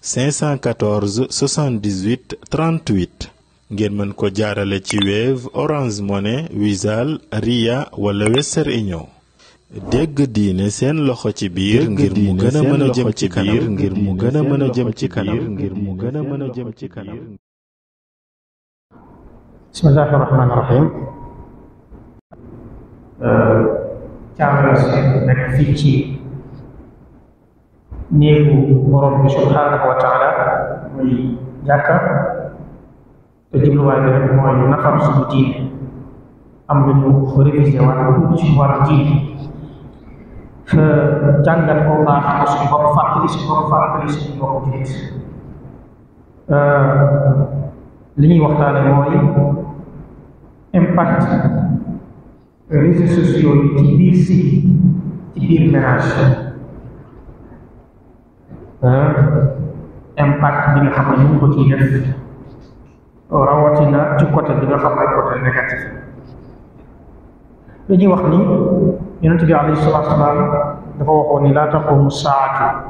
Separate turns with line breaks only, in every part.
514 78 38 ngeen mën ko jaarale ci Wave Orange Money Wizall Ria wala Western dégg diine seen loxo ci biir ngir mu gëna mëna mën jëm ci kanam ngir mu gën a jëm ci kanam ngir mu gën a mën
ci kanam. néegu borom bi subhanahu te jubluwaay mooy am lu ñu révisé wala euh, ñuy waxtaane impact réseaux sociaux yi ci biir si ci
Euh,
impact bi nga xam ne ko ciy rawatina ci côté bi nga xam ne côté négatif dañuy wax ni yonent bi alayhi salaatu wasalaam dafa waxoon ni laa taqumu saatu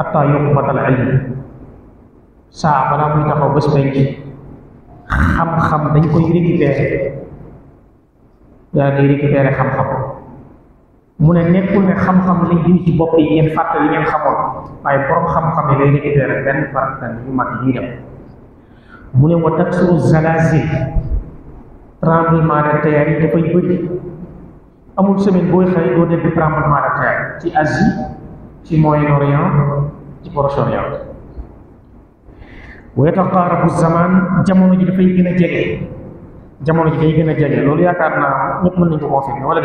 xataa yuqbadal ilm saa balaa muy taxaw bés penc xam-xam dañ koy récupéré daal di récupéré xam-xam mu ne nekkul ne xam-xam li diw ci bopp yi ngeen fàtte yi ngeen xamoon waaye borom xam-xam yi lay récupéré benn par benn bu mag yi dem mu ne wa taksuru zalazil tremblement de terre yi dafay bëri amul semaine booy xëy doo dégg tremblement de terre ci Asie ci Moyen-Orient ci Proche-Orient wa yataqaarabu zaman jamono ji dafay gën a jege jamono ji day gën a jege loolu yaakaar naa ñëpp mën nañu ko confirmer wala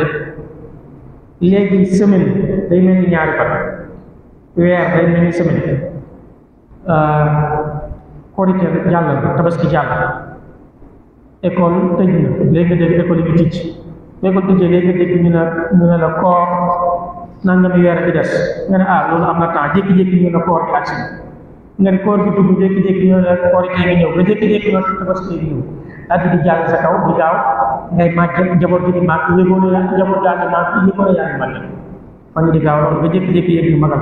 léegi semaine day mel ni ñaari fan weer day mel ni semaine euh, korite jàll na tabaski jàll école tëj na léegi de dégg école yi tëj école tëjee léegi nga dégg ñu ne ñu ne la koor nangami weer bi des nga ne ah loolu am na temps jékki-jékki ñu ne koor bi agsi nga ne koor bi dugg jékki-jékki ñu ne nga jékki-jékki ñu tabaski gi ñëw addi di jàll sa kaw di gaaw ngay màcc njaboot gi di màcc yëgoon na njaboot daal di màcc yëgoon na yaa ngi màcc fa ñu di gaaw a ba jékki-jékki yëg ñu magal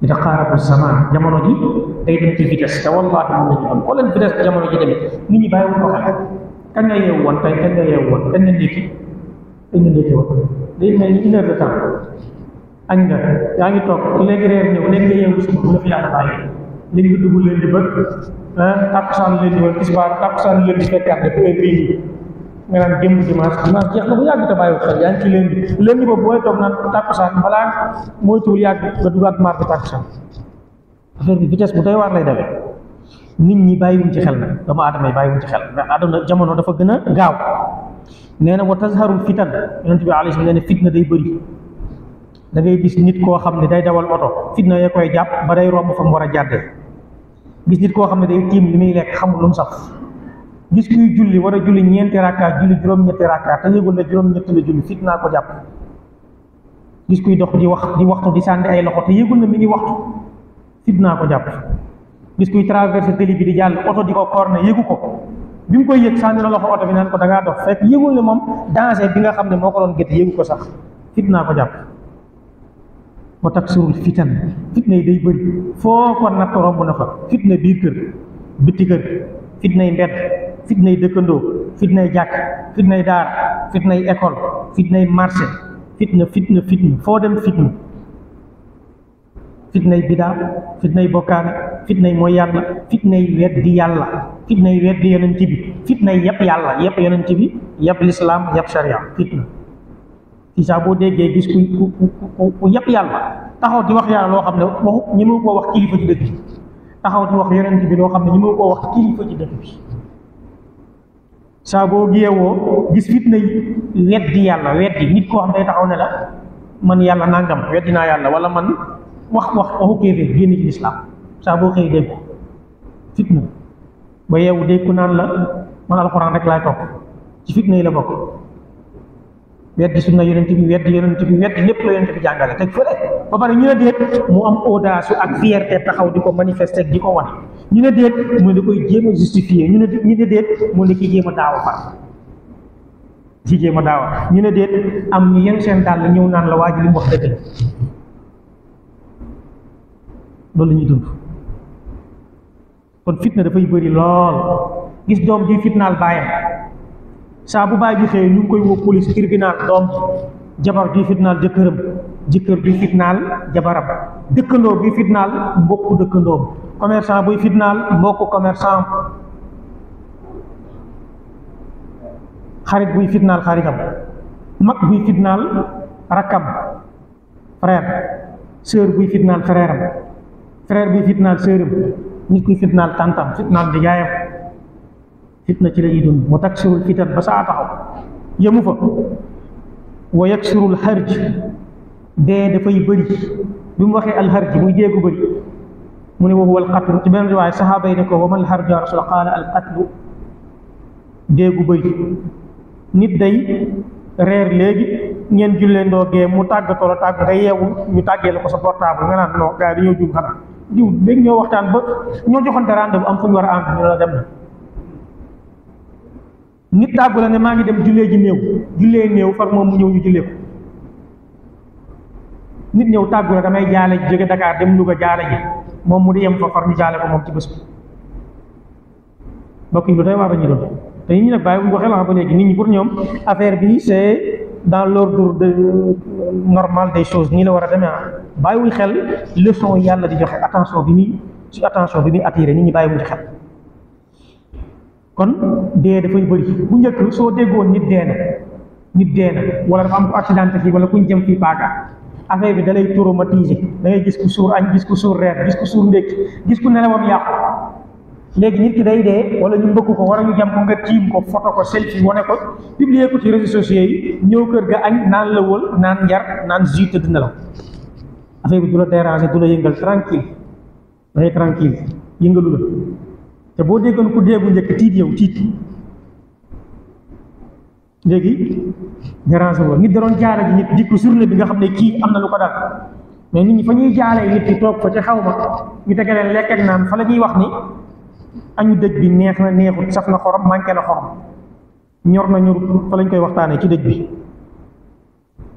di taqaarabu zaman jamono ji day dem ci vitesse te wallaahi moom la ñu am xoolal vitesse jamono ji demee nit ñi bàyyi wu ko xel kañ nga yeewu woon tey kañ nga yeewu woon kañ nga ndékki kañ nga ndékki woon day mel ni une heure de temps añ nga yaa ngi toog léegi reer ñëw léegi nga yeewu suba bu la fi yàlla bàyyi léegi dugg leen di ba ah tàkkusaan leen di woon tisbaar tàkkusaan leen di fekkaat def heure bii nga naan jëm dimanche dimanche jeex na bu yàgg te bàyyiwul xel yaa ngi ci balaa moytuwul yàgg nga dugaat mardi bi vitesse bu doy waar lay demee nit ñi bàyyiwuñ ci xel na dama aadama yi bàyyiwuñ ci xel ndax aadama jamono dafa gën a gaaw nee na wa tazharul fitan yonent bi alayhi salaam nee na fitna day bëri da ngay nit koo xam ne day dawal oto fitna yee koy jàpp ba day romb fa mu war a jàddee gis nit koo xam ne day tiim li muy lekk xamul lu mu saf gis kuy julli war a julli ñeenti rakkaat julli juróom-ñetti rakkaat te yëgul na juróom-ñetti la julli fit naa ko jàpp gis kuy dox di wax di waxtu di sànni ay loxo te yëgul na mi ngi waxtu fit naa ko jàpp gis kuy traversé télé bi di jàll oto di ko corne yéegu ko bi mu koy yëg sànni na loxo oto bi naan ko dangaa ngaa dox fekk yëgul ne moom danger bi nga xam ne moo ko doon gët yëgu ko sax fit ko jàpp wa taksurul fitan fitna yi day bëri foo ko natt romb na fa fitna biir kër bitti fitnay dëkkandoo fitnay jàkk fitnay daara fitnay école fitnay marché fitna fitna fitna foo dem fitna fitnay bidaa fitnay bokkaane fitnay mooy yàlla fitnay weddi yàlla fitnay weddi yonent bi fitnay yëpp yàlla yëpp yonent bi yëpp lislaam yëpp sharia fitna ci saa boo déggee gis ku ku ku yëpp yàlla taxaw di wax yàlla loo xam ne waxu ñi mu ko wax kilifa ci dëkk bi taxaw di wax yonent bi loo xam ne ñi mu ko wax kilifa ci dëkk bi saa boo géewoo gis fitna yi weddi yàlla weddi nit koo xam day taxaw ne la man yàlla nangam weddi naa yàlla wala man wax wax waxu kéefee génn ci lislaam saa boo xëy dégg ko fitna ba yeewu dégg ku naan la man alxuraan rek laay topp ci fitna yi la bokk weddi sunna yonent bi weddi yonent bi weddi lépp la yonent bi jàngale teg fële ba pare ñu ne déet mu am audace ak fierté taxaw di ko manifester di ko wane ñu ne déet mu ne da koy jéem a ñu ne ñu ne déet mu ne ki jéem a daaw far ci jéem a daaw ñu ne déet am ñu yenn seen dàll ñëw naan la waa ji li mu wax dëgg la loolu ñuy dund kon fitna dafay bëri lool gis doom ji fitnaal baayam saa bu baay ji xëyee ñu ngi koy woo police tribunal doom ji jabar bi fitnaal jëkkëram jëkkër bi fitnaal jabaram dëkkandoo bi fitnaal mbokku dëkkandoom commerçant buy fitnaal mbokku commerçant xarit buy fitnaal xaritam mag buy fitnaal rakkam frère sœur buy fitnaal frère am frère buy fitnaal sœuram nit kuy fitnaal tàntam fitnaal nijaayam fitna ci la ñuy mu taksirul fitan ba saa taxaw yëmu fa wa yaksurul xarj dee dafay bëri bi mu waxee alxarj muy jéegu bëri mu ne wa huwa alqatlu ci beneen riwaaya saxaaba yi ne ko man alxarj ya rasul qaala alqatlu déegu bëri nit day reer léegi ngeen julleendoo gee mu tàggatoo la tàgg day yeewu ñu tàggee la ko sa portable nga naan non gars yi dañoo jum xanaa diw léegi ñoo waxtaan ba ñoo joxante rendez-vous am fu ñu war a ànd ñu la dem na nit tàggula ne maa ngi dem jullee ji néew jullee néew far moom mu ñëw ñu jullee ko nit ñëw tàggu la damay jaale ji jóge Dakar dem Louga jaale ji moom mu di yem fa far ñu jaale ko moom ci bés bi mbokk yi lu day waar la ñu doon te nit ñi nag bàyyi xel ah, ba pour ñoom affaire bi c'est dans l'ordre de normal des choses nii la war a demee ah bàyyiwuñ xel leçon yàlla di joxe attention bi muy su attention bi muy attiré nit ñi bàyyiwuñ ci xel. kon dee dafay bëri bu njëkk soo déggoon nit dee na nit dee na wala dafa am ko accidenté fii wala kuñ jëm fii paaka affaire bi da lay traumatiser da ngay gis ku suur añ gis ku suur reer gis ku suur ndékki gis ku nelawam yàqu léegi nit ki day dee wala ñu mbëkk ko wala ñu jam ko nga tiim ko photo ko selfie wane ko publier ko ci réseaux sociaux yi ñëw kër ga añ naan la wël naan njar naan ju tëdd na la affaire bi du la déranger du la yëngal tranquille da ngay te boo déggoon ku dee bu njëkk tiit yow tiit léegi dérange woo nit da doon jaare ji nit dikk journée bi nga xam ne kii am na lu ko dal mais nit ñi fa ñuy jaaree nit ñi toog ko ci xaw ma ñu te leen lekk ak naan fa la ñuy wax ni añu dëj bi neex na neexut saf na xorom manqué na xorom ñor na ñorut fa lañ koy waxtaanee ci dëj bi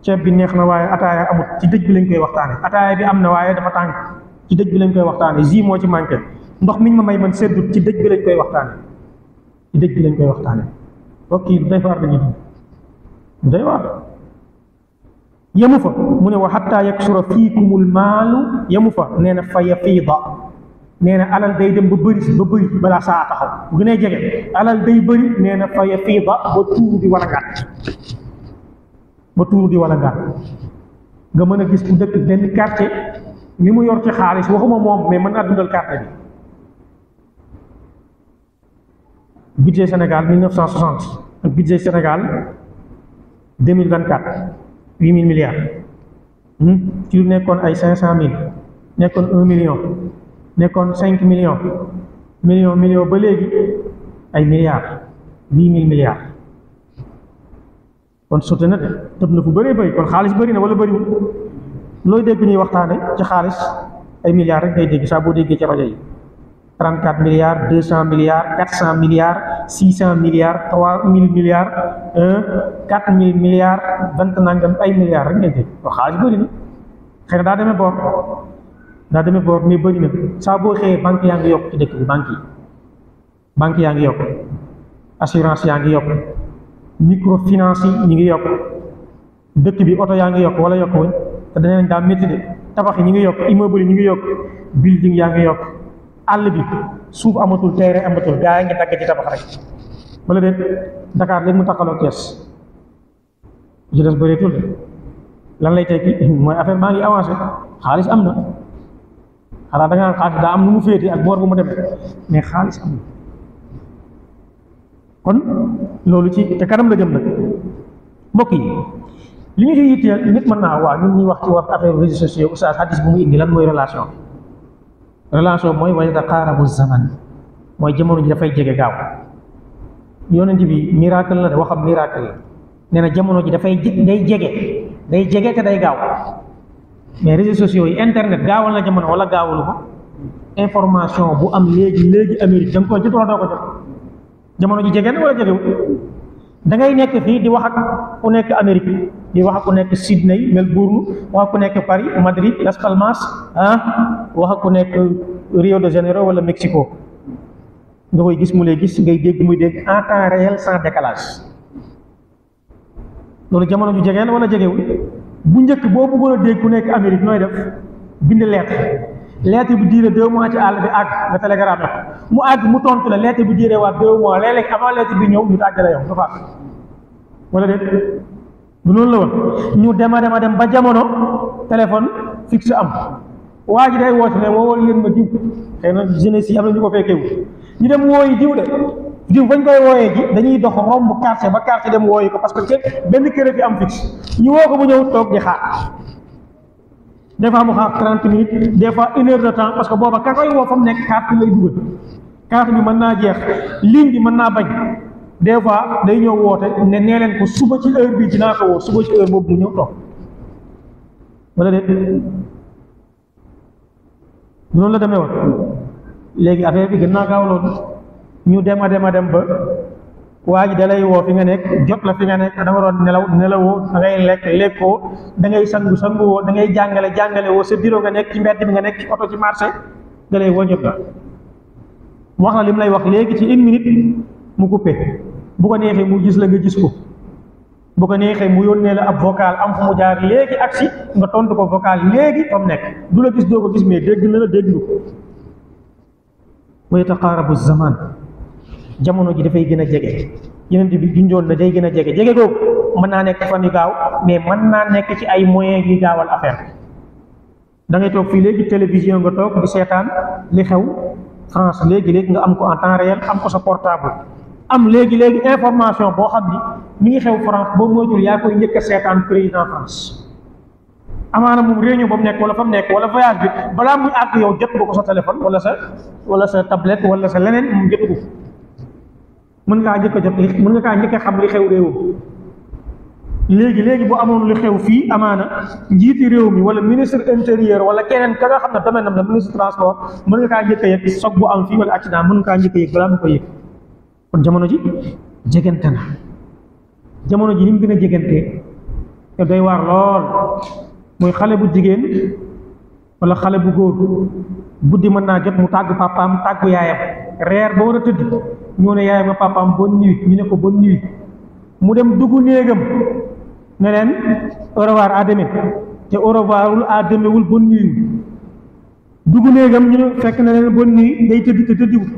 ceeb bi neex na waaye ataaya amut ci dëj bi lañ koy waxtaanee ataaya bi am na waaye dafa tànk ci dëj bi lañ koy waxtaanee jus moo ci manqué. ndox miñ ma may man seddut ci dëj bi lañ koy waxtaane ci dëj bi lañ koy waxtaane mbokk yi doy waar dañuy dund doy waar yemu fa mu ne wa xatta yaksura fiikumul yemu fa nee na fa na alal day dem ba bëri ba bëri balaa saa taxaw bu gënee jege alal day bëri nee na fa yafiida ba tuur di wala gàtt ba tuur di wala gàtt nga mën a gis bu dëkk benn quartier li mu yor ci xaalis waxuma moom mais mën naa dundal quartier bi budget Sénégal 1960 ak budget Sénégal 2024 8000 milliards hmm? ci lu nekkoon ay 500000 nekkoon 1 million nekkoon 5 millions million million ba léegi ay milliards 8000 milliards kon sotti na de tëb na fu bëree bëri kon xaalis bëri na wala bëriwul looy dégg ñuy waxtaane ci xaalis ay milliards rek ngay dégg saa boo déggee ci rajo yi. 34 milliards 200 milliards 400 milliards 600 eh, milliards 3000 milliards 4000 milliards vingt nangam ay milliards rek ngeen jël waaw xaalis bëri na xëy na daa demee boor daa demee boor mais bëri na saa boo xëyee banque yaa ngi yokk ci dëkk bi banque yi banque yaa ngi yokk assurance yaa ngi yokk microfinance yi ñu ngi yokk dëkk bi oto yaa ngi yokk wala yokk wuñ te danañ daa métti de tabax yi ñu ngi yokk immeuble ñu ngi yokk building yaa ngi yokk àll bi suuf amatul tere amatul daa yi ngi dagg ci tabax rek wala déet Dakar léegi mu takkaloo Kees ji des de lan lay tekki mooy affaire maa ngi avancé xaalis am na xanaa da ngaa xaalis daa am nu mu féete ak boor bu ma dem mais xaalis am na kon loolu ci te kanam la jëm nag mbokk yi li ñu ci yitteel nit mën naa waa ñun ñuy wax ci wax affaire réseaux sociaux oustaz hadis bu mu indi lan mooy relation relation mooy wa yataqaarabu zaman mooy jamono ji dafay jege gaaw yonent bi miracle la de waxam miracle la nee na jamono ji dafay day jege day jege te day gaaw mais réseaux sociaux yi internet gaawal na jamono wala gaawul ko information bu am léegi léegi Amérique da nga koy jot doo ko jot jamono ji jege na wala jegewul da ngay nekk fii di wax ak ku nekk Amérique di wax ak ku nekk Sydney Melbourne wax ak ku nekk Paris Madrid Las Palmas ah ku nekk Rio de Janeiro wala Mexico nga koy gis mu lay gis ngay dégg muy dégg en temps réel sans décalage loolu jamono ju jegee jegeel wala jegewul bu njëkk boo bëggoon a dégg ku nekk Amérique nooy def bind lettre lettre bi diire deux mois ci àll bi àgg nga télégramme ko mu àgg mu tontu la lettre bi diiree waat deux mois léeg-léeg avant lettre bi ñëw ñu tàggale yow nga fàq wala déet du noonu la woon ñu dema dema dem ba jamono téléphone fixe am waa ji day woote ne woowal leen ma diw xëy na jeunesse yi am ñu ko ñu dem wooyi diw de diw bañ koy wooyee ji dañuy dox romb quartier ba quartier dem wooyi ko parce que ke benn kër fi am fixe ñu woo ko mu ñëw toog di xaar des fois mu xaar trente minutes des fois une que booba ka koy woo fa mu nekk carte lay dugal carte bi mën naa jeex ligne bi mën naa bañ des fois day ñëw woote ne nee ko suba ci heure bi dinaa ko woo suba ci heure boobu mu ñëw toog wala de la demee woon léegi bi gën naa gaaw ñu dem a dem a dem ba waa ji da lay woo fi nga nekk jot la fi nga nekk da nga doon nelaw nelawoo da ngay lekk lekkoo da ngay sangu sanguwoo da ngay jàngale jàngale woo sa bureau nga nekk ci mbedd bi nga nekk ci oto ci marché da lay la wax na li mu lay wax léegi ci une minute mu coupé bu ko neexee mu gis la nga gis ko bu ko neexee mu yónnee la ab vocal am fa mu jaar léegi agsi nga tontu ko vocal léegi fa mu nekk du la gis doo ko gis mais dégg na la déglu ko wa yataqaarabu zaman jamono ji dafay gën a jege yeneen bi junjoon na day gën a jege jege googu mën naa nekk fan yu gaaw mais mën naa nekk ci ay moyen yu gaawal affaire da toog fii léegi télévision nga toog bu seetaan li xew France léegi-léegi nga am ko en temps réel am ko sa portable am léegi-léegi information boo xam ni mi ngi xew France boo moytul yaa koy njëkk a seetaan président France amaana moom réunion ba mu nekk wala fa mu nekk wala voyage bi balaa muy àgg yow jot ko sa téléphone wala sa wala sa tablette wala sa leneen moom jot ko mën ngaa njëkk a jot mën nga kaa njëkk xam li xew réew léegi léegi bu amoon lu xew fii amaana njiiti réew mi wala ministre intérieur wala keneen ka nga xam ne domaine am la ministre transport mën nga kaa njëkk yëg soog bu am fii wala accident mun nga kaa njëkk a yëg balaa mu ko yëg kon jamono ji jegante na jamono ji ni mu gën a jegantee day doy waar lool mooy xale bu jigéen wala xale bu góor guddi mën naa jot mu tàggu papaam tàggu yaayam reer ba war a tëdd ñoo ne yaayam a papaam bonne nii ñu ne ko bonne mu dem dugg néegam ne leen au revoir à demain te au revoirul à demain dugg néegam ñu fekk na leen bonne nuit day tëdd te tëddiwul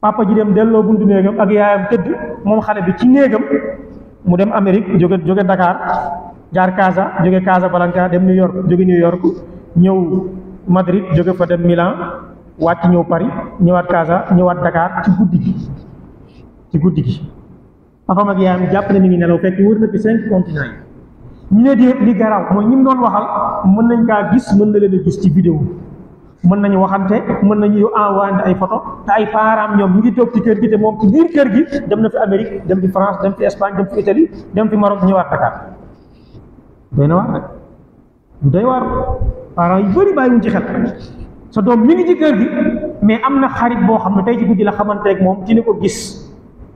papa ji dem delloo buntu néegam ak yaayam tëdd moom xale bi ci néegam mu dem Amérique jóge jóge ndakaar jaar kaasa jóge kaasa Casablanca dem New York jóge New York ñëw Madrid jóge fa dem Milan wàcc ñëw Paris ñëwaat kaasa ñëwaat Dakar ci guddi gi ci guddi gi. papam ak yaayam jàpp na mi ngi nelaw fekk wër na fi cinq continents yi ñu ne di li mooy ñi mu doon waxal mën nañ kaa gis mën na leen a gis ci vidéo mën nañu waxante mën nañu envoyé ay photo te ay parents ñoom ñu ngi toog ci kër gi te moom ci biir kër gi dem na fi Amérique dem fi France dem fi Espagne dem fi Italie dem fi Maroc ñëwaat Dakar doy na waar nag du doy waar parents yu bëri bàyyiwuñ ci xel sa doom mi ngi ci kër gi mais am na xarit boo xam ne tey ci guddi la xamanteeg moom ci ni ko gis.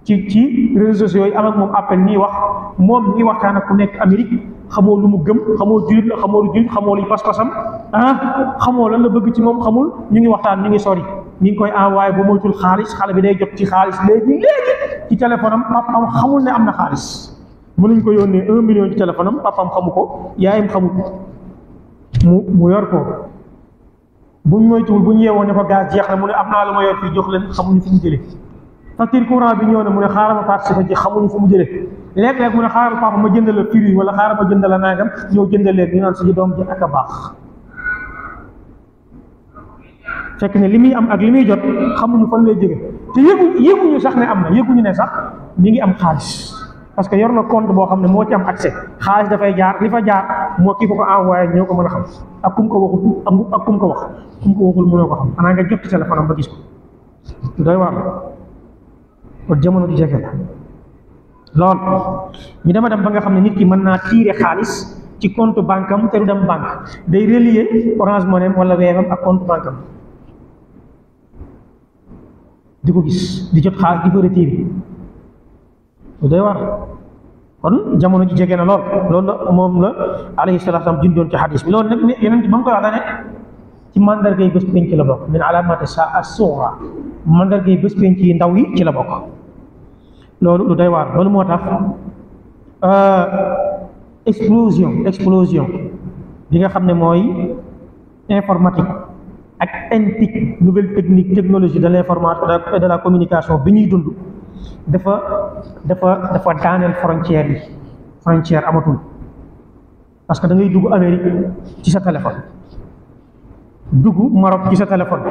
ci ci réseaux sociaux yi am ak moom appel nii wax moom nii waxtaan ak ku nekk Amérique xamoo lu mu gëm xamoo jullit la xamoo lu jullit xamoo luy pas-pasam ah, lan la bëgg ci moom xamul ñu ngi waxtaan ñu ngi sori ñu ngi koy envoyé bu moytul xaalis xale bi day jot ci xaalis léegi ci téléphone am papaam xamul ne am na xaalis mënuñ ko yónnee un million ci téléphone am xamu ko yaayam xamu ko mu mu yor ko buñ moytuwul bu ñu yeewoon ne ko gaz jeex na mu ne am naa lu ma yor fii jox leen xamuñu fi ñu jële facture courant bi ñëw na mu ne xaaral ma participer ci xamuñu fu mu jëlee léeg-léeg mu ne xaaral papa ma jëndal la firi wala xaaral ma jëndal la nangam ñëw jëndal leen ñu naan suñu doom ji ak a baax. fekk li muy am ak li muy jot xamuñu fan lay jóge te yëgu ne am na yëguñu ne sax mi ngi am xaalis parce que yor na compte boo xam ne moo ci am accès xaalis dafay jaar li fa jaar moo kii ko ko envoyé ñoo ko mën a xam ak kum ko waxul ak kum ko wax kum ko waxul mënoo ko xam xanaa nga jot ci téléphone am ba gis ko doy waar kon jamono ji jege lool ñu dema dem ba nga xam ne nit ki mën naa tiire xaalis ci compte banque am te du dem banque day relier Orange Money wala weeram ak compte banque am di ko gis di jot xaalis di ko retiré lu doy war kon jamono ji jege na lool loolu la moom la alayhi salaatu salaam jundoon ci xadis bi loolu nag yeneen bi ba mu koy wax dane ci mandargay bés penc la bokk min alaamati saa as-sughra mandargay bés penc yi ndaw yi ci la bokk loolu lu day waar loolu moo tax euh, explosion explosion bi nga xam ne mooy informatique ak NTIC nouvelle technique technologie de l'information et de la communication bi ñuy dund dafa dafa dafa daaneel frontière yi frontière amatul parce que da ngay dugg Amérique ci sa téléphone dugg Maroc ci sa téléphone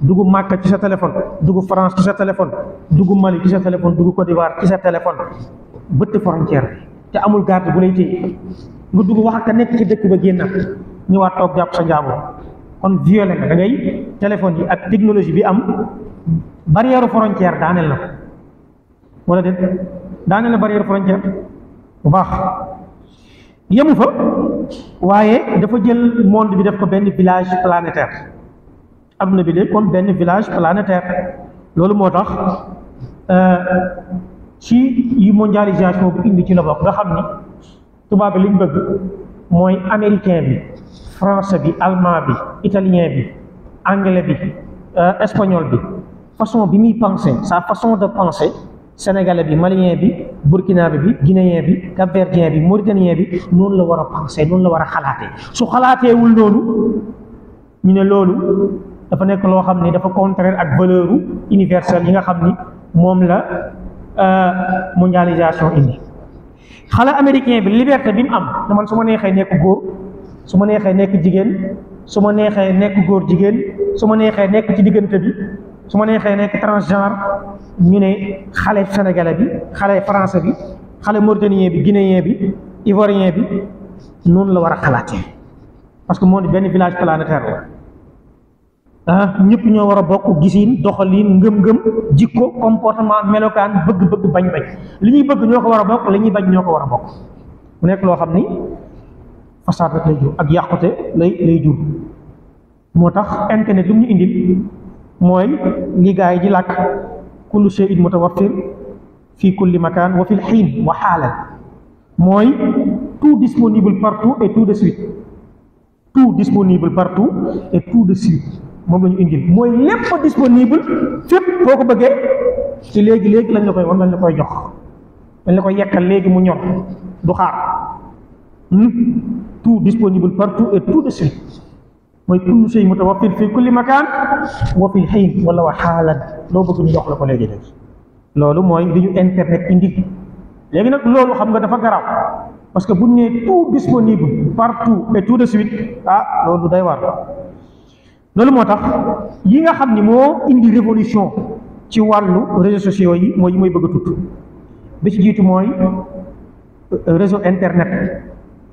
dugg Màkka ci sa téléphone dugg France ci sa téléphone dugg Mali ci sa téléphone dugg Côte d'Ivoire ci sa téléphone bëtt frontière te amul garde bu lay téye nga dugg wax ak nekk ci dëkk ba génna ñëwaat toog jàpp sa njaaboo kon violé nga téléphone yi ak technologie bi am barrière frontière daaneel na ko wala déet daaneel na barrière frontière bu baax yemu fa waaye dafa jël monde bi def ko benn village planétaire adduna bi léegi comme benn village planétaire loolu moo tax euh, ci yi mondialisation bi indi ci la bokk nga xam ne tubaab bi liñ bëgg mooy américain bi français bi allemand bi italien bi anglais bi euh, espagnol bi façon bi muy penser sa façon de penser sénégalais bi malien bi burkinabé bi guinéen bi capverdien bi mauritanien bi noonu la war a penser noonu la war a xalaatee su xalaateewul noonu ñu ne loolu dafa nekk loo xam ni dafa contraire ak valeur universelle yi nga xam ni moom la euh, mondialisation indi xale américain bi liberté bi mu am ne man su ma neexee nekk góor su ma neexee nekk jigéen su ma neexee nekk góor jigéen su ma neexee nekk ci diggante bi su ma neexee nekk transgenre ñu ne xale sénégalais bi xale français bi xale mauritanien bi guinéen bi ivoirien bi noonu la war a xalaatee parce que moo di benn village planétaire la ah ñëpp ñoo war a bokk gisiin doxaliin ngëm-ngëm jikko comportement melokaan bëgg-bëgg bañ-bañ li ñuy bëgg ñoo ko war a bokk li ñuy bañ ñoo ko war a bokk mu nekk loo xam ni fasaad rek ak yàqute lay lay jur moo tax internet lu mu ñu indil mooy li gaay ji làkk kullu shay'in mutawaffir fi kulli makaan wa fil xiin wa xaalan mooy tout disponible partout et tout de suite tout disponible partout et tout de suite moom la ñu indil mooy lépp disponible fépp boo ko bëggee ci léegi léegi lañ la koy wan lañ la koy jox dañ la koy yekkal léegi mu ñor du xaar hmm? tout disponible partout et tout de suite mooy kullu shay mutawaffir fi kulli makaan wa fi xiin wala wax xaalan loo bëgg ñu jox la ko léegi léegi loolu mooy bi ñu internet indi léegi nag loolu xam nga dafa garaaw parce que bu ñu nee tout disponible partout et tout de suite ah loolu day war loolu moo tax yi nga xam ni moo indi révolution ci wàllu réseaux sociaux yi mooy yi mooy bëgg a tudd bi jiitu mooy euh, réseau internet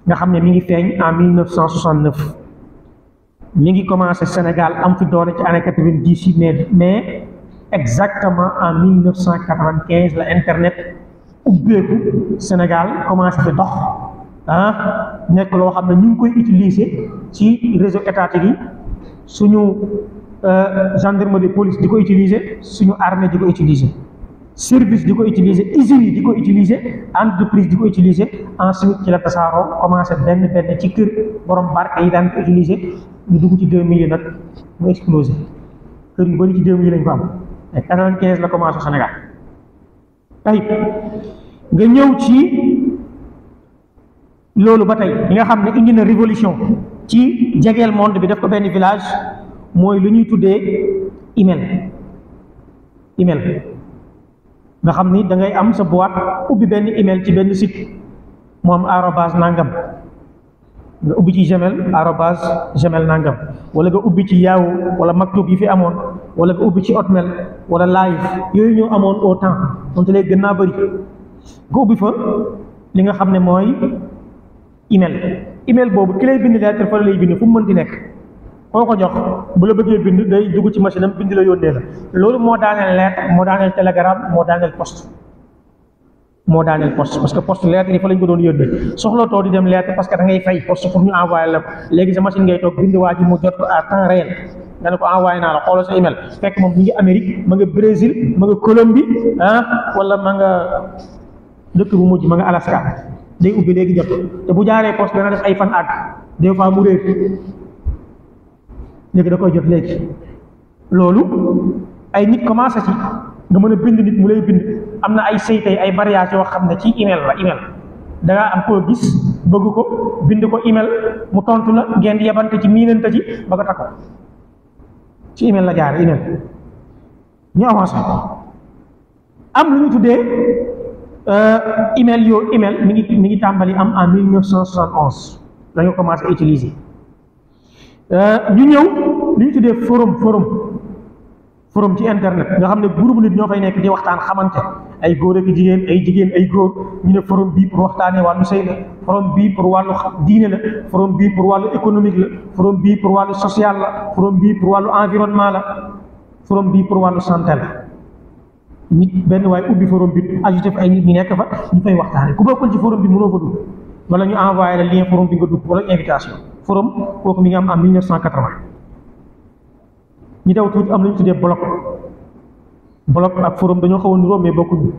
nga xam ne mi ngi feeñ en 1969 mi ngi commencé Sénégal am fi doole ci année 90 mais mais exactement en 1995 la internet ubbeeku Sénégal commencé di dox ah nekk loo xam ne ñu ngi koy utiliser ci réseau étatique gi suñu euh, gendarmerie police di ko utiliser suñu armée di ko utiliser service di ko utiliser usines yi di ko utiliser entreprise di ko utiliser ensuite ci la tasaaroo commencé benn benn ci kër borom barke yi daan ko utiliser ñu dugg ci deux mille nag mu explosé kër yu bëri ci deux mille lañ ko am ay quatre-vingt-quinze la commencé Sénégal tey nga ñëw ci loolu ba tey li nga xam ne indi na révolution ci jegeel monde bi def ko benn village mooy lu ñuy tuddee email email nga xam ni da ngay am sa boîte ubbi benn email ci benn site moom arobase nangam nga ubbi ci gmail arobase gmail nangam wala nga ubbi ci yahoo wala maktub yi fi amoon wala nga ubbi ci hotmail wala live yooyu ñoo amoon au temps donte léegi gën naa bëri nga ubbi fa li nga xam ne mooy email email boobu ki lay bind lettre fa lay bind fu mu mën di nekk koo ko jox bu la bëggee bind day dugg ci machine am bind la yónnee la loolu moo daaneel lettre moo daaneel télégramme moo daaneel post moo daaneel poste parce que post lettre fa lañ ko doon yónnee soxla too di dem lettre parce que da fay poste pour ñu envoyé la ko léegi sa machine ngay toog bind waa ji mu jot ko à temps réel nga ne ko envoyé naa la xoolal sa email fekk moom mi ngi Amérique ma nga Brésil ma nga Colombie ah wala ma nga dëkk ma nga day ubbi léegi jot te bu jaaree poste dana def ay fan àgg des fois mu léegi da koy jot léegi loolu ay nit commencé ci nga mën a bind nit mu lay bind am na ay saytay ay variations yoo xam ne ci email la email da am koo gis bëgg ko bind ko email mu tontu la ngeen di yebante ci miinante ci ba nga takko ci email la jaar email ñu avancé am lu ñu tuddee. Euh, email yooyu email mi ngi mi ngi tàmbali am en 1971 la ñu commencé utiliser euh, ñu ñëw li ñu tuddee forum forum forum ci internet nga xam ne groupe nit ñoo fay nekk di waxtaan xamante ay góor ak jigéen ay jigéen ay góor ñu ne forum bii pour waxtaanee wàllu sëy la forum bii pour wàllu diine la forum bii pour wàllu économique la forum bii pour wàllu social la forum bii pour wàllu environnement la forum bii pour wàllu sante la. nit benn waaye ubbi forum bi ajouté fa ay nit ñu nekk fa ñu fay waxtaane ku bokkul ci forum bi mënoo fa dugg wala ñu envoyé la lien forum bi nga dugg wala invitation forum kooku mi ngi am en 1980 ñu daw tuuti am lu ñu tuddee bloc bloc ak forum dañoo xaw a niroo mais bokkuñu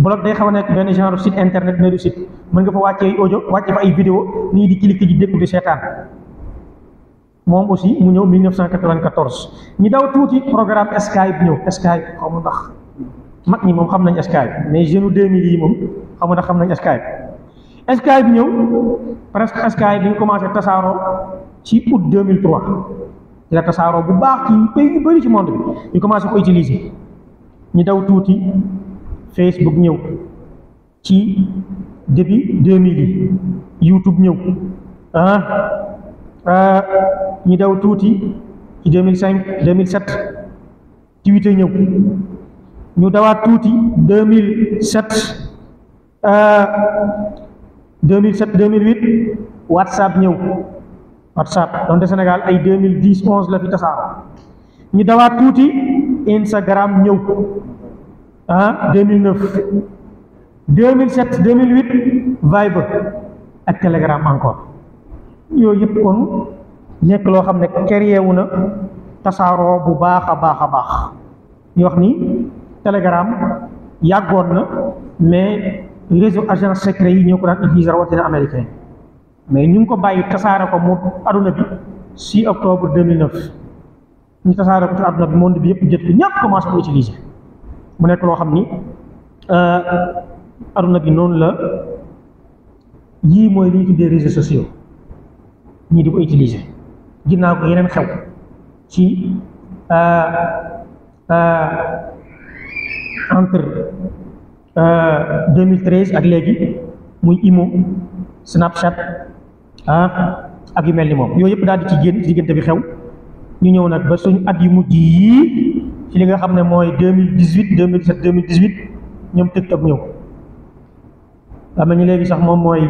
bloc day xaw a nekk benn genre site internet mais du site mën nga fa wàccee ay audio wàcce fa ay vidéo di cliquer ji déglu di seetaan moom aussi mu ñëw 1994 ñu daw tuuti programme Skype ñëw Skype xaw ma ndax. mag ñi moom xam nañ Skype mais jeune deux mille yi moom xamu na xam nañ Skype Skype ñëw presque Skype bi ñu commencé tasaaroo ci août 2003 ci la tasaaroo bu baax ci pays bëri ci monde bi ñu commencé ko utiliser ñu daw tuuti Facebook ñëw ci début 2000 yi YouTube ñëw ah, ah ñu daw tuuti cinq ci 2005 2007 Twitter ñëw. ñu dawaat tuuti 2007 2007 2008 WhatsApp ñëw WhatsApp de Sénégal ay 2010 11 la fi tasaaroo ñu dawaat tuuti Instagram ñëw ah 2009 2007 2008 Viber ak Telegram encore yooyu yëpp kon nekk loo xam ne créé na tasaaroo bu baax a baax a baax ñu wax nii Telegram yàggoon na mais réseau agent secret yi ñoo ko daan utiliser rawatina américain mais ñu ngi ko bàyyi tasaare ko mu aduna bi 6 octobre 2009 ñu tasaare ko ci aduna bi monde bi yëpp jot ko ñàkk commencé ko utiliser mu nekk loo xam ni euh, aduna bi noonu la yii mooy li ñu tuddee réseaux sociaux ñii ko utiliser ginnaaw ko yeneen xew ci. Euh, euh, entre 2013 euh, ak léegi muy Imo Snapchat ah ak yu mel ni moom yooyu yëpp daal di ci génn ci diggante bi xew ñu ñëw nag ba suñu at yu mujj yii ci li nga xam ne mooy 2018 2017 2018 ñoom TikTok ñëw xam na ñu léegi sax moom mooy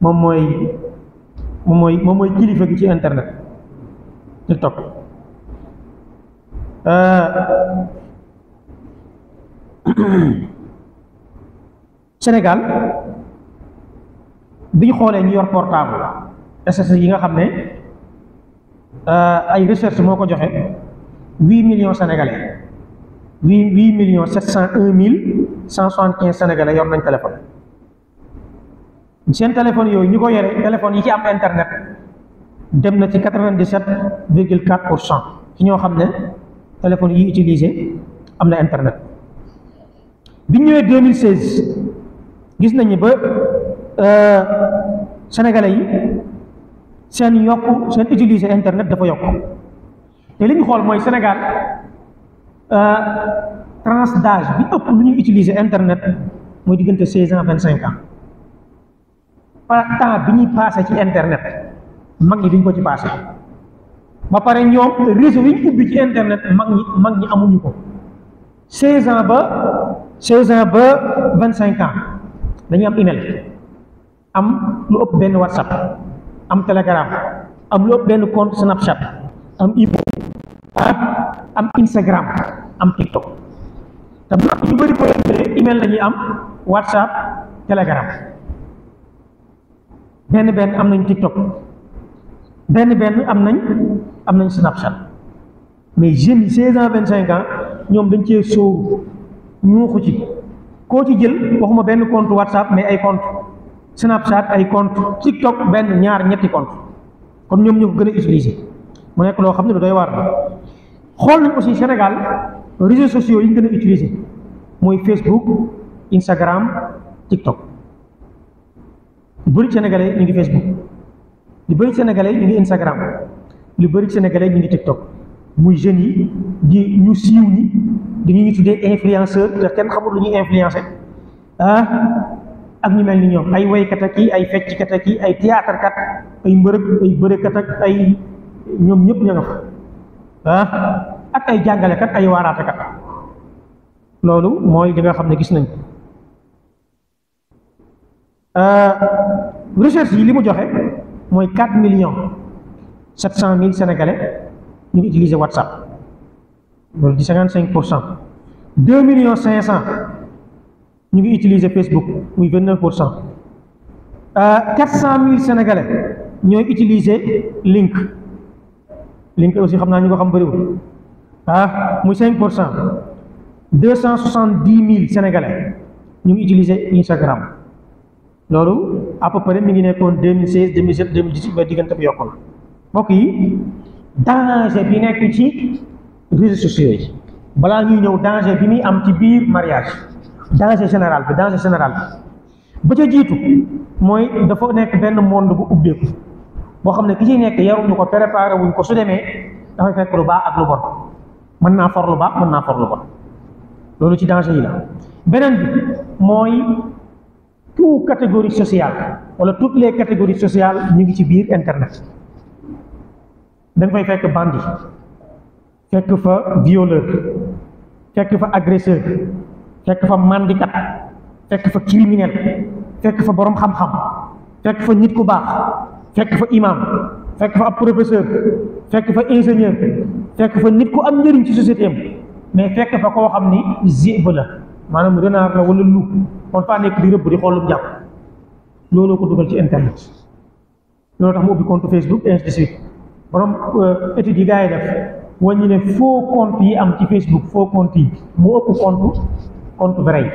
moom mooy moom mooy moom mooy kilifa gi ci internet TikTok. Euh, Sénégal bi ñu xoolee ñu yor portable SS yi nga xam ne euh, ay recherche moo ko joxe huit millions sénégalais huit huit million sept cent un mille cent soixante quinze sénégalais yor nañ téléphone seen téléphone yooyu ñu ko yore téléphone yi ci am internet dem na ci quatre vingt dix sept virgule quatre pour cent ci ñoo xam ne téléphone yi utilisé am na internet. bi ñëwee 2016 gis nañu ba euh, sénégalais yi seen yokk seen utiliser internet dafa yokk te li ñu xool mooy Sénégal euh, tranche d'âge bi ëpp lu ñuy utiliser internet mooy diggante 16 ans 25 ans par temps bi ñuy passé ci internet mag ñi duñ ko ci passé ba pare ñoom réseau yi ñu ubbi ci internet mag ñi mag ñi amuñu ko 16 ba. seize ans ba vingt cinq ans dañuy am email am lu ëpp benn whatsapp am telegram am lu ëpp benn compte snapchat am ibo am instagram am tiktok te bu ñu bëri problème email la am whatsapp telegram benn benn am nañ tiktok benn benn am nañ am nañ snapchat mais jeunes yi seize vingt cinq ans ñoom dañ cee sóoru muuxu ci koo ci jël waxuma benn compte whatsapp mais ay compte snapchat ay compte tiktok benn ñaar ñetti compte kon ñoom ñoo ko gën a utiliser mu nekk loo xam ne lu doy waar xool nañ aussi Sénégal réseaux sociaux yi ñu gën utilise utiliser mooy Facebook Instagram TikTok lu bëri Sénégalais ñu ngi Facebook lu bëri Sénégalais ñu ngi Instagram lu bëri Sénégalais ñu ngi TikTok muy jeunes yi di ñu siiw ñi. di ngi ñuy tuddee influenceur te kenn xamul lu ñuy influencé ah ak ñu mel ni ñoom ay woykat ak ay fecckat ak ay théâtre kat ay mbërëg ay bërëkat ak ay ñoom ñëpp ña nga ah, ak ay jàngalekat ay waaraatekat loolu mooy li nga xam ne gis nañ ko ah, recherche yi li mu joxe mooy million millions 700 mille sénégalais ñu ngi utiliser WhatsApp. loolu di cinquante cinq pour cent deux millions cinq cent ñu ngi utiliser Facebook muy vingt neuf pour cent euh, quatre cent mille sénégalais ñooy utiliser link link aussi xam naa ñu ko xam bëriwul ah muy cinq pour cent deux cent soixante dix mille sénégalais ñu ngi utiliser Instagram loolu à peu près mi ngi nekkoon deux mille seize deux mille sept deux mille dix huit ba diggante bi yokku la mbokk yi danger bi nekk ci réseaux sociaux yi balaa ñuy ñëw danger bi muy am ci biir mariage danger général bi danger général bi ba ca jiitu mooy dafa nekk benn monde bu ubbeeku boo xam ne ki ci nekk yaruñu ko préparé wuñ ko su demee dafay fekk lu baax ak lu bon mën naa for lu baax mën naa for lu loolu ci danger yi la beneen bi mooy tout catégorie sociale wala toutes les catégories sociale ñu ngi ci biir internet da koy fekk bandi fekk fa violeur fekk fa agresseur fekk fa mandikat fekk fa criminel fekk fa borom xam-xam fekk fa nit ku baax fekk fa imam fekk fa ab professeur fekk fa ingénieur fekk fa nit ku am njëriñ ci société am mais fekk fa koo xam ni ziib la maanaam renard la wala lu kon faa nekk di rëbb di xoolum jàpp looloo ko dugal ci internet loolu tax mu ubbi compte Facebook et ainsi borom études yi gars def wàññi ne faux compte yi am ci Facebook faux compte yi mu ëpp compte compte vrai yi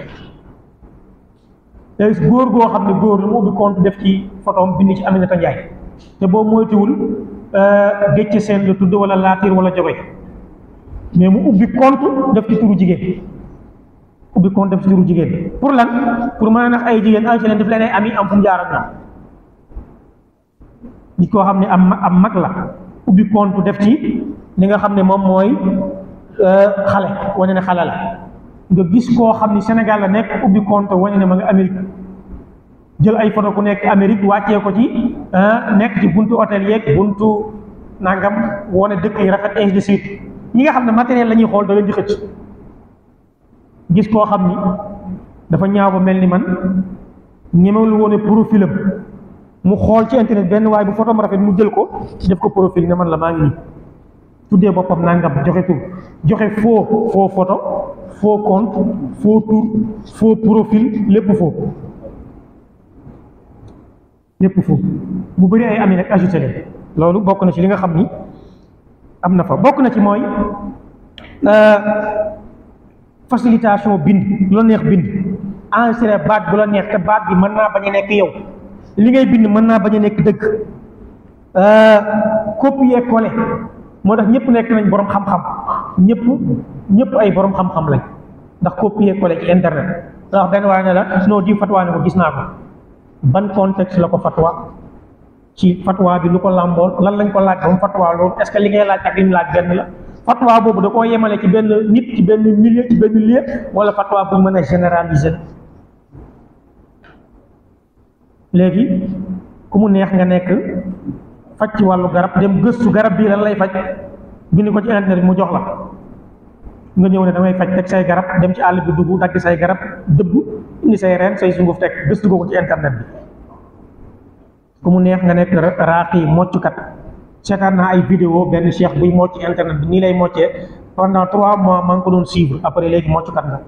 te góor goo xam ne góor lu mu ubbi compte def ci photom bind ci Aminata Ndiaye te boo moytuwul euh, gécce seen la tudd wala laatiir wala joge mais mu ubbi compte def ci turu jigéen ubbi compte def ci turu jigéen pour lan pour mën a nax ay jigéen ay leen def leen ay ami am fu mu jaar ak ñoom xam ne am am mag la ubbi compte def ci li nga xam ne moom mooy euh, xale wane ne xale la nga gis koo xam ni Sénégal la nekk ubbi compte wane ne ma nga Amérique jël ay photo ku nekk Amérique wàccee ko ci nekk ci buntu hôtel yeeg buntu nangam woone dëkk yi rafet ainsi de suite ñi nga xam ne matériel la ñuy xool da leen gis koo xam ni dafa ñaaw ba mel ni man lu woone profilam mu xool ci internet benn waaye bu photo mu rafet mu jël ko def ko profil ne man la maa ngi nii tuddee boppam nangam joxe tur joxe foo faux photo faux compte faux tour faux profil lépp foo lépp faux bu bëri ay am nag ajouté leen loolu bokk na ci li nga xam ni am na fa bokk na ci mooy euh, facilitation bind lu la neex bind enregistré baat bu la neex te baat bi mën naa bañ a nekk yow li ngay bind mën naa bañ a nekk dëkk euh, copier coller moo tax ñëpp nekk nañ boroom xam-xam ñëpp ñëpp ay boroom xam-xam lañ ndax copier coller ci internet nga wax benn waaye ne la non di ne ko gis naa ko ban contexte la ko fatwa ci fatwa bi lu ko làmbool lan lañ ko laaj ba mu fatwa loolu est que li ngay laaj ak li laaj benn la fatwa boobu da koo yemale ci benn nit ci benn milieu ci benn lieu wala fatwa bu mën a généraliser léegi ku mu neex nga nekk. faj ci wàllu garab dem gëstu garab bii lan lay faj bind ko ci internet mu jox la nga ñëw ne damay faj teg say garab dem ci àll bi dugg dagg say garab dëbb indi say reen say sunguf tek gëstu ko ci internet bi ku mu neex nga nekk raaqi moccukat seetaan naa ay vidéo benn cheikh buy mocc internet bi nii lay moccee pendant trois mois maa ngi ko doon suivre après léegi moccukat nga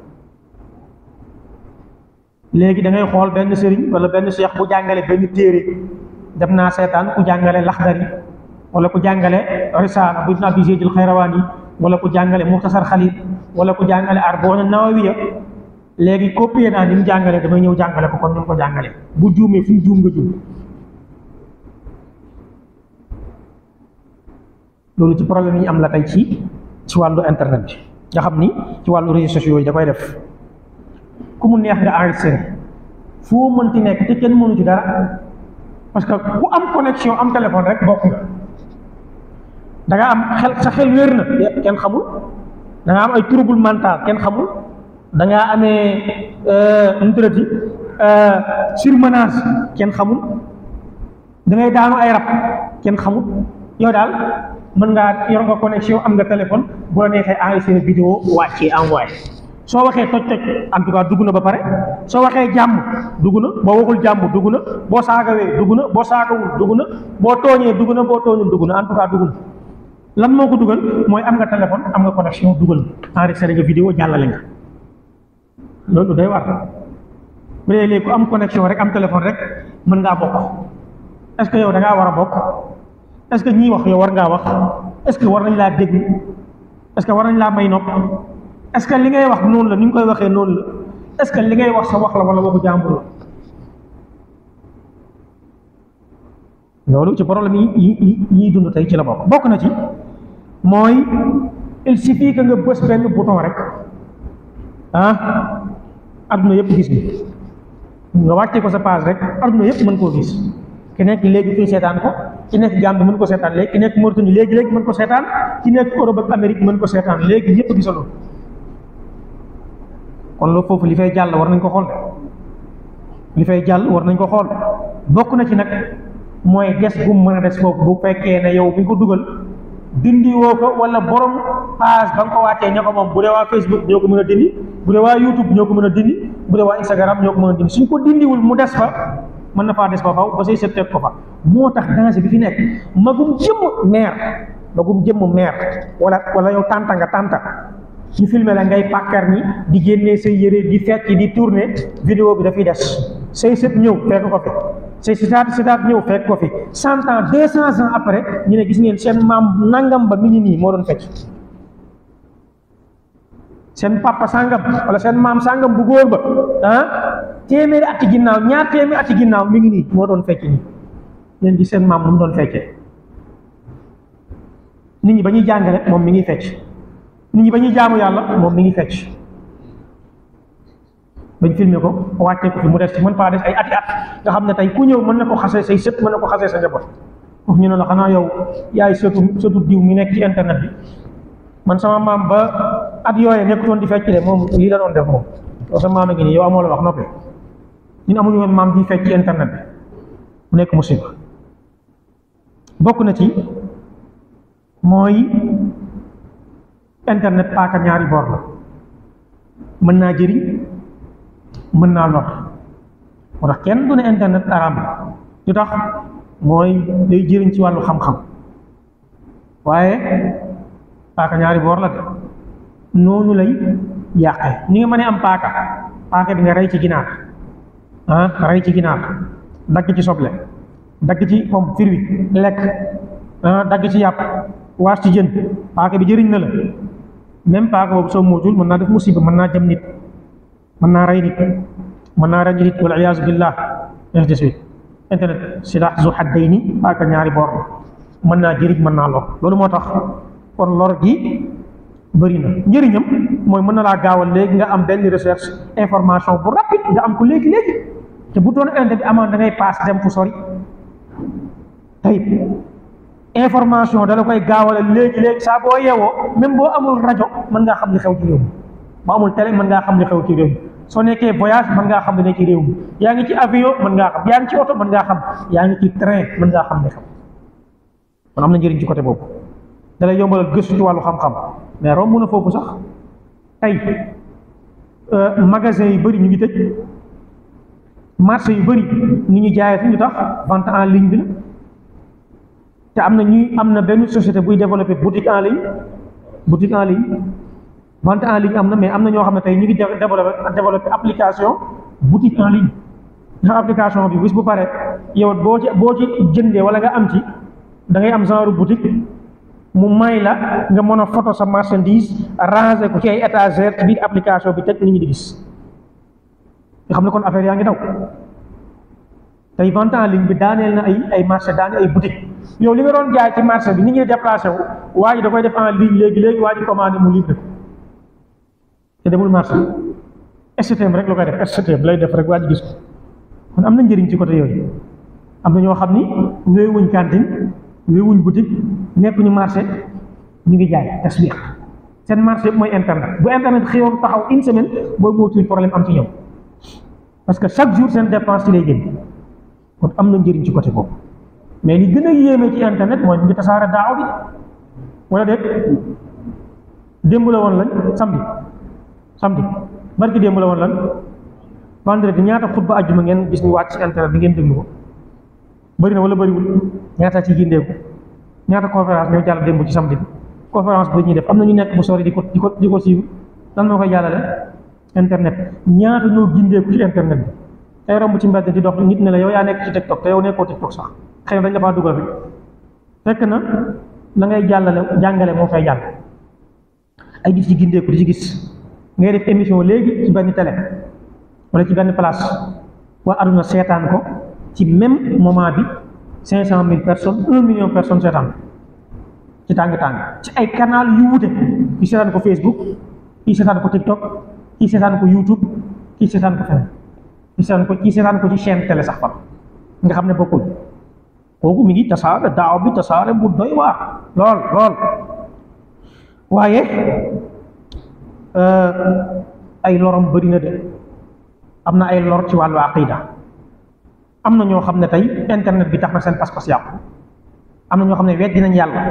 léegi da xool benn sëriñ wala benn cheikh bu jàngale benn téere dem naa seetaan ku jàngale laxdari wala ku jàngale risaala bu naa abi zayd al xayrawaani wala ku jàngale muxtasar xalit wala ku jàngale arboona nawawiya léegi copier naa ni mu jàngale damay ñëw jàngale ko kon ni mu ko jàngale bu juumee fu mu juum nga juum loolu ci problème yi am la tey ci ci wàllu internet bi nga xam ni ci wàllu réseaux sociaux yi da koy def ku mu neex nga enregistré foo mënti nekk te kenn mënu ci dara parce que ku am connexion am téléphone rek bokk nga am xel sa xel wér na kenn xamul da am ay trouble kenn xamul da ngaa amee euh, nu euh, kenn xamul da ngay daanu ay rab kenn xamul yow daal mën ngaa yor nga connexion am nga téléphone boo neexee enregistré vidéo wàccee envoyé. soo waxee toj toj en dugg na ba pare soo waxee jàmm dugg na boo waxul jàmm dugg na boo saagawee dugg na boo saagawul dugg na boo tooñee dugg na boo tooñul dugg na en tout cas dugg na lan moo ko dugal mooy am nga téléphone am nga connexion dugal enregistré nga vidéo jàllale nga loolu day war bu ku am connexion rek am téléphone rek mën ngaa bokk est que yow da ngaa war a bokk est-ce que ñii wax yow war ngaa wax est-ce que war nañ laa déglu est que war nañ laa may nopp est-ce que li ngay wax noonu la ni ngi koy waxee noonu la est-ce que li ngay wax sa wax la wala waxu jàmbur la loolu ci problème yi yi yi dund tey ci la bokk bokk na ci mooy il suffit que nga bës benn bouton rek ah adduna yëpp gis ni nga wàccee ko sa page rek adduna yëpp mën koo gis ki nekk léegi fii seetaan ko ki nekk Gambie mën ko seetaan léegi ki léegi léegi mën ko seetaan ci nekk Europe ak Amérique mën ko seetaan léegi ñëpp gisaloo kon loolu foofu li fay jàll war nañ ko xool li fay jàll war nañ ko xool bokk na ci nag mooy des bu mu mën a des foofu bu fekkee ne yow mi ko dugal dindi woo ko wala borom page ba nga ko wàccee ñoo ko moom bu dee waa Facebook ñoo ko mën a dindi bu dee waa YouTube ñoo ko mën a dindi bu dee waa Instagram ñoo ko mën a dindi suñ ko dindiwul mu des fa mën na faa des fa faw ba say sëb teg ko fa moo tax danger bi fi nekk magum jëmm meer magum jëmm meer wala wala yow tànta nga tànta su filmé la ngay pàkkar ni di génnee say yére di fecc di tourné video bi dafay des say sët ñëw fekk ko fi say sëtaat sëtaat ñëw fekk ko fi cent ans deux cent ans après ñu ne gis ngeen seen maam nangam ba mi ngi nii moo doon fecc seen papa sàngam wala seen maam sàngam bu góor ba ah téeméeri ati ginnaaw ñaar téeméeri ati mi ngi nii moo doon fecc nii ngeen gis seen maam mu doon feccee nit ñi ba ñuy jàng moom mi ngi fecc nit ñi ba ñuy jaamu yàlla moom mi ngi fecc bañ filmé ko wàccee ko fi mu des ci mën faa des ay ati at xam ne tey ku ñëw mën na xasee say sët mën ko xasee sa njaboot ñu ne la xanaa yow yaay sëtu sëtu diw mi nekk ci internet bi man sama maam ba at yooyee nekkutoon di fecc de moom lii la doon def moom yow sa maam a ngi nii yow amoo la wax noppi ñun amuñu woon maam di fecc ci internet bi mu nekk musiba bokk na ci mooy internet paaka ñaari boor la mën naa jëriñ mën naa lor moo tax kenn du ne internet araam lu tax mooy day jëriñ ci wàllu xam-xam waaye paaka ñaari boor la de noonu lay yàqee ni nga mën a am paaka paaka bi nga rey ci ginaar ah rey ci ginaar dagg ci soble dagg ci pomme fruit lekk ah, dagg ci yàpp waas ci jën paaka bi jëriñ na la même paaka boobu soo moytuwul mën naa def musiba mën naa jëm nit mën naa rey nit mën naa rey nit wala iyaazu billah ainsi de suite internet silah zu haddayni paaka ñaari boor mën naa jëriñ mën naa lor loolu moo tax kon lor gi bëri na njëriñam mooy mën na laa gaawal léegi nga am benn recherche information bu rapide nga am ko léegi léegi te bu doon internet bi amoon da ngay dem fu sori tayib information dala koy gaawale léegi léegi saa boo yeewoo même boo amul rajo mën ngaa xam li xew ci réew mi boo amul télé mën ngaa xam li xew ci réew mi soo nekkee voyage mën ngaa xam li nekk ci réew mi yaa ngi ci avion mën ngaa xam yaa ngi mën ngaa xam yaa ngi ci train mën ngaa xam li xew kon am na njëriñ ci côté boobu dalay yombalal gëstu ci wàllu xam-xam mais romb na foofu sax ay euh, magasin yu bëri ñu ngi tëj marché yu bëri ñu ngi jaayee fi ñu tax vente en ligne bi te am na ñuy am na benn société buy développé boutique en ligne boutique en ligne vente en ligne am na mais am na ñoo xam ne tey ñu ngi développé développé application boutique en ligne ndax application bi bis bu pare yow boo ci boo ci jëndee wala nga am ci dangay am am genre boutique mu may la nga mën a photo sa marchandise ranger ko ci ay étagère ci biir application bi teg nit ñi di gis nga xam ne kon affaire yaa ngi daw tey vente en ligne bi daaneel na ay ay marché daaneel ay boutique yow li nga doon jaay ci marché bi ñu ngi déplacé wu waa ji da koy def en ligne léegi léegi waa ji commandé mu livré ko te demul marché STM rek la koy def STM lay def rek waa gis ko kon am na njëriñ ci côté yooyu am na ñoo xam ni ñooy wuñ cantine ñooy wuñ boutique nekk ñu marché ñu ngi jaay tasbix seen marché mooy internet bu internet xëyoon taxaw une semaine booy moytuwul problème am ci ñoom parce que chaque jour seen dépense ci lay génn. kon am na njëriñ ci côté boobu mais li gën a yéeme ci internet mooy ñu ngi tasaare daaw bi wala de démb la woon lañ samedi samedi barki démb la woon lan vendredi ñaata xutba àjjuma ngeen gis ñu wàcc ci internet bi ngeen déglu ko bëri na wala bëriwul ñaata ci gindeeku ñaata conférence ñoo jàll démb ci samedi bi conférence bu ñuy def am na ñu nekk mu sori di ko di ko di ko suivre lan moo koy jàllale internet ñaata ñoo gindeeku ci internet bi. ngay romb ci mbedd di dox nit ne la yow yaa nekk ci TikTok te yow nekkoo TikTok sax xëy dañ la faa bi fekk na la ngay jàllale jàngale moo fay jàll ay nit ci gindeeku di ci gis ngay def émission léegi ci benn télé wala ci benn place waa aduna seetaan ko ci même moment bi cinq cent mille personnes un million personnes seetaan ci tàng-tàng ci ay canal yu wute seetaan ko Facebook kii seetaan ko TikTok kii seetaan ko YouTube kii seetaan ko feneen ñu seetaan ko ci seetaan ko ci chaîne télé sax fan nga xam ne bokkul kooku mi ngi tasaare daaw bi tasaare bu doy waa lool lool waaye eh. eh, ay lorom bëri na de am na ay lor ci wàllu aqida am na ñoo xam ne tey internet bi tax na seen pas-pas yàqu am na ñoo xam ne weddi dinañ yàlla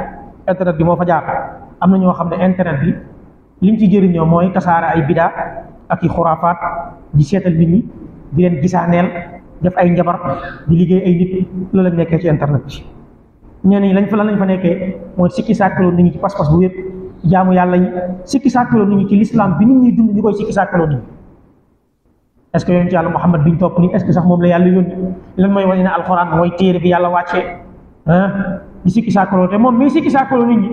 internet bi moo fa jaar am na ñoo xam ne internet bi liñ ci jëriñoo mooy tasaare ay bidaa ak i xuraafaat di seetal nit ñi di leen gisaaneel def ay njabar di liggéey ay nit loolu lañ nekkee ci internet bi ñenn ñi lañ fa lan lañ fa nekkee mooy sikki sàkkaloo nit ñi ci pas-pas bu wér jaamu yàlla ñi sikki sàkkaloo nit ñi ci lislaam bi nit ñuy dund ñu koy sikki sàkkaloo nit ñi que yonent yàlla Muhammad biñ topp nii sax moom la yàlla yónni lan mooy wane ne alxuraan mooy téere bi yàlla wàccee ah di sikki sàkkaloo te moom mais sikki sàkkaloo nit ñi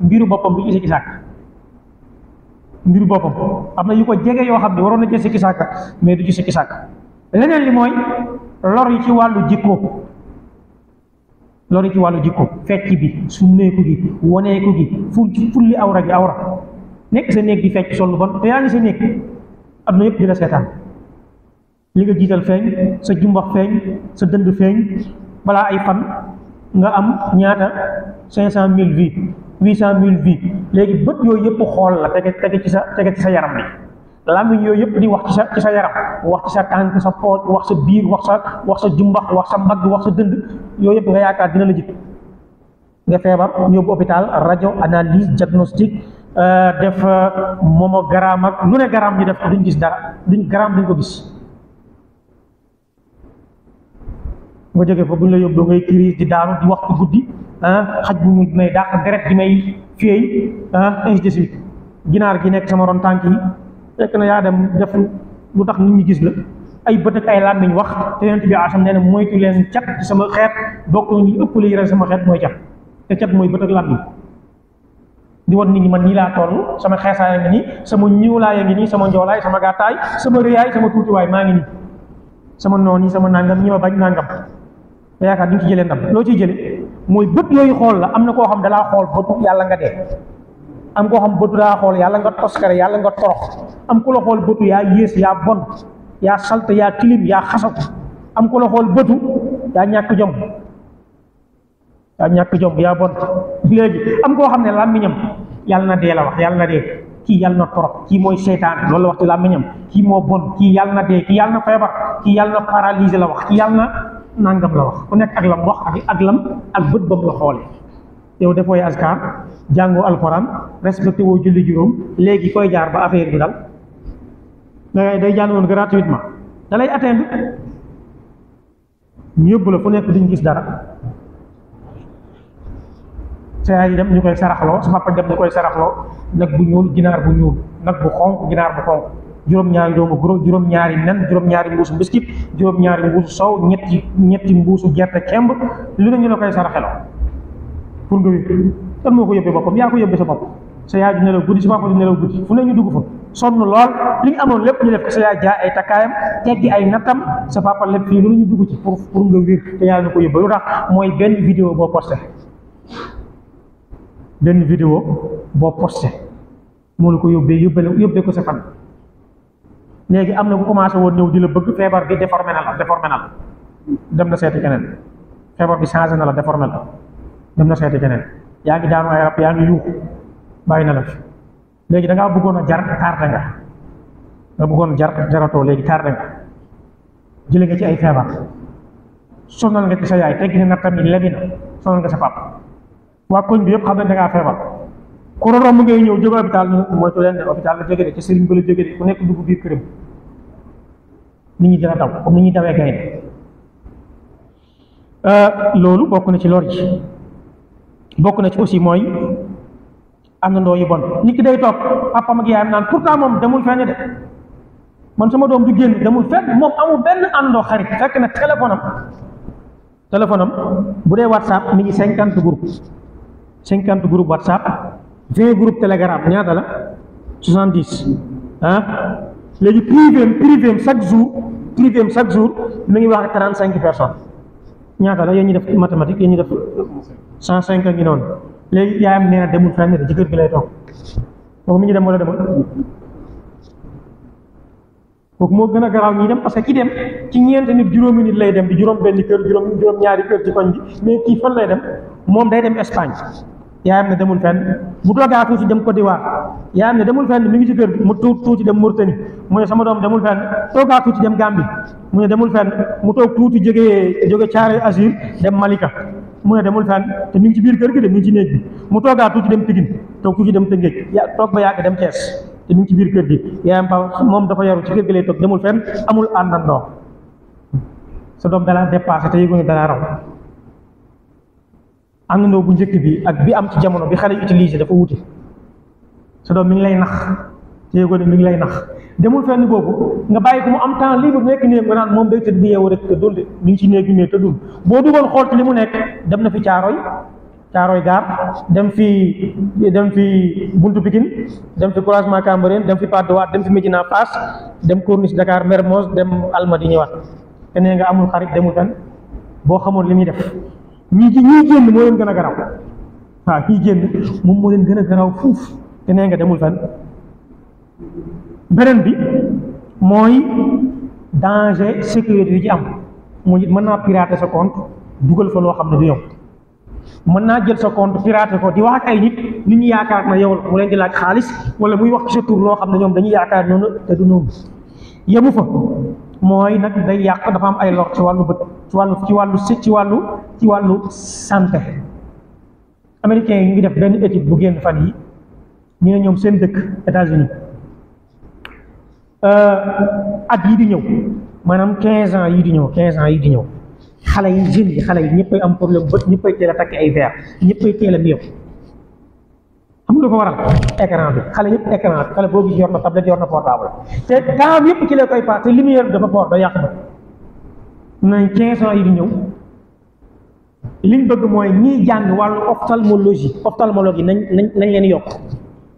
mbiru boppam bi ñu sikki sàkk mbiru boppam am na ñu ko jege yoo xam ne waroon na ci sikki sàkk mais du ci sikki sàkk leneen li mooy lor yi ci wàllu jikko lor yi ci wàllu jikko fecc bi summeeku gi woneeku gi fu fulli awra gi awra nekk sa néeg di fecc sol lu bon te yaa ngi sa néeg adduna yëpp di la seetaan li nga jiital feeñ sa jumbax feeñ sa dënd feeñ balaa ay fan nga am ñaata cinq cent mille bi huit cent mille vies léegi bët yooyu yëpp xool la tege tege ci sa tege ci sa yaram bi làmmiñ yooyu yëpp di wax ci sa ci sa yaram wax ci sa tànk sa pooj wax sa biir wax sa wax sa jumbax wax sa mbagg wax sa dënd yooyu yëpp nga yaakaar dina la jik nga feebar yóbbu hôpital rajo analyse diagnostic euh, def euh, momogramme ak lu ne gramme ñu def duñ gis dara duñ gramme duñ ko gis nga jógee fa buñ la yóbbu ngay crise di daanu di wax ko guddi ah xaj bu ñu may dàq deret di may fiyey ah ginaar gi nekk sama ron tànk yi fekk na yaa dem def lu tax nit ñi gis la ay bët ak ay làmmiñ wax te yonent bi asam nee na moytu leen cat sama xeet bokk ñu ëpp la rek sama xeet mooy cat te cat mooy bët ak làmmiñ di wan nit ñi man nii laa toll sama xeesaay a ngi nii sama ñuulaay ngi nii sama njoolaay sama gàttaay sama rëyaay sama tuutiwaay maa ngi nii sama noon yi sama nangam ñi ma bañ nangam te yaakaar duñ ci jëlee ndam loo ciy jëlee mooy bët yooyu xool la am na koo xam dalaa xool bët yàlla nga dee am koo xam bëtu daa xool yàlla nga toskare yàlla nga torox am ku la xool bëtu yaa yées yaa bon yaa salte yaa tilim yaa xasaku am ku xool bëtu yaa ñàkk jom yaa ñàkk jom yaa bon am koo xam ne làmmiñam yàlla na dee la wax yàlla na dee kii yàlla na torox kii mooy seytaan loolu la wax kii moo bon kii yàlla na dee yàlla na feebar kii yàlla na la wax kii yàlla na nangam la wax ku nekk ak lam wax ak lam ak bët ba la xoolee yow defooy askar jàngoo alxuraan respecté woo julli juróom léegi koy jaar ba affaire bi dal dangay day jàll woon gratuitement da lay atteindre ñu yóbbu la fu nekk duñ gis dara sa yi ñu koy saraxloo su papa dem ñu koy saraxloo nag bu ñuul ginaar bu ñuul nag bu xonq ginaar bu xonq juróom-ñaari doomu juróom-ñaari nen juróom-ñaari mbuusu mbiskit juróom-ñaari mbuusu soow ñetti ñetti mbuusu gerte kemb lu ne ñu la koy saraxeloo pour nga wér kan moo ko yóbbee boppam yaa ko yóbbee sa bopp sa yaay du nelaw guddi sa papa du nelaw guddi fu ne ñu dugg fa sonn lool li ñu amoon lépp ñu def ko sa yaay jaay ay takkaayam teggi nattam sa papa lépp fii lu ñu dugg ci pour pour nga wér te ñu ko yóbbee lu tax mooy benn vidéo boo posté benn vidéo boo posté moo ko yóbbee yóbbale yóbbee ko sa léegi am na bu commencé woon ñëw di la bëgg feebar bi déformé na la déformé na la dem na seeti keneen feebar bi changé na la déformé la dem na seeti keneen yaa ngi daanu ay rab yaa ngi yuuxu bàyyi na la fi léegi da ngaa bëggoon a jar tardé nga nga bëggoon jar jaratoo léegi tardé nga jële nga ci ay feebar sonal nga ci sa yaay tegg ne nattam yi lebi na sonal nga sa papa waa koñ bi yëpp xam nañ da ngaa feebar ku romb ngay ñëw jóge hôpital mooy to leen ne hôpital la jóge de ci sëriñ ba la jóge de ku nekk dugg biir këram nit ñi dina daw comme nit ñi dawee gaynde euh, loolu bokk na ci lor ji bokk na ci aussi mooy àndandoo yu bon nit ki day toog papaam ak yaayam naan pourtant moom demul fenn de man sama doom du génn demul fenn moom amul benn àndandoo xarit fekk na téléphone am téléphone bu dee whatsapp mi ngi cinquante group cinquante groupe whatsapp vingt group telegram ñaata la soixante dix ah léegi privé privé chaque jour privé chaque jour mi ngi wax trente cinq personnes ñaata la yéen ñi def mathématique yéen ñi def cent cinq ngi noonu léegi yaayam nee na demul fenn ci kër gi lay toog moom mi ñu dem wala demul kooku moo gën a garaaw ñi dem parce que ki dem ci ñeenti nit juróomi nit lay dem di juróom benn kër juróom juróom ñaari kër ci koñ bi mais kii fan lay dem moom day dem Espagne yaayam ne demul fenn bu toogaa tuuti dem Côte d'Ivoire yaayam ne demul fenn mu ngi ci kër mu tuut tuuti dem Mauritanie mu ne sama doom demul fenn toogaa dem Gambie mu ne demul fenn mu tuuti jógee jóge Thiaroye Azur dem Malika mu ne demul fenn te mu ngi ci biir kër gi de mi ngi ci néeg bi mu toogaa tuuti dem Pikine toog tuuti dem Tëngéej ya toog ba yàgg dem Thiès te mu ngi ci biir kër gi yaayam pa moom dafa yaru ci kër gi lay toog demul fenn amul àndandoo sa doom dalaa dépassé te yëgoo ne dalaa raw àndandoo bu njëkk bi ak bi am ci jamono bi xale utilisé dafa wuti sa doom mi ngi lay nax téye ne mi ngi lay nax demul fenn boobu nga bàyyi ko mu am temps libre bu nekk néeg nga naan moom day tëdd di yeewu rek te ngi ci néeg bi mais tëddul boo duggoon xool ci li mu nekk dem na fi caaroy caaroy gaar dem fi dem fi buntu Pikine dem fi croisement Cambérène dem fi Patte d'Oie dem fi Médina Fass dem Corniche Dakar Mermoz dem Almadies ñëwaat te nee nga amul xarit demul fenn boo xamoon li muy def ñii ci ñii génn moo leen gën a garaw waaw kii génn moom moo leen gën a garaw fuuf te nee nga demul fenn beneen bi mooy danger sécurité yu ci am mu mën naa pirater sa compte buggal fa loo xam ne du yow mën naa jël sa compte pirater ko di wax ak ay nit nit ñu yaakaar na yow la mu leen di laaj xaalis wala muy wax ci sa tur loo xam ne ñoom dañuy yaakaar noonu te du noonu yemu fa mooy nag day yàq dafa am ay lor ci wàllu bët ci wàllu ci wàllu ci wàllu ci wàllu santé américains yi ñu ngi def benn étude bu génn fan yi ñu ne ñoom seen dëkk États-Unis euh, at yi di ñëw maanaam 15 ans yi di ñëw 15 ans yi di ñëw xale yi jeunes yi xale yi ñëppay am problème bët ñëppay teel a ay verre ñëppay teel a mieux xam nga lu ko waral écran bi xale yëpp écran bi xale boobu yor na tablette yor na portable te temps yëpp ci la koy paas te lumière bi dafa fort da yàq ba nañ quinze ans yi di ñëw liñ bëgg mooy ñiy jàng wàllu ophtalmologie ophtalmologie nañ nañ nañ leen yokk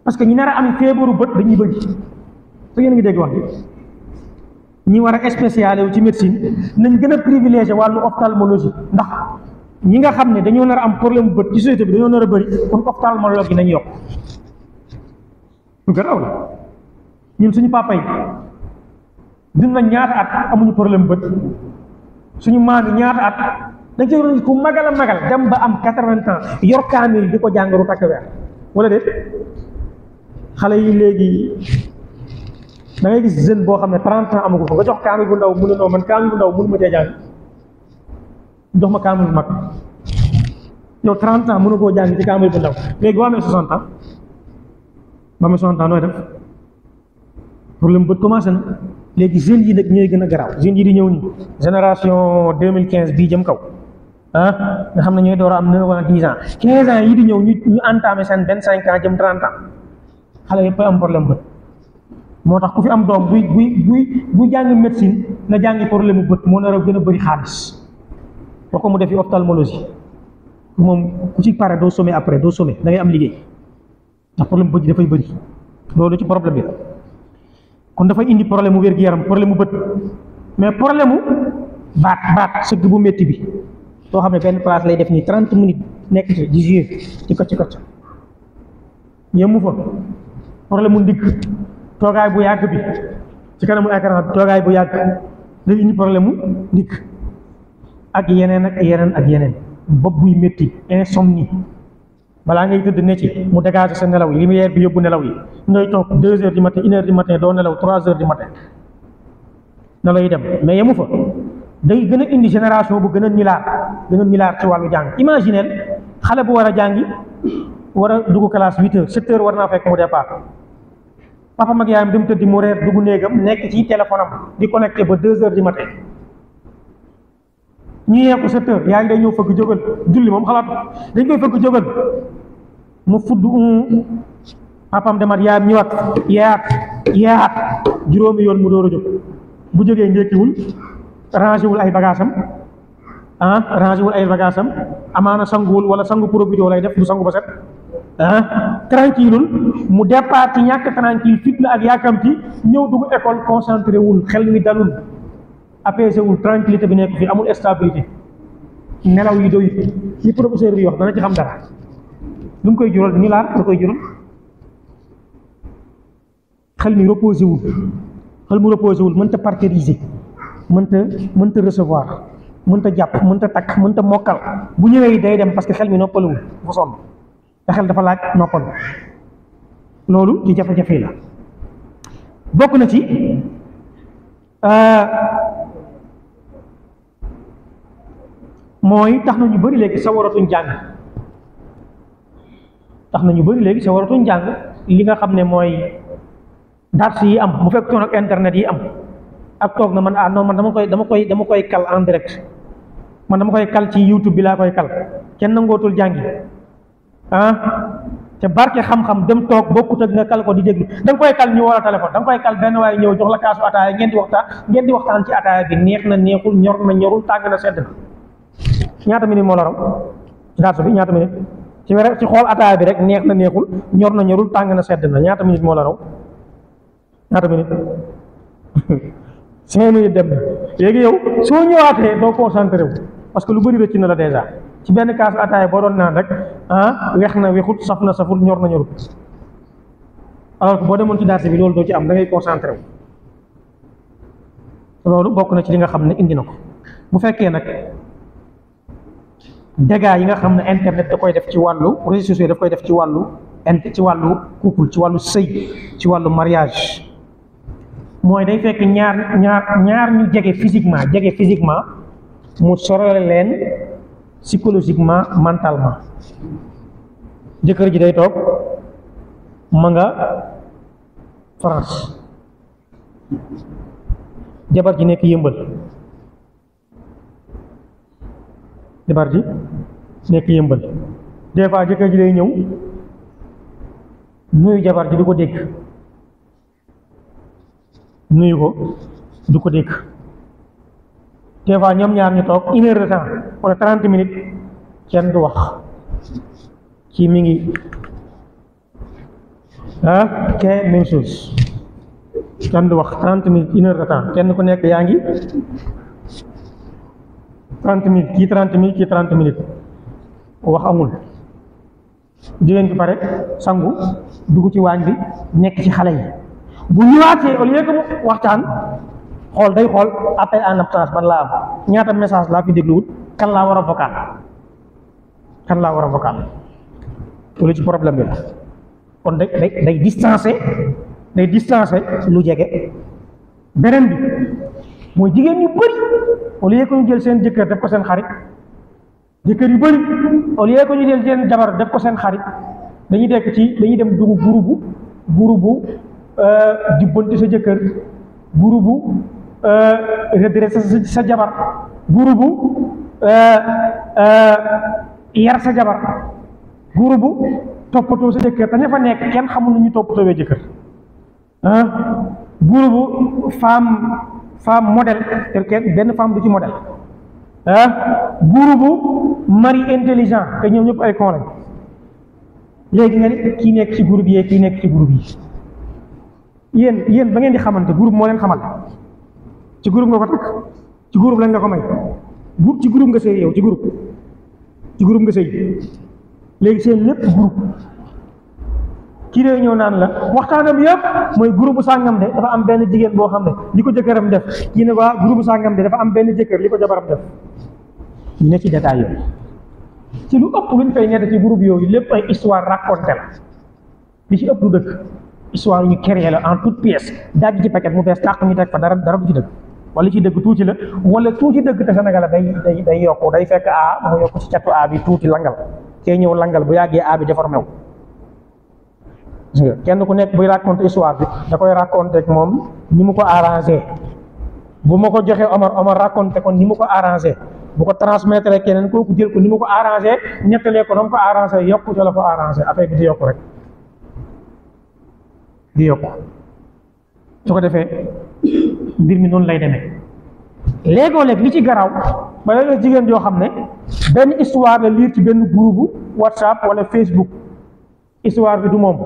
parce que ñi nar a am feebaru bët dañuy bëgg su ngeen ngi dégg wax bi war a spécialisé wu ci médecine nañ gën a privilégié wàllu ophtalmologie ndax ñi nga xam ne dañoo nar a am problème bët ci société bi dañoo nar a bëri kon ophtalmologue yi nañu yokk lu garaaw la ñun suñu papa yi dund na ñaata at amuñu problème bët suñu maam yi ñaata at dañ ci doon ku magal a magal dem ba am quatre-vingts ans yor kaamil di ko jàngaru takk wala déet xale yi léegi da ngay boo xam ne trente am amagu fa nga jox kaamil bu ndaw mu ne non man bu ndaw mënu ma cee jàng jox ma kaamil bu mag yow 30 ans mënu koo jàng ci kaamil bu ndaw léegi boo amee 60 ans boo amee 60 ans nooy def problème bët commencé léegi jeunes yi nag ñooy gën a garaaw jeunes yi di ñëw nii génération 2015 bii jëm kaw ah, xam ne ñooy door a am yi di ñëw ñu ñu entamé seen 25 ans jëm 30 ans xale yëpp am problème bët. moo tax ku fi am doom buy buy buy buy jàng médecine na jàngi problème bu bët moo na a gën a bëri xaalis. wax ko mu defi ophtalmologie moom ku ci pare doo sommé après doo sommé da am liggéey ndax problème bët yi dafay bëri loolu ci problème bi kon dafay indi problème mu wér-gu-yaram problème mu bët mais problème mu baat baat sëgg bu métti bi soo xam ne benn place lay def nii trente minutes nekk ci di jouer ci kocc kocc yemu fa problème mu ndigg toogaay bu yàgg bi ci kanamu écran bi toogaay bu yàgg day indi problème mu ndigg ak yeneen ak yeneen ak yeneen bopp buy métti insomnie balaa ngay tëdd ne ci mu dégager sa nelaw yi lumière bi yóbbu nelaw yi ngay toog deux heures du matin une heure du matin doo nelaw trois heures du matin na lay dem mais yemu fa day gën a indi génération bu gën a nilaar gën a nilaar ci wàllu jàng imagineel xale bu war a jàngi war a dugg classe huit heures sept heures war naa fekk mu départ papa mag yaayam dem tëddi mu reer dugg néegam nekk ci téléphone am di connecté ba deux heures du matin ñu yee ko sept yaa ngi day ñëw fëgg jógal julli moom xalaat dañ koy fëgg jógal mu fudd un um, papam demaat yaayam ñëwaat yaat yaat juróomi yoon mu door a jóg bu jógee ndékkiwul rangé wul ay bagage am ah rangé ay bagage am amaana sanguwul wala sangu profité lay def du sangu ba set ah tranquille mu départ ci ñàkk tranquille fitna ak yàkkamti ñëw dugg école concentré wul xel wi dalul apaisé wul tranquillité bi nekk fii amul stabilité nelaw yi doy li professeur bi wax dana ci xam dara lu mu koy jural dañu laar da koy jural xel mi reposé wul xel mu reposé wul mënta partiriser mënta mënta recevoir mënta jàpp mënta takk mënta mokkal bu ñëwee day dem parce que xel mi noppaluwul dafa sonn te xel dafa laaj noppal loolu ci jafe-jafe la bokk na ci. Euh, mooy tax na ñu bëri léegi sa waratuñ jàng tax nañu ñu léegi sa waratuñ jàng li nga xam ne mooy dars yi am bu fekkoon ak internet yi am ak toog na man ah non man dama koy dama koy dama koy kal en man dama koy kal ci youtube bi laa koy kal kenn nangootul jàngi ah te barke xam-xam dem toog bokkut ak nga kal ko di déglu da nga koy kal ñu wala téléphone da nga koy kal benn waaye ñëw jox la kaasu ataaya ngeen di waxtaan ngeen di waxtaan ci ataaya bi neex na neexul ñor na ñorul tàng na sedd ci ñaata minute moo la raw darsu bi ñaata minute ci rek ci xool ataaya bi rek neex na neexul ñor na ñorul tàng na sedd na ñaata minute moo la raw ñaata minute cinq minutes dem na léegi yow soo ñëwaatee doo concentré wu parce que lu bëri rëcc na la dèjà ci benn kaas ataaya boo doon naan rek ah weex na weexut saf na safut ñor na ñorut alors boo demoon ci darsu bi loolu doo ci am da ngay loolu bokk na ci li nga xam ne indi na ko bu fekkee nag dégâts yi nga xam ne internet da koy def ci wàllu réseaux sociaux daf koy def ci wàllu ci wàllu couple ci wàllu sëy ci wàllu mariage mooy day fekk ñaar ñaar ñaar ñu jege physiquement jege physiquement mu sorole leen psychologiquement mentalement jëkkër ji day toog ma nga France jabar ji nekk yëmbal jabar ji nekk yëmbal des fois jëkkër ji day ñëw nuyu jabar ji du ko dégg nuyu ko du ko dégg des fois ñoom ñaar ñu toog une heure de temps wala trente minutes kenn du wax kii mi ngi ah kee même chose kenn du wax trente minutes une de temps kenn ku nekk yaa ngi 30 minutes kii 30 minutes kii wax amul jigéen bi pare sangu dugg ci waañ bi nekk ci xale yi bu ñëwaatee au lieu que mu waxtaan xool day xool appel en absence ban laa am ñaata message laa fi dégluwut kan laa war a vocal kan laa war a vocal loolu ci problème bi la kon day day day distancé day distancé lu jege beneen bi mooy jigéen ñu bëri au lieu que ñu jël seen jëkkër def ko seen xarit jëkkër yu bëri au lieu que ñu jël seen jabar def ko seen xarit dañuy dekk ci dañuy dem dugg gurubu gurubu euh, jubbanti sa jëkkër gurubu euh, redresser sa jabar gurubu euh, yar sa jabar gurubu toppatoo sa jëkkër daña fa nekk kenn xamul nu ñu toppatoo wee jëkkër ah, gurubu femme femme modèle te kenn benn femme du ci modèle ah guru bu mari intelligent te ñoom ñëpp ay con léegi nga ne kii nekk ci groupe yi kii nekk ci groupe yi yéen yéen ba ngeen di xamante groupe moo leen xamal ci groupe nga ko takk ci groupe lañ nga ko may ci groupe nga sëy yow ci groupe ci groupe nga sëy léegi seen lépp groupe kii dee ñëw naan la waxtaanam yëpp mooy groupe sàngam de dafa am benn jigéen boo xam ne li ko jëkkëram def kii ne waa groupe sàngam de dafa am benn jëkkër li ko jabaram def ne ci détail yooyu ci lu ëpp luñ fay nett ci groupe yooyu lépp ay histoire raconté li ci ëpp lu dëkk histoire ñu créé la en toute pièce daaj ci paquet mu bees tàq ñu teg fa dara dara du ci dëkk wala ci dëgg tuuti la wala tuuti dëgg te Sénégal day day day yokku day fekk a mu yokku ci catu a bi tuuti langal kee ñëw langal bu yàggee a bi gis kenn ku nekk buy raconte histoire bi da koy raconté ak moom ni mu ko arrangé bu ma ko joxee Omar Omar raconté ko ni mu ko arrangé bu ko transmettre keneen kooku jël ko ni mu ko arrangé ñettalee ko na ko arrangé yokku te la ko arrangé affaire bi di yokku rek di ko defee mbir mi noonu lay demee léegoo léeg li ci garaaw ma léeg jigéen joo xam ne benn histoire la lire ci benn groupe WhatsApp wala Facebook. histoire bi du moom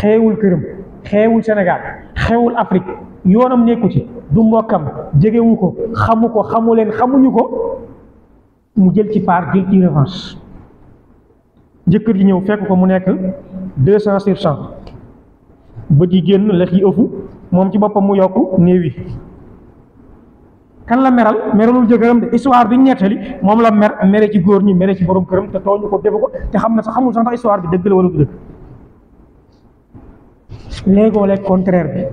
xeewul këram xeewul Sénégal xeewul Afrique yoonam nekku ci du mbokkam jegewu ko xamu ko xamu leen xamuñu ko mu jël ci part jël ci revanche jëkkër ji ñëw fekk ko mu nekk deux cent sur cent bët yi génn lex yi ëfu moom ci boppam mu yokk néew yi kan la meral meralul jëkkëram de histoire bi ñu nettali moom la mer mere ci góor ñi mere ci borom këram te tooñu ko defu ko te xam na sax xamul sax ndax histoire bi dëgg la wala du dëgg léegi wala contraire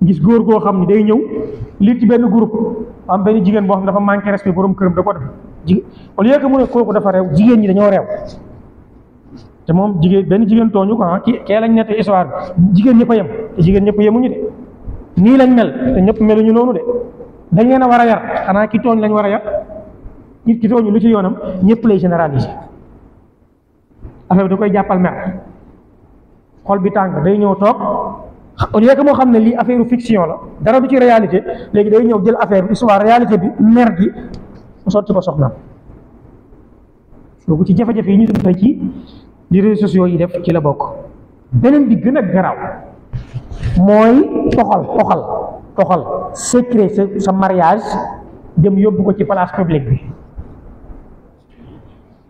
bi gis góor goo xam ne day ñëw lii ci benn groupe am benn jigéen boo xam dafa manqué respect borom këram da ko def jigéen au lieu mu kooku dafa reew jigéen ñi dañoo reew te moom jigéen benn jigéen tooñu ko ah kee lañ nett histoire bi jigéen ñëpp a yem te jigéen ñëpp yemuñu de nii lañ mel te ñëpp meluñu noonu de dañ leen a war a yar xanaa ki tooñ lañ war a yar nit ki tooñu lu ci yoonam ñëpp lay généraliser affaire bi da koy jàppal mer. xol bi tàng day ñëw toog au moo xam ne lii affaire fiction la dara du ci réalité léegi day ñëw jël affaire bi histoire réalité bi mer gi mu sotti ko soxna boobu ci jafe-jafe yi ñu dund ci li réseaux sociaux yi def ci la bokk beneen bi gën a garaaw mooy toxal toxal toxal secret sa sa mariage dem yóbbu ko ci place bi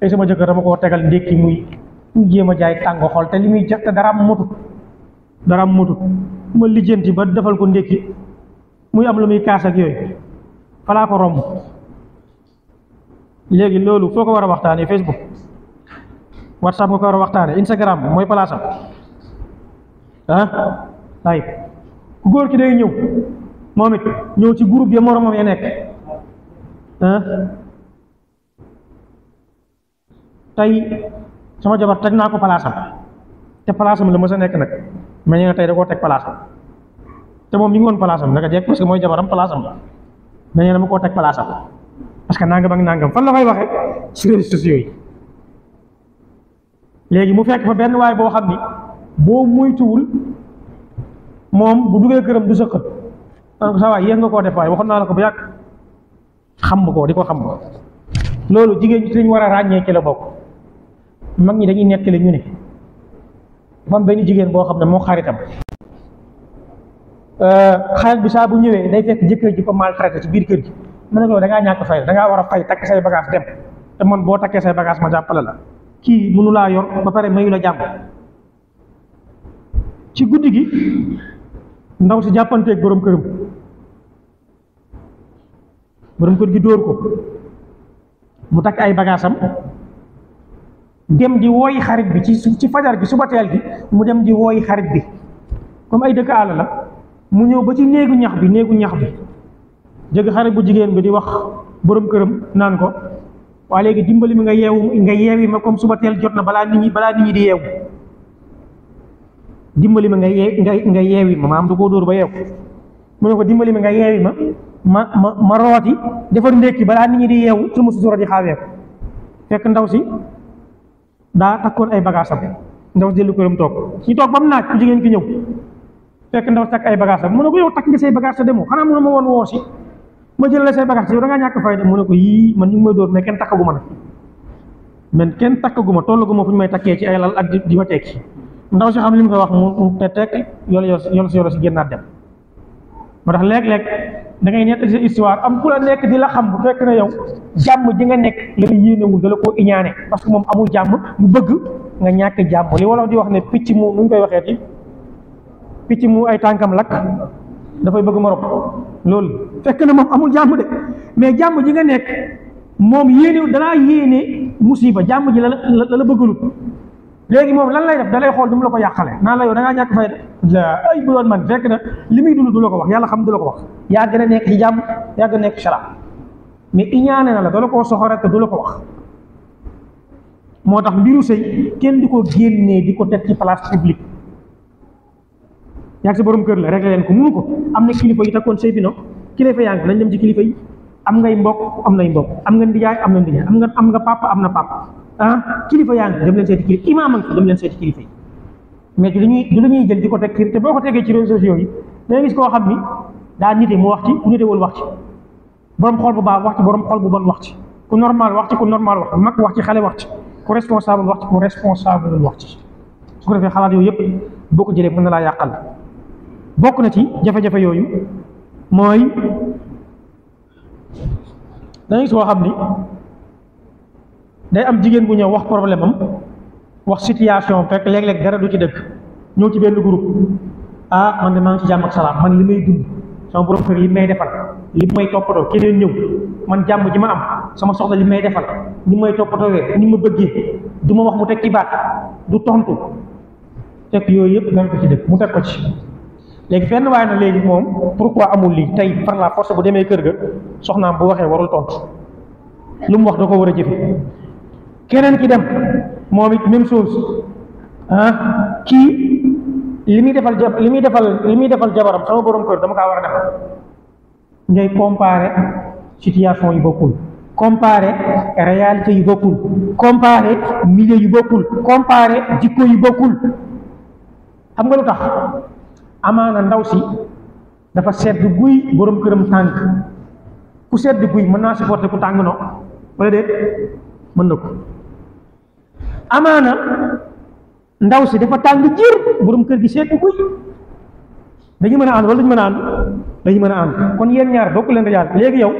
tey sama jëkkër dama koo tegal ndékki muy jéem a jaay tàng xol te li muy jot te dara am motut dara am motut ma lijjanti ba defal ko ndékki muy am lu muy kaas ak yooyu falaa ko romb léegi loolu foo ko war a waxtaane Facebook WhatsApp nga ko war a waxtaanee Instagram mooy palaasal am ah ku góor ki day ñëw moom it ñëw ci groupe ya moromam ya nekk ah tey sama jabar teg naa ko palaasam te palaasam la mës a nekk nag mais ñu tey da koo teg palaasam te moom mi ngi woon palaasam naka jekk parce que mooy jabaram palaasam la mais ma koo teg palaasam parce que nangam ak nangam fan la koy waxee su réseaux sociaux yi léegi mu fekk fa benn waay boo xam ni boo muytuwul moom bu duggee këram du sëqat parce que yéex nga koo def waaye waxoon naa la ko bu yàgg xam ko di ko xam loolu jigéen ñi ci lañ war a ràññee ci la bokk. mag ñi dañuy nettali ñu ne dafa benn jigéen boo xam ne moo xaritam euh, xarit bi saa bu ñëwee day fekk jëkkër ji ko maltraité ci biir kër gi mu ne ko da ngaa fay da ngaa war a fay takk say bagage dem te man boo takkee say bagage ma jàppale la kii mënu laa yor ba pare mayu la jàmm ci guddi gi ndaw si jàppanteeg borom këram borom kër gi dóor ko mu takk ay bagaasam dem di wooyi xarit bi ci ci fajar gi suba teel gi mu dem di woy xarit bi comme ay dëkk àll la mu ñëw ba ci néegu ñax bi néegu ñax bi jëgg xarit bu jigéen bi di wax borom këram naan ko waa léegi dimbali mi nga yeewu nga yeewi ma comme suba jot na balaa nit balaa nit ñi di yeewu dimbali ma nga nga nga yeewi ma maam koo dóor ba yeewu mu ne ko dimbali mi nga yeewi ma ma ma ma rooti defar ndékki balaa nit ñi di yeewu su ma di xaawee ko fekk ndaw si. daa takkoon ay bagaasam ndaw si jël ko yom toog ñu toog ba mu naaj ku jigéen ki ñëw fekk ndaw si takk ay bagaasam mu ne ko yow takk nga say bagaas sa demoo xanaa mu ma woon woo si ma jël la say bagaas yow da ngaa mu ne ko yii man ñu ngi may dóor mais kenn takkaguma nag man kenn takkaguma tollaguma fu ñu may takkee ci ay lal ak di di ma tekki ndaw si xam li mu koy wax mu te tekk yoolu yor si yoolu si génnaat dem moo tax léeg-léeg da ngay nettali sa histoire am ku la nekk di la xam bu fekk na yow jàmm ji nga nekk la nga yéenewul la koo iñaane parce que moom amul jàmm mu bëgg nga ñàkk jàmm li wolof di wax ne picc mu nu ñu koy waxee ci picc mu ay tànkam lakk dafay bëgg ma loolu fekk na moom amul jàmm de mais jàmm ji nga nekk moom yéene danaa yéene musiba jàmm ji la la la bëggalu léegi moom lan lay def da xool du mu la ko yàqale naan la yow da ngaa ñàkk fay la ay bu doon man fekk na li muy dund du la ko wax yàlla xam du la ko wax yaa gën nekk ci jàmm yàgg gën a nekk sharab mais iñaane na la da koo soxore te du la ko tax mbiru sëy kenn di ko génnee di ko teg ci place publique yaa si borom kër la rek leen ko munu ko am na kilifa yi takkoon sëy bi kilifa yaa ngi nañ dem ci kilifa yi am ngay mbokk am nay mbokk am nga ndijaay am na ndijaay am nga am nga papa am na papa ah kilifa yaa ngi dem leen seeti kilifa imaam a ngi fi dem leen seeti kilifa yi mais du ñuy du ñuy jël di ko teg ci te boo ko tegee ci réseaux yooyu yi da ngay gis koo xam ni daa nite mu wax ci ku woon wax ci borom xol bu baax wax ci borom xol bu bon wax ci ku normal wax ci ku normal wax mag wax ci xale wax ci ku responsable wax ci ku responsable wax ci ko defee xalaat yooyu yëpp boo ko jëlee mën na laa yàqal bokk na ci jafe-jafe yooyu mooy da ngay gis koo xam ni. day am jigéen bu ñëw wax problème am wax situation fekk léeg-léeg dara du ci dëkk ñëw ci benn groupe ah man de maa ngi ci jàmm ak salaam man li may dund sama borom kër li may li may toppatoo keneen ñëw man jàmm ji ma am sama soxla li may defal ni may toppatoowee ni ma bëggee du ma wax mu teg ci baat du tontu fekk yooyu yëpp dara ci dëkk mu fekk ko ci. léegi fenn waaye na léegi moom pourquoi amul lii tey par la force bu demee kër ga soxnaam bu waxee warul tontu lu mu wax da ko war a jëfe keneen ki dem moom it même chose ah kii li muy defal ja li muy defal li muy defal jabaram sama borom kër dama kaa war a defal ngay comparer situation yu bokkul comparer réalité yu bokkul comparer milieu yu bokkul comparer jikko yu bokkul xam nga lu tax amaa amaana ndaw si dafa sedd guy borom këram tànk ku sedd guy mën naa supporter ku tàng no wala déet mën na ko amaana ndaw si dafa tàng jir boroom kër gi seetu ko dañu mën a ànd wala dañu mën a ànd dañu mën a ànd kon yéen ñaar bokk leen rajaal léegi yow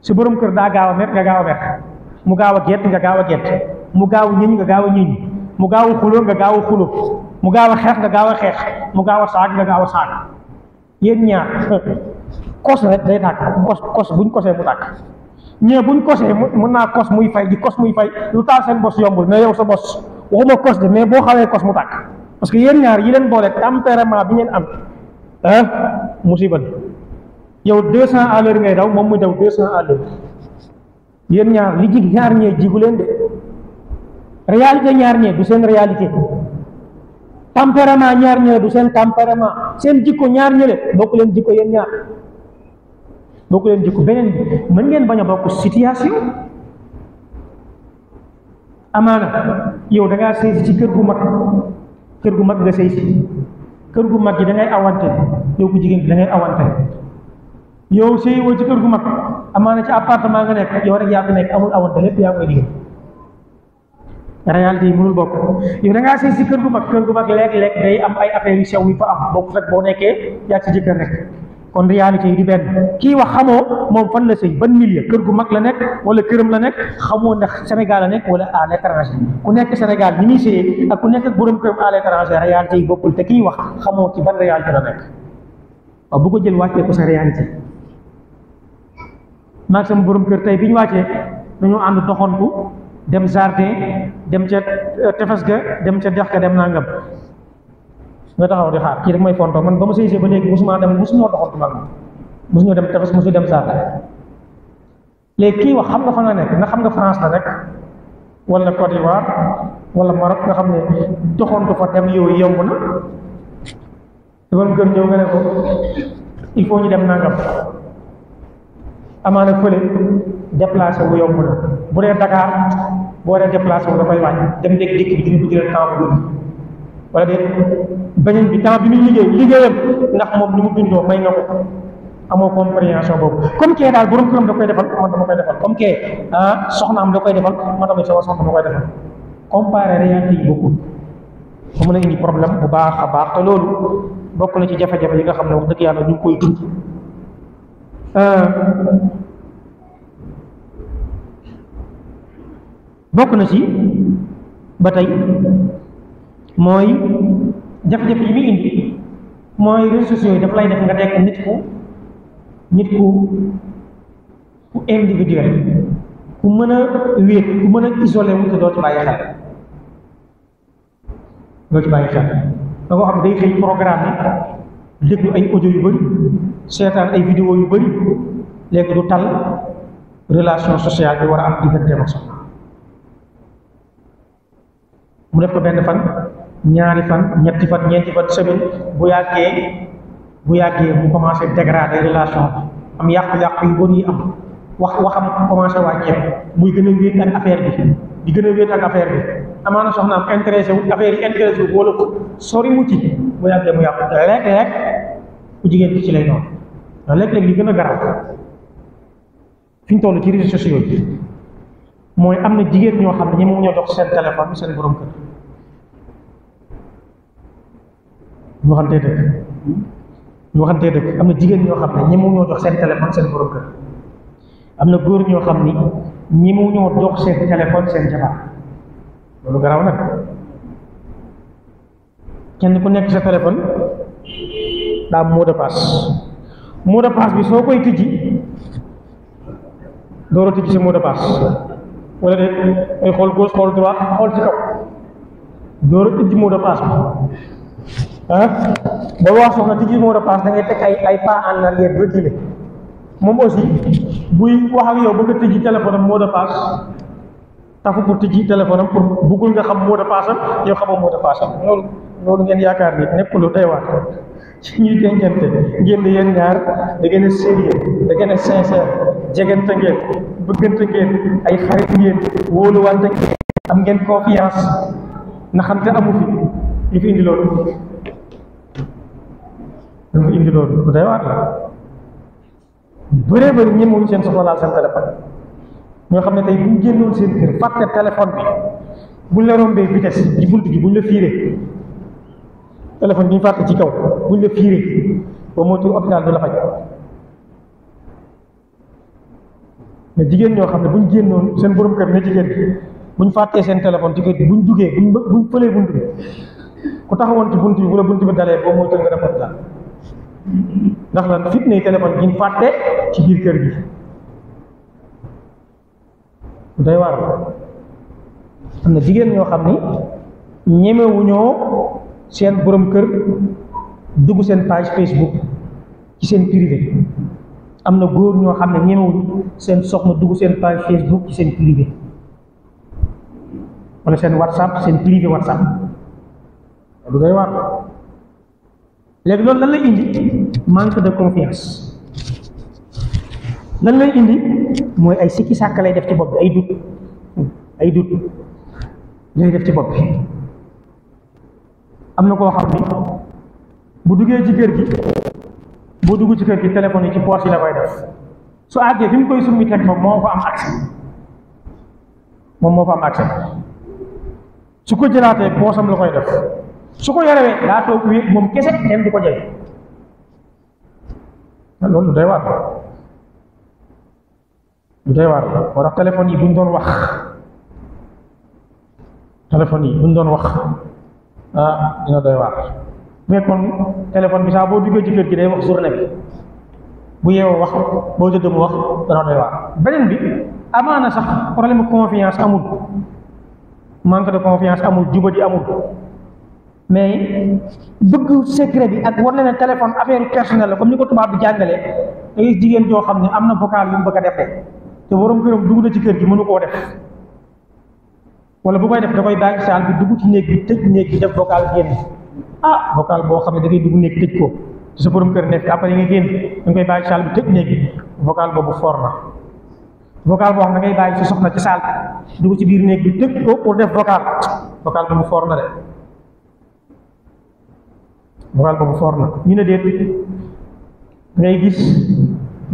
si boroom kër daa gaaw a mer nga gaaw a mer mu gaaw a gett nga gaaw a gett mu gaaw ñiñ nga gaaw a ñiñ mu gaaw a xuloo nga gaaw a xuloo mu gaaw a xeex nga gaaw a xeex mu gaaw a saag nga gaaw a saag yéen ñaar kos rek day tàkk kos kos buñ kosee mu tàkk ñee buñ kosee mën naa kos muy fay di kos muy fay lu taal seen bos yombul mais yow sa bos waxuma kos de mais boo xawee kos mu tàkk parce que yéen ñaar yi leen boole tempérament bi ngeen am ah musiba yow deux cent à l'heure ngay daw moom muy daw deux cent à l'heure yéen ñaar li ñaar ñee jigu leen de réalité ñaar ñee du seen réalité tempérament ñaar ñee du seen tempérament seen jikko ñaar ñele bokk leen jikko yéen ñaar bokk leen jikko beneen bi mën ngeen bañ a bokk situation amaana yow da ngaa sëy si ci kër gu mag kër gu mag nga sëy kër gu mag gi da awante yow ku jigéen bi da awante yow sëy woo ci kër gu mag amaana ci appartement nga nekk yow rek yaa ko nekk amul awante lépp yaa koy liggéey réalité yi mënul bokk yow da sëy si kër gu mag kër gu mag léeg lekk day am ay affaires yu sew yu fa am bokk rek boo nekkee yaa ci jëkka rek kon réalité yi di benn kii wax xamoo moom fan la sëy ban milieu kër gu mag la nekk wala këram la nekk xamoo ndax Sénégal la nekk wala à l'étranger ku nekk Sénégal ni muy sëyee ak ku nekk ak borom këram à l'étranger réalité yi bokkul te kii wax xamoo ci ban réalité la nekk waaw bu ko jël wàccee ko sa réalité maag sama borom kër tey bi ñu wàccee dañoo ànd doxantu dem jardin dem ca euh, tefes ga dem ca dex ga dem nangam nga taxaw di xaar kii rek mooy fonto man ba ma sëy ba léegi mosuma dem mosuma doxantu mag dem tefes mosuñu léegi kii wax xam nga fa nga nekk nga xam nga France la rek wala Côte d'Ivoire wala Maroc nga xam ne doxantu fa dem yooyu yomb na loolu gën ñëw nga ne ko il faut ñu dem nangam amaana fële déplacé wu yomb na bu dee Dakar boo dee déplacé wu dafay wàññi dem nekk dikk bi dina ko jëlee temps bu wala déet beneen bi temps bi muy liggéeyam ndax moom lu mu bindoo may na ko amoo compréhension boobu comme kee daal borom këram da koy defal man ah, da koy defal man tamit sama soxna koy defal comparé réalité yi bokkul mu la problème bu baax a baax te loolu ci jafe yi nga xam ne wax dëgg yàlla ñu koy dund euh, bokk na ci ba tey mooy jafe-jafe yi muy indi mooy réseaux sociaux yi daf lay def nga nekk nit ku nit ku ku individuel ku mën a wéet ku mën a isolé wu te doo ci bàyyi xel doo ci bàyyi xel da nga xam day xëy programme bi déglu ay audio yu bëri seetaan ay vidéo yu bëri léegi du tal relation sociale bi war a am diggante ak soxna mu def ko benn fan ñaari fan ñetti fan ñeenti fan semaine bu yàggee bu yàggee mu commencé dégrader relation bi am yàqu-yàqu yu bëri am wax waxam commencé wàññeeku muy gën a wéet affaire di gën a wéet ak affaire bi amaana soxnaam intéressé wu affaire yi intéressé wu wala ko sori wu ci bu yàggee mu yàqu léeg-léeg ku jigéen bi ci lay noonu léeg-léeg li gën a garaaw fi ñu toll ci réseaux sociaux yi mooy am na jigéen ñoo xam ne ñi moom ñoo dox seen téléphone seen borom kër. ñu waxantee dëgg ñu waxantee dëgg am na jigéen ñoo xam ne ñemewu ñoo jox seen am na góor ñoo xam ni ñemewu ñoo jox seen téléphone seen jabar loolu garaaw nag kenn ku nekk sa téléphone daa am mot de passe mot bi soo koy tijji doora tijji sa mot de passe de ay xool gauche xool droit xool ci kaw doora tijji mot de ah ba wax soxna ci mot de passe da ngay teg ay ay pas en arrière reculer moom aussi buy wax yow ba a tijji téléphone am mot de passe tafu pour tijji téléphone pour bëggul nga xam mot de passe am yow xamoo mot de passe loolu ngeen yaakaar ni nekkul lu doy waar ci ñuy dencante ngeen yéen ñaar da ngeen a sérieux da ngeen a ngeen bëggante ngeen ay xarit ngeen wóoluwante ngeen am ngeen confiance na xam te amu fi. li fi indi loolu dafa indi loolu bu bëree bëri ñemewuñ seen soxla laal seen téléphone ñoo xam ne tey buñ ñu génnoon seen kër fàtte téléphone bi bu ñu la rombee vitesse ci bu ñu la fiiree téléphone bi fàtte ci kaw bu ñu la fiiree ba moytu hôpital du la faj mais jigéen ñoo xam ne bu ñu génnoon seen borom kër ne jigéen bi bu fàttee seen téléphone ci kër bi bu ñu duggee bu ñu fëlee bunt bi ku taxawoon ci bunt bi bu la bunt bi dalee boo mooy tënk nga defoon daal ndax lan fitna yi téléphone gi fàtte ci biir kër gi day waar am na jigéen ñoo xam ni ñemewuñoo seen borom kër dugg seen page Facebook ci seen privé am na góor ñoo xam ne ñemewuñ seen soxna dugg seen page Facebook ci seen privé wala seen WhatsApp seen privé WhatsApp lu doy waar léegi loolu lan lay indi manque de confiance lan lay indi mooy ay sikki sàkk lay def ci bopp bi ay dut ay dut lay def ci bopp bi am na koo xam ni bu duggee ci kër gi boo dugg ci kër gi téléphone yi ci poche yi la def su àggee fi mu koy summi teg moom moo fa am accès moom moo fa am accès su ko jëlaatee poosam la koy def su ko yorewee daa toog wéet moom kese dem di ko jële ah, loolu lu doy waar lu doy waar moo tax téléphone yi buñ doon wax téléphone yi buñ doon wax ah dina doy waar mais kon téléphone bi saa boo duggee ci kër gi day wax journée bi bu yeewoo wax boo jëdd mu wax dana doy waar beneen bi amaana sax problème confiance amul manque de confiance amul jubadi amul mais bëgg secret bi ak war na ne téléphone affaire personnelle la comme ni ko tubaab bi jàngalee ay jigéen joo xam ne am na vocal yu mu bëgg a defee te borom këram dugg na ci kër gi mënu koo def wala bu koy def da koy bàyyi saal bi dugg ci néeg bi tëj néeg bi def vocal génn ah vocal boo xam ne da ngay dugg néeg tëj ko te borom kër nekk après nga génn da ngay bàyyi saal néeg bi boobu for na vocal boo xam ne da ngay bàyyi soxna ci saal bi ci biir néeg bi tëj ko pour def vocal vocal boobu for na de. moral boobu foor na ñu ne déet ngay gis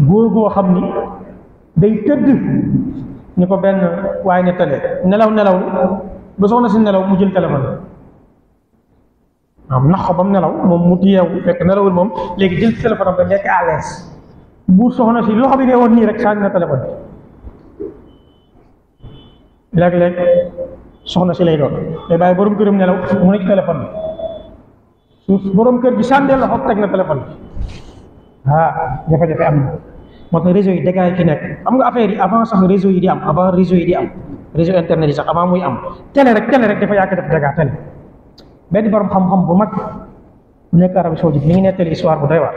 góor goo xam ni day tëdd ñu ko benn waaye ne tale nelaw nelaw ba soxna si nelaw mu jël téléphone am nax ko ba nelaw moom mu yeewu fekk nelawul moom léegi jël téléphone am ba nekk à l'aise bu soxna si loxo bi dee woon nii rek sànni na téléphone léeg-léeg soxna si lay doon day bàyyi borom këram nelaw mu nekk téléphone borom kër gi sànnee loxo teg na téléphone bi ah jafe-jafe am na moo tax réseau yi dégâts yi ci nekk am nga affaire yi avant sax réseau yi di am avant réseau yi di am réseau internet yi sax avant muy am télé rek télé rek dafa yàgg def dégâts télé benn borom xam-xam bu mag bu nekk Arabie Saoudite mi ngi nettali histoire bu doy waar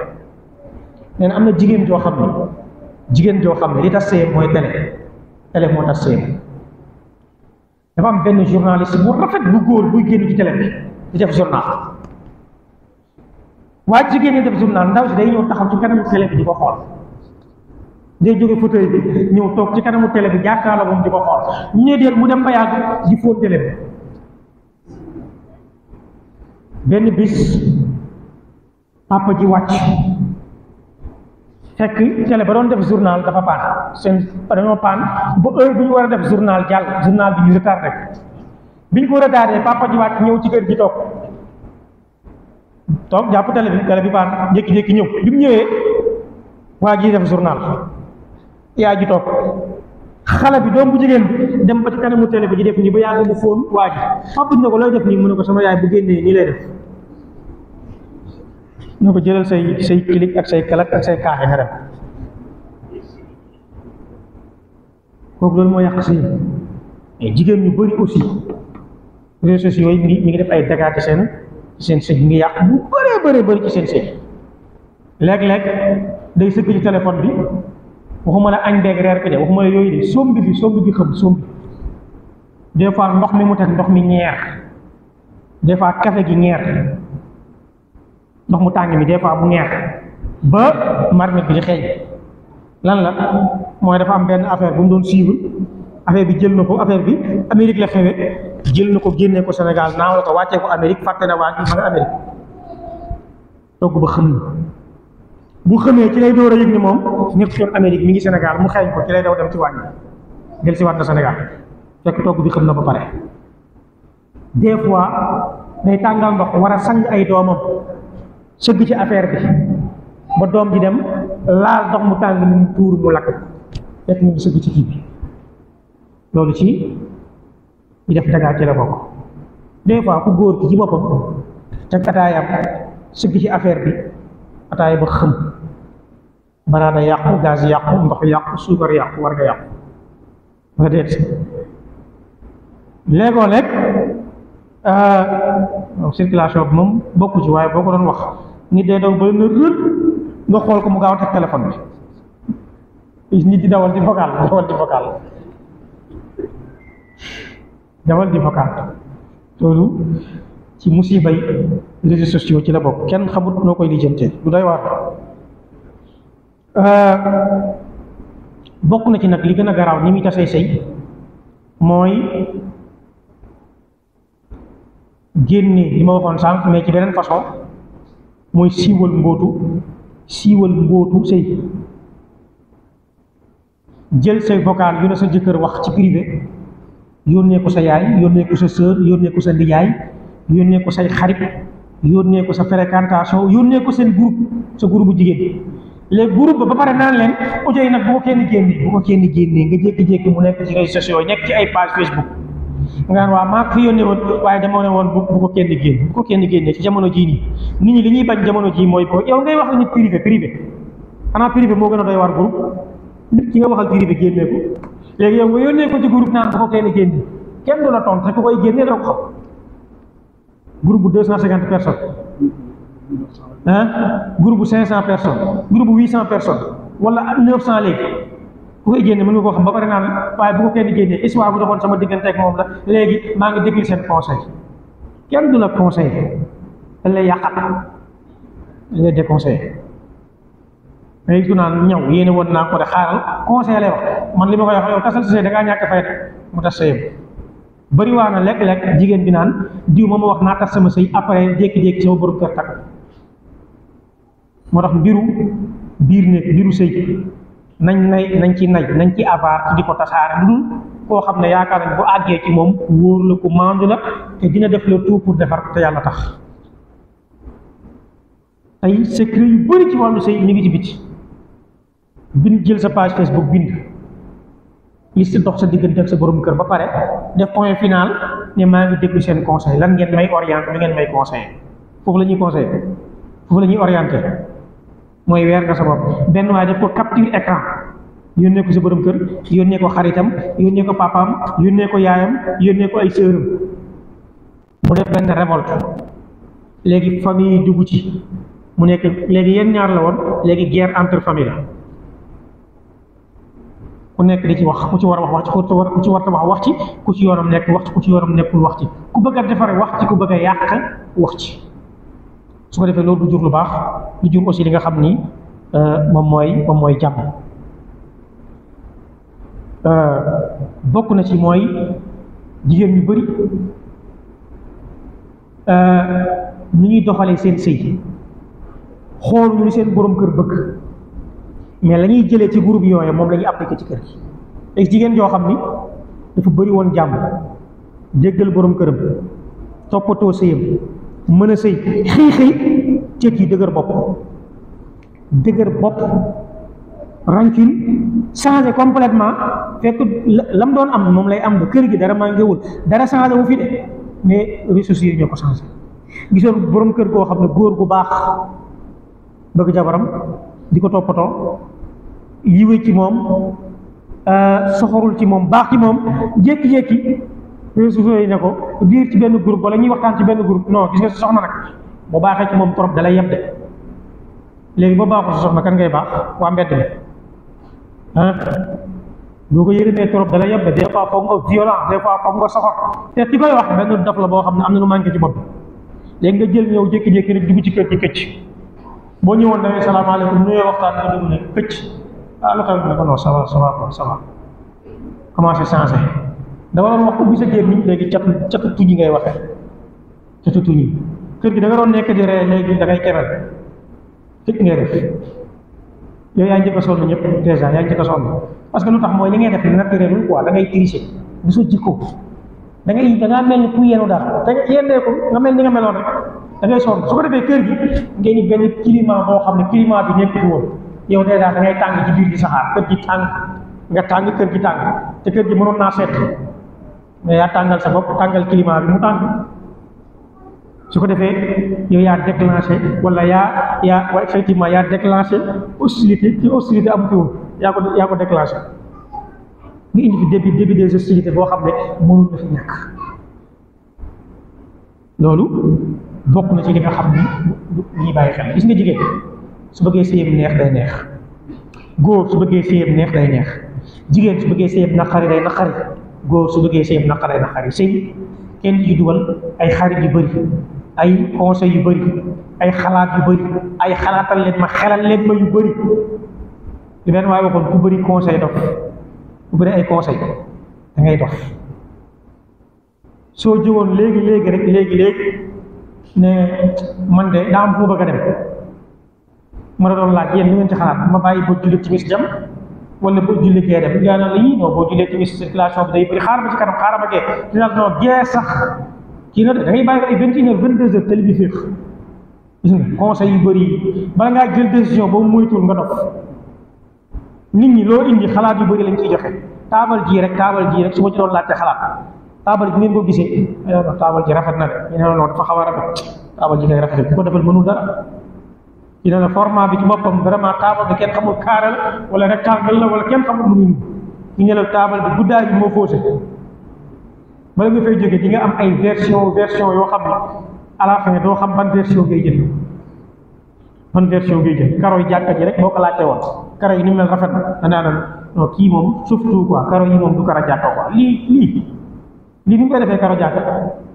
nee na am na jigéen joo xam ne jigéen joo xam ne li tas seeyam mooy télé télé moo tas seeyam dafa am benn journaliste bu rafet bu góor buy génn ci waa jigéen ñi def journal ndaw si day ñëw taxaw ci kanamu télé bi di ko xool day jóge fauteuil bi ñëw toog ci kanamu télé bi jàkkaarloo moom ji ko xool ñu ne déet mu dem ba yàgg di fóon télé bi benn bis papa ji wàcc fekk télé ba doon def journal dafa paan seen dañoo paan ba heure bi ñu war a def journal jàll journal bi ñu rek bi ñu ko retardé papa ji wàcc ñëw ci kër gi toog toog jàpp télé bi télé bi baax jékki-jékki ñëw bi mu ñëwee waa ji def journal yaay ji toog xale bi doom bu jigéen dem ba ci kanamu télé bi di def nii ba yàgg mu fóon waa ji papa ne ko looy def nii mu ne ko sama yaay bu génnee nii lay ko jëlal say say kilik ak say kalak ak say kaaxe nga dem kooku loolu moo yàq sëy mais jigéen ñu bëri aussi réseaux sociaux yi ngi mi ngi def ay dégâts ci seen seen sëñ ngi yàq bu bëree bëri ci seen sëñ léeg-léeg day sëgg ci téléphone bi waxuma la añ beeg reer ko de waxuma la yooyu de sombi bi sombi bi xëm sombi des fois ndox mi mu ndox mi ñeer des fois café gi ñeer ndox mu tàng mi des fois bu ñeer ba marmite bi di xeeñ lan la mooy dafa am benn affaire bu mu doon suivre affaire bi jël na ko affaire bi Amérique la xewee jël na ko génnee ko Sénégal naaw la ko wàccee ko Amérique fàtte na waa ji ma togg ba xam na bu xamee ci lay door a yëg ni moom ñëpp yoon Amérique mi ngi Sénégal mu xeeñ ko ci lay daw dem ci wàññi del si waat na Sénégal fekk togg bi xam na ba pare des fois day tàngal ndox war a sang ay doomam sëgg ci affaire bi ba doom ji dem laal ndox mu tàng mu tuur mu lakk fekk mu ngi sëgg ci kii bi loolu ci ñu def dagaa ci la bokk des fois ku góor ki ci boppam teg ataayam sukk ci affaire bi ataaya ba xëm balaa da yàqu gaz yàqu ndox yàqu suukar yàqu war nga yàqu wala léegoo lekk euh, circulation bi moom bokku ci waaye boo ko doon wax nit day daw ba na rël nga xool ko mu gaaw a teg téléphone bi nit di dawal di vocal dawal di vocal dawal di vocal loolu ci musibay réseaux sociaux ci la bokk kenn xamut noo koy lijjantee lu day waar euh, bokk na ci nag li gën a garaaw ni muy tasee sëy mooy génne li ma waxoon sànq mais ci beneen façon mooy siiwal mbóotu siiwal mbóotu sëy jël say vocal yu la sa jëkkër wax ci privé yónnee ko sa yaay yónnee ko sa sœur yónnee ko sa ndijaay yónnee ko say xarit yónnee ko sa fréquentation yónnee ko seen groupe sa groupe bu jigéen léegi groupe ba ba pare naan leen audio yi nag bu ko kenn génnee bu ko kenn génnee nga jékki-jékki mu nekk ci réseaux sociaux nekk ci ay page Facebook nga naan waa maa ko woon waaye bu ko kenn génn bu kenn génnee ci jamono jii nii nit ñi li ñuy bañ jamono ji mooy ko yow ngay wax la nit privé privé xanaa privé moo gën a doy war groupe nit ki nga waxal privé génnee ko léegi yow nga yónnee ko ci groupe naan ko ko kenn génne kenn du la ko ku koy génne doo ko xam bu deux cent cinquante personnes
ah
groupe bu cinq cent personnes groupe bu huit cent personnes wala neuf cent léegi ku koy génne mën nga koo xam ba pare naan waaye bu ko kenn génnee histoire bu doxoon sama diggante ak moom la léegi maa ngi déglu seen conseil kenn du la conseil dañ lay yàqat dañ lay déconseillé day gis naan ñaw yéene woon naa ko de xaaral conseil lay man li ma ko wax yow tasal sa da ngaa ñàkk fayda mu tas sa yëpp na lekk-lekk jigéen bi naan diw ma ma wax naa tas sama sëy après jékki-jékki sama borom tax mbiru biir nekk mbiru sëy nañ nay nañ ci naj nañ ci avaar ci di ko tasaare lu koo xam ne yaakaar nañ bu àggee ci moom wóor la ko maandu la te dina def le tout pour defar te yàlla tax ay secret yu bari ci wàllu sëy ñu ngi ci biti bind jël sa page Facebook bind liste dox sa diggante ak sa borom kër ba pare def point final ne maa ngi déglu seen conseil lan ngeen may orienté lu ngeen may conseil foofu la ñuy conseil foofu la ñuy orienté mooy weer nga sa benn waaye def ko capture écran yónnee ko sa borom kër yónnee ko xaritam yónnee ko papaam yónnee ko yaayam yónnee ko ay sëram mu def benn révolte léegi famille dugg ci mu nekk léegi yenn ñaar la woon léegi guerre entre famille la ku nekk di ci wax ku ci war a wax wax ci ku ci war a wax wax ci ku ci yoonam nekk wax ci ku ci yoonam nekkul wax ci ku bëgg a defare wax ci ku bëgg a yàq wax ci su ko defee loolu du jur lu baax du jur aussi li nga xam ni euh, moom mooy moom mooy jàmm euh, bokk na ci mooy jigéen ñu bëri mu ngi doxalee seen sëy xool ñu ni seen boroom kër bëgg mais lañuy jëlee ci groupe yooyu moom la ñuy appliqué ci kër gi tey jigéen joo xam ni dafa bëri woon jàmm déggal borom këram toppatoo sëyam mën a sëy xëy xëy ceet yi dëgër bopp dëgër bopp rancune changé complètement fekk lam doon am moom lay am ba kër gi dara maa mànkewul dara changé wu fi de mais réseaux sociaux yi ñoo ko changé gisoon borom kër goo xam ne góor bu baax bëgg jabaram di ko toppatoo yiwe ci moom euh, soxorul ci moom baax ci moom jékki-jékki réseaux ne ko biir ci benn groupe wala ñuy waxtaan ci benn groupe non gis nga si soxna nag boo baaxee ci moom trop dalay yeb de léegi boo baaxul si soxna kan ngay baax waa mbedd mi ah doo ko yërëmee trop dalay yeb de des fois foog nga violent des fois foog nga soxor te ki koy wax benn daf la boo xam ne am na lu manqué ci bopp léegi nga jël ñëw jékki-jékki rek mu ci kër ci këcc boo ñëwoon da ngay salaamaaleykum nuyoo waxtaan nga dugg ne këcc ah lu tax ne ko non ça va ça va quoi ça va commencé changé dama doon wax ubbi sa gémmiñ kër gi da nga doon nekk di ree léegi da ngay keral tëj ngay def yow yaa njëkk a sonn ñëpp dèjà yaa parce que lu tax mooy li ngay def naturel quoi da ngay tricher du sa jikko da ngay da ngaa mel ni ku yenu dara da nga yennee ko nga mel ni nga meloon rek da ngay sonn su ko defee kër gi ngeen ni benn climat boo xam ne climat bi nekkul woon yow dee daal da tàng ci biir di saxaar kër gi tàng nga tàng kër gi tàng te kër gi mënoon naa seet mais yaa tàngal sa bopp tàngal climat bi mu tàng su ko defee yow yaa déclenché wala yaa yaa effectivement yaa déclenché hostilité ci hostilité am fi woon yaa ko yaa ko déclenché nga indi fi début début des hostilités boo xam ne mënul na fi ñàkk loolu bokk na ci li nga xam ni ñuy bàyyi xel gis nga jigéen su bëggee sëyam neex day neex góor su bëggee sëyam neex day neex jigéen su bëggee sëyam naqari day naqari góor su bëggee sëyam naqari day naqari sëy kenn ci dugal ay xarit yu bëri ay conseil yu bëri ay xalaat yu bëri ay xalaatal leen ma xelal leen ma yu bëri li benn waaye waxoon ku bari conseil dof bu bëri ay conseil da dox soo jógoon léegi léegi rek léegi léegi ne man de daa am fu bëgg a dem ma la doon laaj yéen li ngeen ci xalaat ma bàyyi ba julli timis jam wala boo julli gee dem yaa naan la yii non boo jullee timis circulation bi day bëri xaar ba ci kanam xaar ba gee dina non gee sax kii na da ngay bàyyi ba ay vingt une heures vingt deux conseil yu bëri bala ngaa jël décision boobu moytuwul nga dof nit ñi loo indi xalaat yu bëri lañ ciy joxe taabal jii rek taabal jii rek su ma ci doon laajte xalaat taabal ji ngeen ko gisee taabal ji rafet na de ñu ne la loolu dafa xaw a rafet taabal ji kay rafet bu ko defal mënul dara ñu ne la format bi ci boppam vraiment taabal bi kenn xamul carré la wala rectangle la wala kenn xamul lu muy ñu ne la taabal bi guddaay bi moo faussé bala nga fay jógee di nga am ay version version yoo xam ne à la fin doo xam ban version ngay jël ban version ngay jël karo jàkka ji rek boo ko laajte woon. karo yi ni mel rafet na naa non kii moom surtout quoi karo yi moom du karo jàkka quoi lii lii lii ni mu koy defee karo jàkka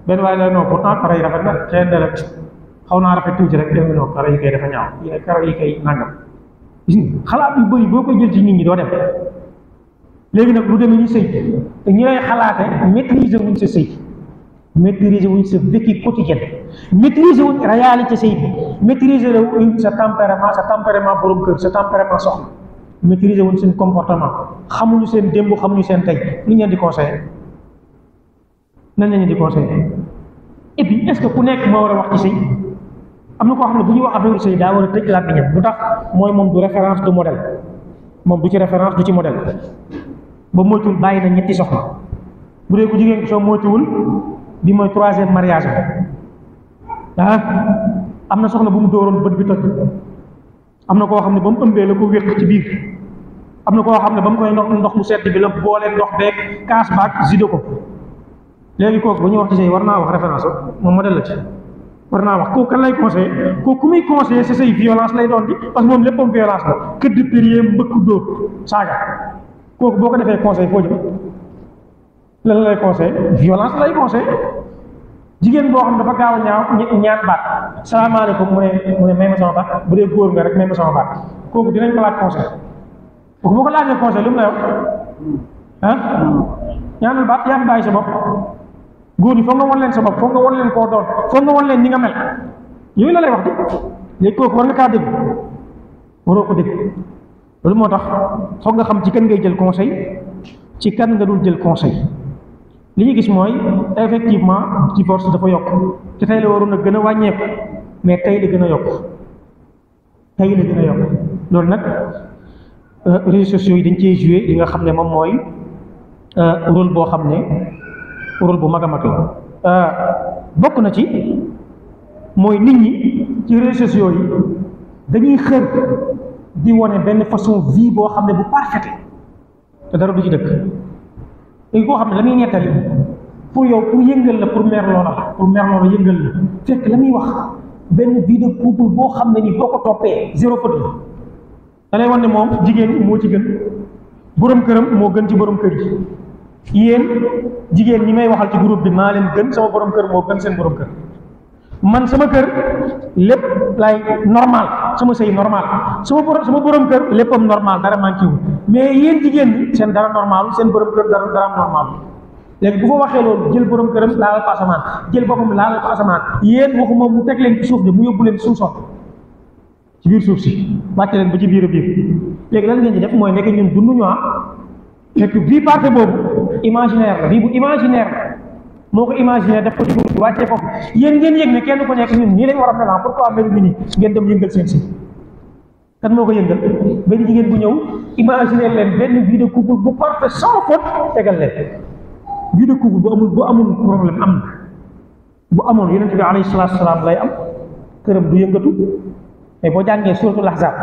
benn waaye noo non pourtant karo yi rafet na xëy na rek xaw naa rafet tuuti rek kenn non karo yi kay dafa ñaaw yi karo yi xalaat yu bëri boo koy jël ci nit ñi doo dem léegi nag lu demee ñu sëy ñi lay xalaate maîtriser wuñ sa sëy maîtriser wuñ sa vécu quotidien maîtriser wuñ réalité say bi maîtriser wuñ sa tempérament sa tempérament borom kër sa tempérament soxna maîtriser wuñ seen comportement xamuñu seen démb xamuñu seen tey li ngeen di conseillé nan la di conseillé et puis est ce que ku nekk moo war a wax ci sëy na koo xam ne bu ñuy wax affaire sëy daa war a tëj làmmiñam lu tax moom du référence du modèle moom du ci référence du ci modèle ba moytuwul bàyyi na ñetti soxla bu dee ku jigéen ki soo moytuwul bi mooy troisième mariage ah am na soxna bu mu dóoroon bët bi toj am na koo xam ne ba mu ëmbee la ko wéq ci biir am na koo xam ne ba mu koy ndox mu sedd bi la boole ndox beeg kaas baag zido ko léegi kooku bu ñuy wax ci sëy war naa wax référence moom modèle la ci war naa wax kooku kan lay conseillé kooku ku muy conseillé sa say violence lay doon di parce que moom léppam violence la këdd périer mbëkk dóor saaga kooku boo ko defee conseil foo jëm la lay conseil violence lay conseil jigéen boo xam dafa gaaw a ñaaw ñaan baat salaamaaleykum mu ne mu sama baat bu dee góor nga rek may ma sama baat kooku dinañ ko laaj conseil kooku boo ko laajee conseil lu mu lay wax ah ñaanal baat yaa ngi bàyyi sa góor ñi foog nga won leen sa bopp foog nga won leen koo doon foog nga won leen ni nga mel yooyu la lay wax de léegi kooku war nga kaa dégg waroo ko dégg loolu moo tax foog nga xam ci kan ngay jël conseil ci kan nga dul jël conseil li ñu gis mooy effectivement divorce dafa yokk te tey la waroon na gën a wàññeeku mais tey la gën a yokk tey la gën yokk loolu nag euh, réseaux sociaux yi dañ cee joué li nga xam ne moom mooy euh, rôle boo xam ne rôle bu mag a mag la euh, na ci mooy nit ñi ci yi dañuy xër di wane benn façon vie boo xam ne bu parfaite te dara du ci dëkk léegi koo xam ne la muy nettali pour yow pour yëngal la pour mer loola la pour mer loola yëngal la fekk la muy wax benn bii de couple boo xam ne ni boo ko toppee zéro faute la da lay ne moom jigéen moo ci gën borom këram moo gën ci borom kër yi yéen jigéen ñi may waxal ci groupe bi maa leen gën sama borom kër moo gën seen borom kër. man sama kër lépp lay normal sama sëy normal sama borom sama borom kër léppam normal dara manqué wu mais yéen jigéen ñi seen dara normal seen borom kër dara dara normal léegi bu fa waxee loolu jël borom këram laalal ko asamaan jël boppam laalal ko asamaan yéen waxuma mu teg leen ci suuf de mu yóbbu leen suuf sox ci biir suuf si wàcce leen ba ci biir a biir léegi lan ngeen di def mooy nekk ñun dunduñu ah fekk vie partie boobu imaginaire la vie bu imaginaire moo ko imaginaire def wàccee foofu yéen ngeen yëg ne kenn ku nekk ñun nii lañ war a mel pourquoi melu ñu nii ngeen dem yëngal seen si kan moo ko yëngal benn jigéen bu ñëw imaginer leen benn vie de couple bu parfait sans faute tegal leen vie de couple bu amul bu amul problème am bu amoon yonente bi alayhi salaatu lay am këram du yëngatu mais boo jàngee suratul ahzab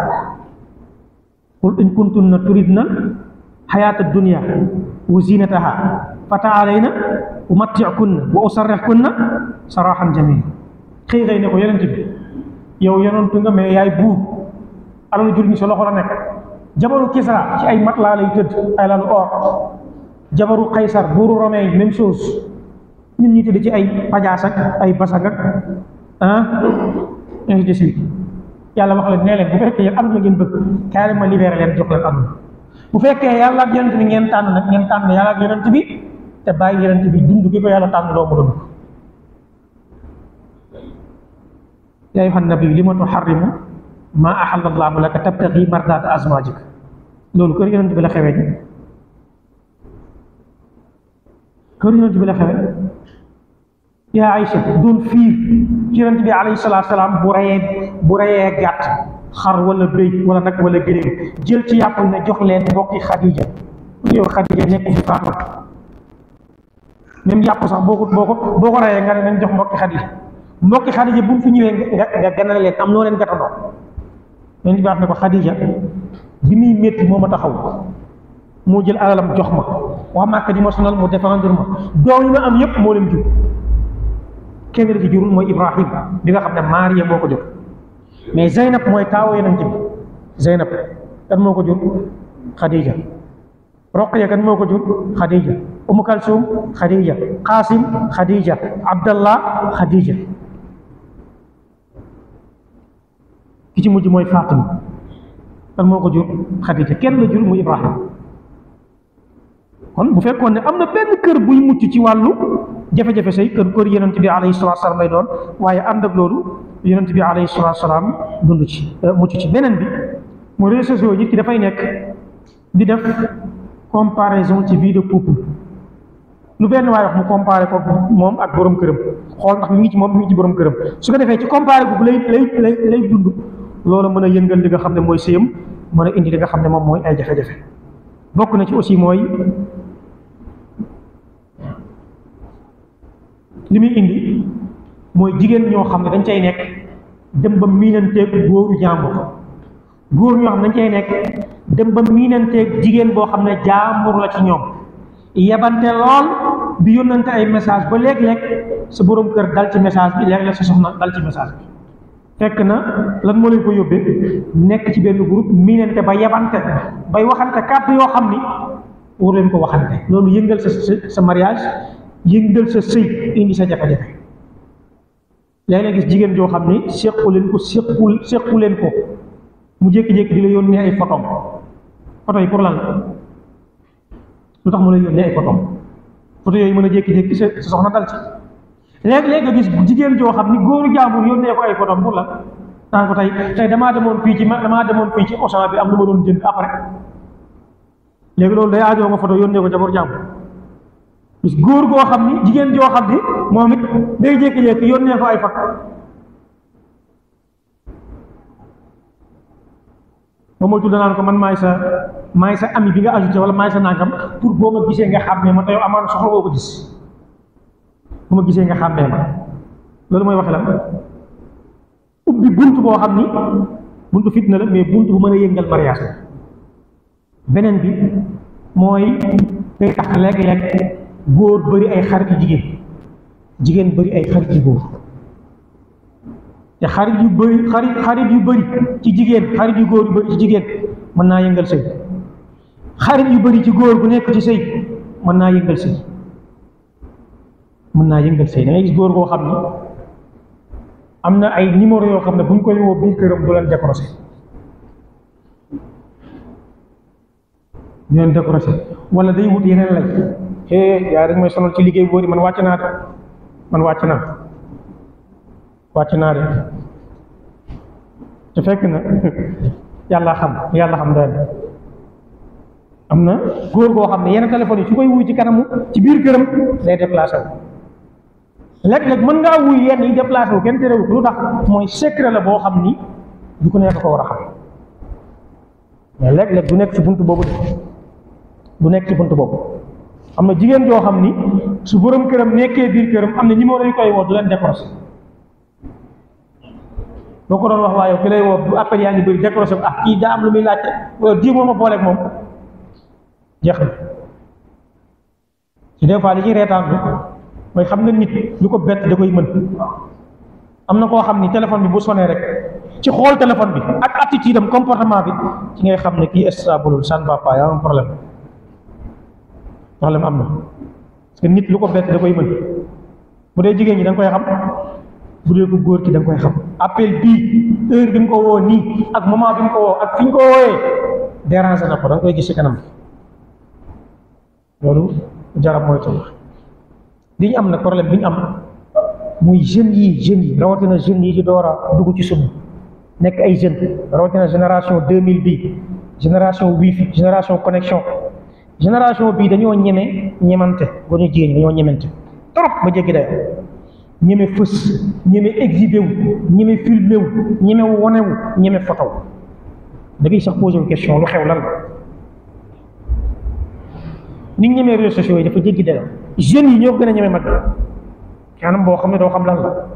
qul in kuntunna turidna xayaata dunia wa zinataha fa taalayna umatti'kunna wa usarrihkunna sarahan jamil xëy xëy ne ko yonent bi yow yonent nga mais yaay buur alalu jur ñi sa loxo la nekk jabaru Kisra ci ay mat laa lay tëdd ay lalu jabaru Kaysar buuru Romain même chose ñu tëdd ci ay pajaas ay basang ak ah ainsi de suite yàlla wax leen nee bu fekkee yàlla ak yonent bi ngeen tànn nag ngeen tànn yàlla ak yonent bi te bàyyi yeneen bi dund gi ko yàlla tànn doo mu dund yaa ayyuhan nabi li ma tuharrimu maa ahalla llaahu laka tabtaghi mardaata azwaajik loolu kër yonent bi la xewee ji kër yonent bi la xewee yaa Aïcha doon fiir ci yonent bi alayhi salaatu salaam bu reyee bu reyee gàtt xar wala béy wala nag wala gëléem jël ci yàpp ne jox leen mbokki Xadija yow Xadija nekk fi Fatima même yàpp sax boo ko boo ko boo ko rayee nga ne nañ jox mbokki xadija mbokki xadija buñ fi ñëwee nga ganale leen am loo leen gatandoo dañ ci baax ne ko xadija bi moo ma taxaw moo jël alalam jox ma waa Màkka di ma sonal mu défendre ma doom yi am yépp moo leen jur kenn da ci jurul mooy Ibrahim bi nga xam ne Maariya moo ko jur mais Zeynab mooy taawo yeneen ci Zeynab dan moo ko jur Xadija Roqiya kan moo ko jur Khadija Umu Kalsum Khadija Qasim Khadija Abdallah Khadija ki ci mujj mooy Fatima kan moo ko jur Khadija kenn la jur muy Ibrahim kon bu fekkoon ne am na kër buy mucc ci wàllu jafe-jafe say kër kër yonent bi alayhi salaatu salaam lay doon waaye ànd ak loolu yonent bi alayhi salaatu salaam dund ci mucc ci beneen bi mu réseaux sociaux dafay nekk di def. comparaison ci vie de couple lu benn waay wax mu comparé ko moom ak boroom këram xool ndax mu ngi ci moom mu ngi ci boroom këram su ko defee ci comparé boobu lay lay lay lay dund loolu mën a yëngal li nga xam ne mooy séem mën a indi li nga xam ne moom mooy ay jafe-jafe bokk na ci aussi mooy li muy indi mooy jigéen ñoo xam ne dañ cay nekk dem ba miinanteeg góoru jàmbur góor ñoo xam ne dañ cay nekk. dem ba miinanteeg jigéen boo xam ne jaambur la ci ñoom yebante lool di yónnante ay message ba léeg-léeg sa borom kër dal ci message bi léeg-léeg sa soxna dal fekk na lan moo leen ko nekk ci benn groupe miinante ba yebante bay waxante kàddu yoo xam ni war leen ko waxante loolu yëngal sa sa mariage yëngal sa sëy indi sa jafe-jafe léeg-léeg gis jigéen joo xam ne séqu leen ko séqu séqu leen ko mu jékki-jékki di la yónnee ay photos photo yi pour lan la lu tax mu lay ay photo photo yooyu mën a jékki-jékki sa soxna dal ci léeg-léeg gis jigéen joo xam ni góoru jaambur yónnee ko ay photo pour lan ko tey tey damaa demoon fii ci damaa demoon fii ci Auchan bi am lu doon jënd après day aajoo nga photo yónnee góor goo xam ni jigéen joo xam ni moom it day jékki-jékki yónnee ko ay photo ba moytu danaan ko man maay sa maay sa ami bi nga ajouté wala maay sa nangam pour boo ma gisee nga xàmmee ma te am amaan soxla woo ko gis boo ma gisee nga xàmmee ma loolu mooy wax la ubbi bunt boo xam ni buntu fitna la mais buntu bu mën a yëngal mariage beneen bi mooy day tax léeg-léeg góor bari ay xarit yu jigéen jigéen bëri ay xarit yu góor te xarit yu bëri xarit yu bëri ci jigéen xarit yu góor yu bëri ci jigéen mën naa yëngal sëy xarit yu bari ci góor gu nekk ci sëy mën naa yëngal sëy mën naa yëngal sëy da ngay gis góor goo xam ne am na ay numéro yoo xam ne bu ñu koy woo biir këram du leen décroché du leen wala day wut yeneen lay eh ci liggéey boori man wàcc naa de wàcc naa wàcc naa de fekk na yàlla xam yàlla xam daal. am na góor goo xam ne yenn téléphone yi su koy wuy ci kanamu ci biir këram day déplacé wu léeg mën ngaa wuy yenn yi déplacé wu kenn terewul lu tax mooy secret la boo xam ni du ko nekk ko war a xam nekk ci bunt boobu de nekk ci bunt boobu am na jigéen joo xam ni su borom këram nekkee biir këram am na numéro yu koy woo du leen décroché boo ko doon wax waaye yow ki lay woo bu appel yaa ngi bëri décroché ah kii daa am lu muy laajte wala diw moom a booleeg moom. jeex na ci des fois ci reetaan mooy xam nga nit lu ko bett da koy mën am na koo xam ni téléphone bi bu sonee rek ci xool téléphone bi ak attitude dem comportement bi ci ngay xam ne kii stable ça ne va pas problème am na parce nit lu ko bett da koy mën bu dee jigéen ñi da koy xam bu dee ko góor ki da koy xam appel bii heure bi nga ko woo nii ak moment bi nga ko woo ak fi nga ko wooyee déranger na ko da nga koy gis ci kanam. loolu jarab moytu la li ñu am na problème bi ñu am muy jeunes yi jeunes yi rawatina jeunes yi di door a dugg ci sunu nekk ay jeunes rawatina génération deux mille bi génération wifi génération connexion génération bii dañoo ñeme ñemante góor ñu jigéen ñi dañoo ñemente trop ba jéggi day ñeme fës ñeme exhibé wu ñeme filmé wu ñeme wonewu ñeme fotow da ngay sax posé wu question lu xew lan la ni ñu ñemee réseaux sociaux yi dafa jéggi dayoo jeunes yi ñoo gën a ñemee mag kanam boo xam ne doo xam lan la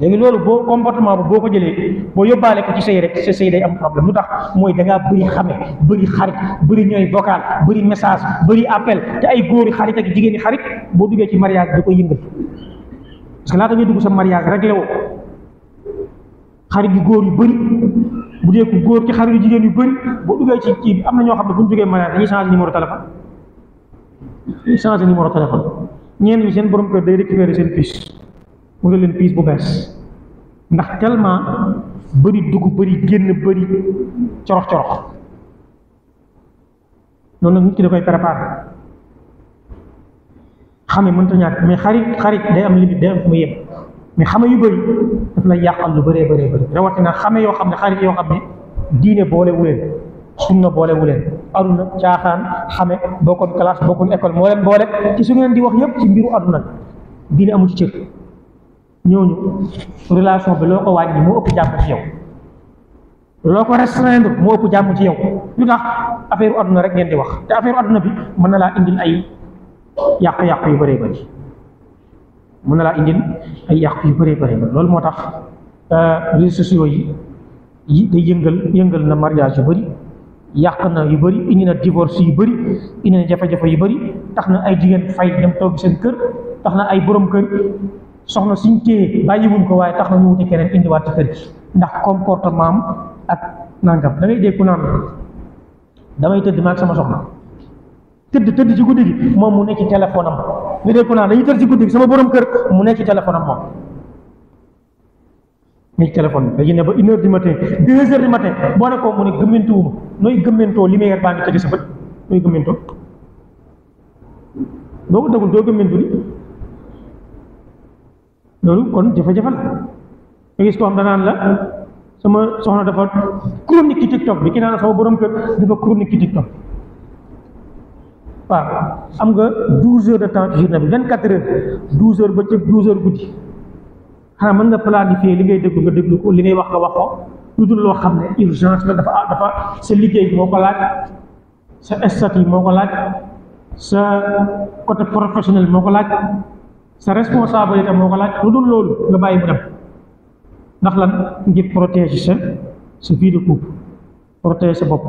léegi loolu boo comportement bu boo ko jëlee boo yóbbaale ko ci sëy rek sa sëy day am problème lu tax mooy da ngaa bëri xame bëri xarit bëri ñooy vocal bëri message bëri appel te ay góori xarit ak jigéeni xarit boo duggee ci mariage da ko yëngal parce que laata ngay dugg sa mariage rek lewoo xarit yu góor yu bëri bu dee ku góor ci xarit yu jigéen yu bëri boo duggee ci ci am na ñoo xam ne bu ñu duggee mariage dañuy changer numéro changer numéro téléphone ñeen ñi seen borom kër day récupérer seen puce wutal leen puce bu bees ndax tellement bëri dugg bari génn bëri corox corox noonu nag nit ki da koy préparer xame mënta ñàkk mais xarit xarit day am limite day am fu mu yem mais xame yu bëri daf lay yàqal lu bëree bëree bëri rawatina xame yoo xam ne xarit yoo xam ne diine boole wuleen sunna boole wuleen aduna caaxaan xame bokkoon classe bokkoon école moo leen boole ci su ngeen di wax yëpp ci mbiru aduna diine amu ci cër ñooñu relation bi loo ko wàññi moo ëpp jàmm ci yow loo ko restreindre moo ëpp jàmm ci yow lu tax affaire aduna rek ngeen di wax te affaire aduna bi mën na laa indil ay yàqu-yàqu yu bëree bëri na laa indil ay yàqu yu bëree bëri loolu moo tax euh, réseaux sociaux yi day yëngal yëngal na mariage yu bëri. yàq na yu bëri indi na divorce yu bëri indi na jafe-jafe yu bari tax na ay jigéen fay dem toog seen kër tax na ay borom kër soxna suñ téye bàyyiwuñ ko waaye tax na ñu wuti keneen indiwaat ci kër gi ndax comportement am ak nangam da ngay dégg ku naan damay tëdd maag sama soxna tëdd tëdd ci guddi gi moom mu nekk ci téléphone am nga dégg ku naan dañuy tëdd ci guddi gi sama borom kër mu nekk ci moom. mi téléphone bi dañu ba une heure du matin deux heures du matin boo ne ko mu ne gëmmantuwuma nooy gëmmantoo li meilleur baa ngi tëj sa bët nooy gëmmantoo doo ko dagul doo gëmmantu li loolu kon jafe-jafe la nga gis koo xam danaan la sama soxna dafa chronique ci TikTok bi ki naan sama borom kër dafa chronique ci TikTok waaw am nga douze heures de temps ci journée bi vingt quatre heures douze heures bëccëg douze heures guddi xanaa mën nga planifier li ngay déglu nga déglu ko li ngay wax nga wax ko lu dul loo xam ne urgence la dafa dafa sa liggéey moo ko laaj sa moo ko laaj sa côté professionnel moo ko laaj sa responsabilité moo laaj lu dul loolu nga bàyyi mu dem ndax lan ngir protéger sa sa vie de couple protéger sa bopp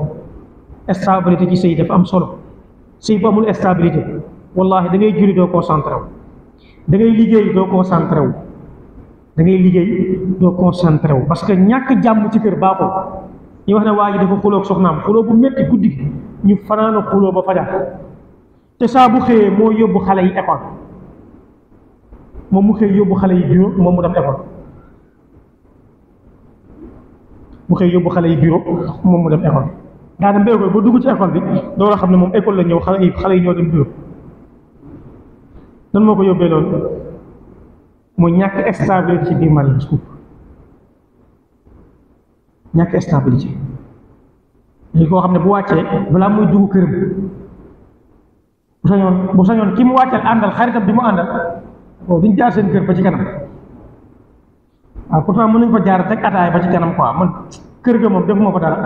stabilité ci sëy dafa am solo sëy bu amul stabilité wallahi da ngay julli doo concentré wu da ngay liggéey doo concentré wu da ngay liggéey doo concentré wu parce que ñàkk jàmm ci kër baaxul ñu wax ne waa ji dafa xuloo ak soxnaam xuloo bu métti guddi ñu fanaana xuloo ba fajar te saa bu xëyee moo yóbbu xale yi école moom mu xëy yóbbu xale yi bureau moom mu dem école mu xëy yóbbu xale yi bureau moom mu dem école daanaka mbéy ko ba dugg ci école bi doo xam ne moom école la ñëw xale yi xale yi ñoo dem bureau nan moo ko yóbbee loolu. mooy ñàkk stable ci biir mariage couple ñàkk stabilité léegi koo xam ne bu wàccee balaa muy dugg këram bu sañoon bu sañoon ki mu wàcceel àndal xaritam bi mu àndal waaw duñ jaar seen kër ba ci kanam waaw ah, pourtant mën nañ fa jaar teg ataay ba ci kanam quoi man kër ga moom defuma fa dara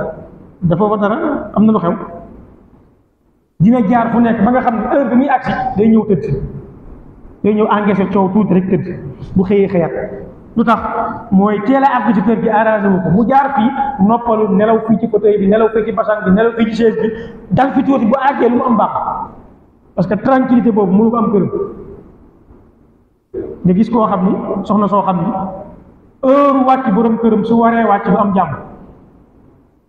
dafa fa am na lu xew dina jaar fu nekk ba nga xam ne heure bi muy day ñëw tëdd day ñëw engagé coow tuuti rek tëdd bu xëyee xëyat lu tax mooy teel a àgg ci kër gi arrangé wu ko mu jaar fii noppalu nelaw fii ci fauteuil bi nelaw fii ci basan bi nelaw fii ci chaise bi dal fi tuuti bu àggee lu mu am baax parce que tranquillité boobu mu ko am këram nga gis koo xam ni soxna soo xam ni heure wàcc borom këram su waree wàcc lu am jàmm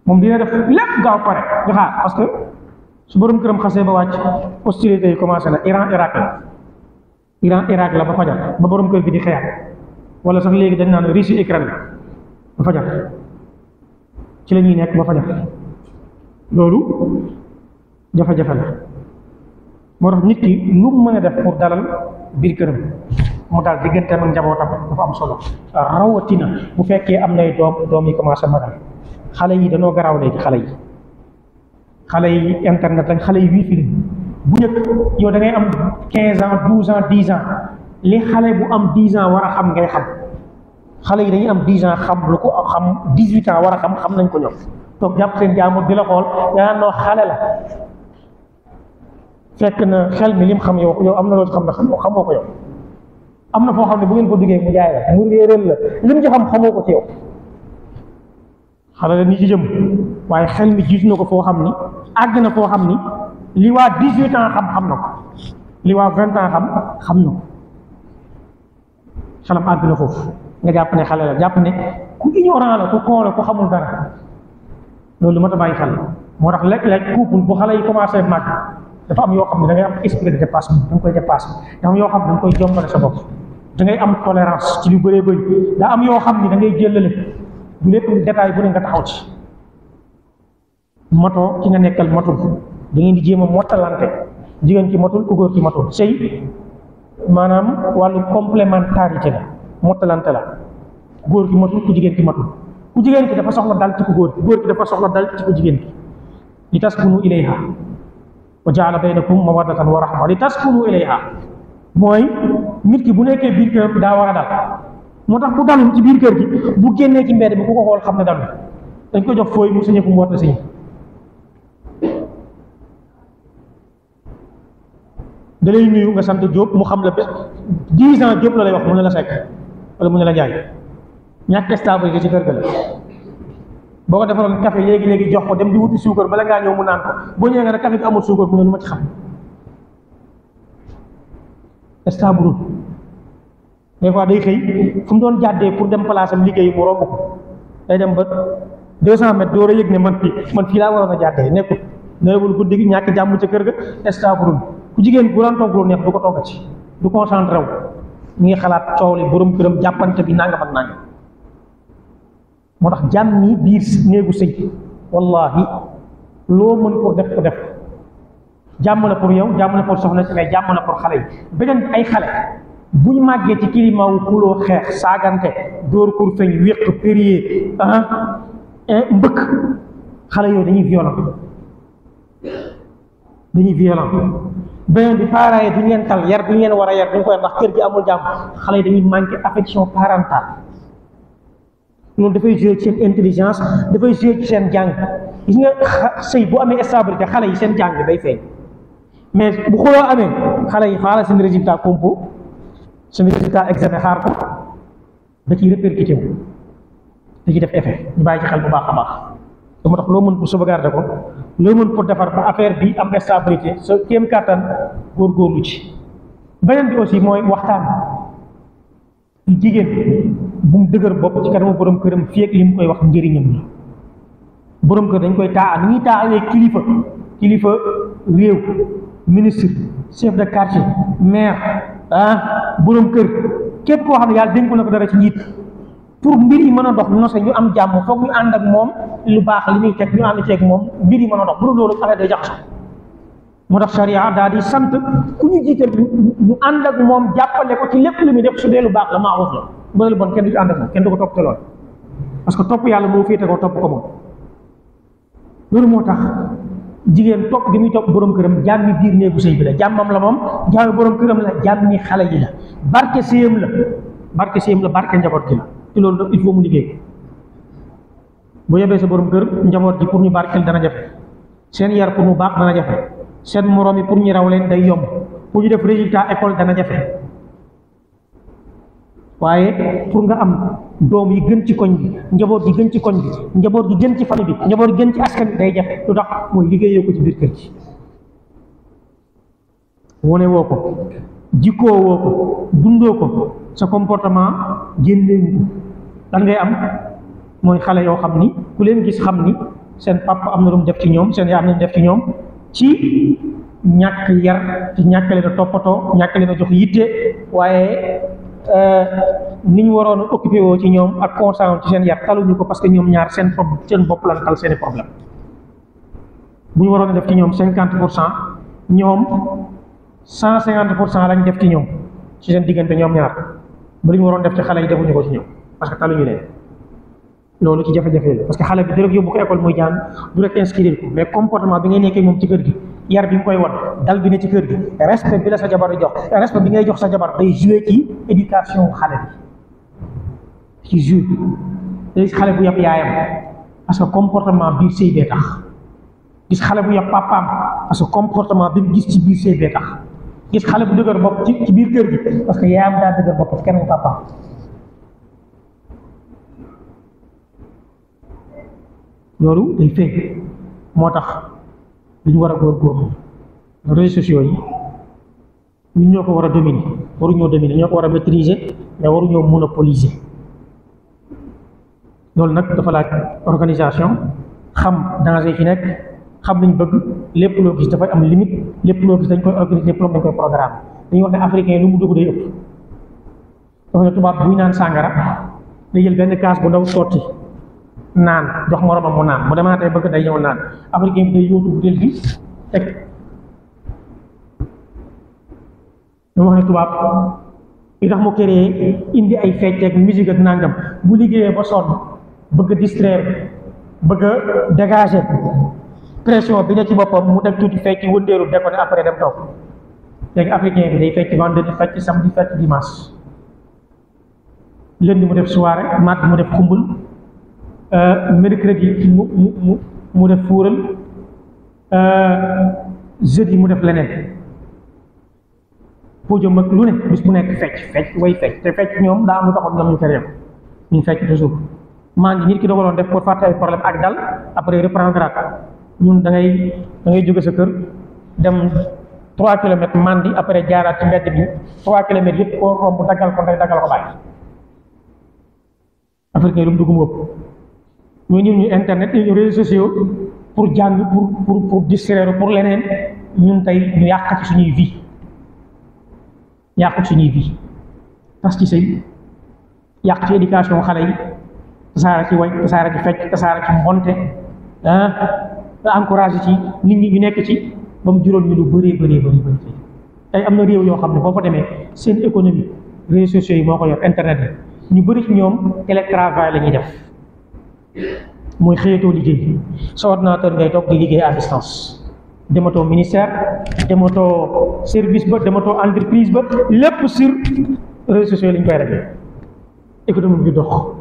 moom dina def lépp gaaw pare nga xaar parce que su borom këram xasee ba wàcc hostilité yi commencé na Iran Irak Iran Irak la ba fajar ba borom kër gi di xeex wala sax léegi dañ naan Russie Ukraine la ba fajar ci la ñuy nekk ba fajar loolu jafe-jafe la moo tax nit ki lu mu mën a def pour dalal biir këram mu daal digganteem ak njabootam dafa am solo rawatina bu fekkee am nay doom doom yi commencé magal xale yi danoo garaw léegi xale yi xale yi internet lañ xale yi wifi lañ bu njëkk yow am quinze ans douze ans dix ans li xale bu am dix ans war a xam ngay xam xale yi dañuy am dix ans xam lu ko xam dix huit ans war a xam nañ ko ñoom donc jàpp seen jaamur di la xool yaa noo xale la na xel mi lim xam yow yow am na loolu xam na xamoo ko yow am na foo xam ne bu ngeen ko duggee mu jaay la la lim ci xam xamoo ko ci yow xale la ni ci jëm waaye xel mi gis na ko foo xam ni àgg na foo xam ni li waa dix huit am xam xam na ko li waa vingt ans xam xam na ko xelam na foofu nga jàpp ne xale la jàpp ne ku ignorant la ku koo ku xamul dara loolu mat a bàyyi xel moo tax léeg-léeg couple bu xale yi commencé màgg dafa am yoo xam ne da ngay am esprit de dépassement da koy dépassé da yoo xam ne da nga koy jombale sa bopp da am tolérance ci lu bëree bëri daa am yoo xam ni da ngay jëlale du lépp détail bu ne nga taxaw ci moto ki nga nekkal motul. da ngeen di jéem a mottalante jigéen ki matul ku góor ki matul sëy maanaam wàllu complémentarité ci mottalante la góor ki matul ku jigéen ki matul ku jigéen ki dafa soxla dal ci ku góor ki dafa soxla dal ci ku jigéen ki li taskunu ilayha wa jaala baynakum mawaddatan wa rahma li taskunu ilayha mooy nit ki bu nekkee biir kër daa war a moo tax bu dalul ci biir kër gi bu génnee ci mbedd bi ku ko xool xam ne dalul dañ ko jox fooy mu sañe ko mu war a sañe da lay nga sant jóob mu xam la ba dix ans Diop la lay wax mu ne la Seck wala mu ne la Ndiaye ñàkk stable gi ci kër ga la boo ko defaroon café léegi léegi jox ko dem di wuti suukar bala ngaa ñëw mu naan ko boo ñëwee nga ne café bi amul suukar mu ne lu ma ci xam stable des fois day xëy fu mu doon jàddee pour dem place am liggéey mu ko day dem ba deux cent mètres door a yëg ne man fii man fii laa waroon a jàddee nekkul nelawul guddi gi ñàkk jàmm ca kër ga stable ku jigéen bu daan togg lu neex du ko togg ci du concentré wu mi ngi xalaat coow li borom këram jàppante bi nangam ak nangam moo tax jàmmi biir néegu sëy wallahi loo mën pour def ko def jàmm la pour yow jàmm la pour soxna si mais jàmm la pour xale yi beneen ay xale buñ màggee ci climat wu xeex saagante dóor kur feñ wéq périer ah eh, mbëkk xale yooyu dañuy violent dañuy violent beneen bi parent yi duñ leen tal yar bi ngeen war a yar duñ koy ndax kër gi amul jàmm xale yi dañuy manqué affection parentale loolu dafay joué ci seen intelligence dafay joué seen jàng gis nga sëy bu amee stabilité xale yi seen jàng day feeñ mais bu xuloo amee xale yi xaaral seen résiltat compo seen résultat examen xaar ko da ciy répercuté wu da ciy def effet ñu bàyyi ci xel bu baax a baax dama tax loo mën pour sauvegarder ko nga mën pour defar ba affaire bi am stabilité sa kéem kàttan góorgóorlu ci beneen bi aussi mooy waxtaan jigéen bu mu dëgër bopp ci kanamu borom këram fii ak li mu koy wax njëriñam la borom kër dañ koy taa ni ñuy taawee kilifa kilifa réew ministre chef de quartier maire ah borom kër képp koo xam ne yàlla dénku na ko dara ci njiit pour mbir yi mën a dox non ñu am jàmm foog ñu ànd ak moom lu baax li muy teg ñu ànd ceeg moom mbir yi mën a dox bu dul loolu affaire day jaxasoo moo tax charia daal di sant ku ñu jiital ñu ànd ak moom jàppale ko ci lépp lu muy def su dee lu baax la maaruf la bu dee lu bon kenn du ci ko topp te lool parce que topp yàlla moo féete ko topp ko moom loolu moo tax jigéen topp gi muy topp borom këram jaam mi biir néegu sëy bi la jàmmam la moom jaam borom këram la jaam mi xale yi la barke séyam la barke séyam la barke njaboot ci loolu nag il mu liggéey bu yebee sa borom kër njaboot ji pour ñu barkeel dana jafe seen yar pour mu baax dana jafe seen moroom yi pour ñu raw leen day yomb pour ñu def résultat école dana jafe waaye pour nga am doom yi gën ci koñ bi njaboot yi gën ci koñ bi njaboot yi gën ci famille bi njaboot yi gën ci askan bi day jafe lu tax mooy liggéeyoo ko ci biir kër ci wone woo ko jikkoo woo ko dundoo ko sa comportement génneewu lan ngay am mooy xale yoo xam ni ku leen gis xam ni seen papa am na lu mu def ci ñoom seen yaay am na def ci ñoom ci ñàkk yar ci ñàkk leen a ñàkk leen a jox yitte waaye euh, ni ñu waroon a occupé woo ci ñoom ak constant ci seen yar taluñu ko parce que ñoom ñaar seen seen bopp lan tal seeni ñu waroon def ci ñoom cinquante pour cent ñoom cent cinquante pour cent lañ def ci ñoom ci seen diggante ñoom ñaar ba waroon def ci xale yi defuñu ko ci ñoom parce que taluñu leen loolu ci jafe-jafe la parce que xale bi di rek yóbbu ko école muy jàng du rek inscrire ko mais comportement bi ngay nekkee koy wan dal ne ci kër gi respect bi la sa jabar di jox respect bi ngay jox sa jabar day joué ci éducation xale bi ci yaayam parce que comportement biir sëy bee tax gis xale bu yàpp papaam parce que comportement bi gis ci biir sëy bee tax gis xale bu dëgër bopp ci ci biir kër gi parce que yaayam daa dëgër bopp ci kanamu papa loolu day feeñ moo tax dañu war a góorgóorlu réseaux sociaux yi ñun ñoo ko war a dominer waruñoo dominer ñoo ko war a maîtriser mais waruñoo monopoliser loolu nag dafa laaj organisation xam danger fi nekk. xam nañ bëgg lépp loo gis dafay am limite lépp loo gis dañ koy organiser lépp dañ koy programme dañuy wax ne africain lu mu dugg day ëpp dafa ne tubaab buy naan sàngara day jël bu ndaw sotti naan jox moromam mu naan bëgg day ñëw naan bi day wax ne tubaab yi tax mu créé indi ay fecc ak musique ak nangam bu liggéeyee ba sonn bëgg distraire bëgg dégager pression bi ne ci boppam mu def tuuti fecc wëndeelu déconné après dem toog léegi africain bi day fecc vendredi fecc samedi fecc dimanche lundi mu def soirée mardi mu def xumbul euh, mercredi mu mu mu def fuural euh, jeudi mu def leneen foo jëm ak lu ne bis bu nekk fecc fecc way fecc te fecc ñoom daa am lu taxoon ñoom ñu tere ko ñu fecc toujours maa ngi nit ki dogaloon def pour fàtte ay problème ak dal après reprendre ak ñun da ngay da jóge sa kër dem trois kilomètres mandi après jaaraat ci mbedd bi trois kilomètres yëpp koo romb daggal ko ndey daggal ko bàyyi africain lu mu ëpp ñu ñu internet ñu réseaux sociaux pour jàng pour pour pour pour leneen ñun tey ñu yàq ci suñuy vie yàq ci suñuy vie tas ci sëy yàq ci éducation xale yi tasaara ci way tasaara ci fecc tasaara ci mbonte ah encouragé ci nit ñi nekk ci ba mu juróom ñu lu bëree bëree bëri bëri tey am na réew yoo xam ne boo fa demee seen économie réseaux sociaux yi moo ko yor internet yi ñu bëri ci ñoom télétravail la lañuy def mooy xëyatoo liggéey sa ordinateur ngay toog di liggéey à distance dematoo ministère dematoo service ba dematoo entreprise ba lépp sur réseaux sociaux lañ koy rek économie bi dox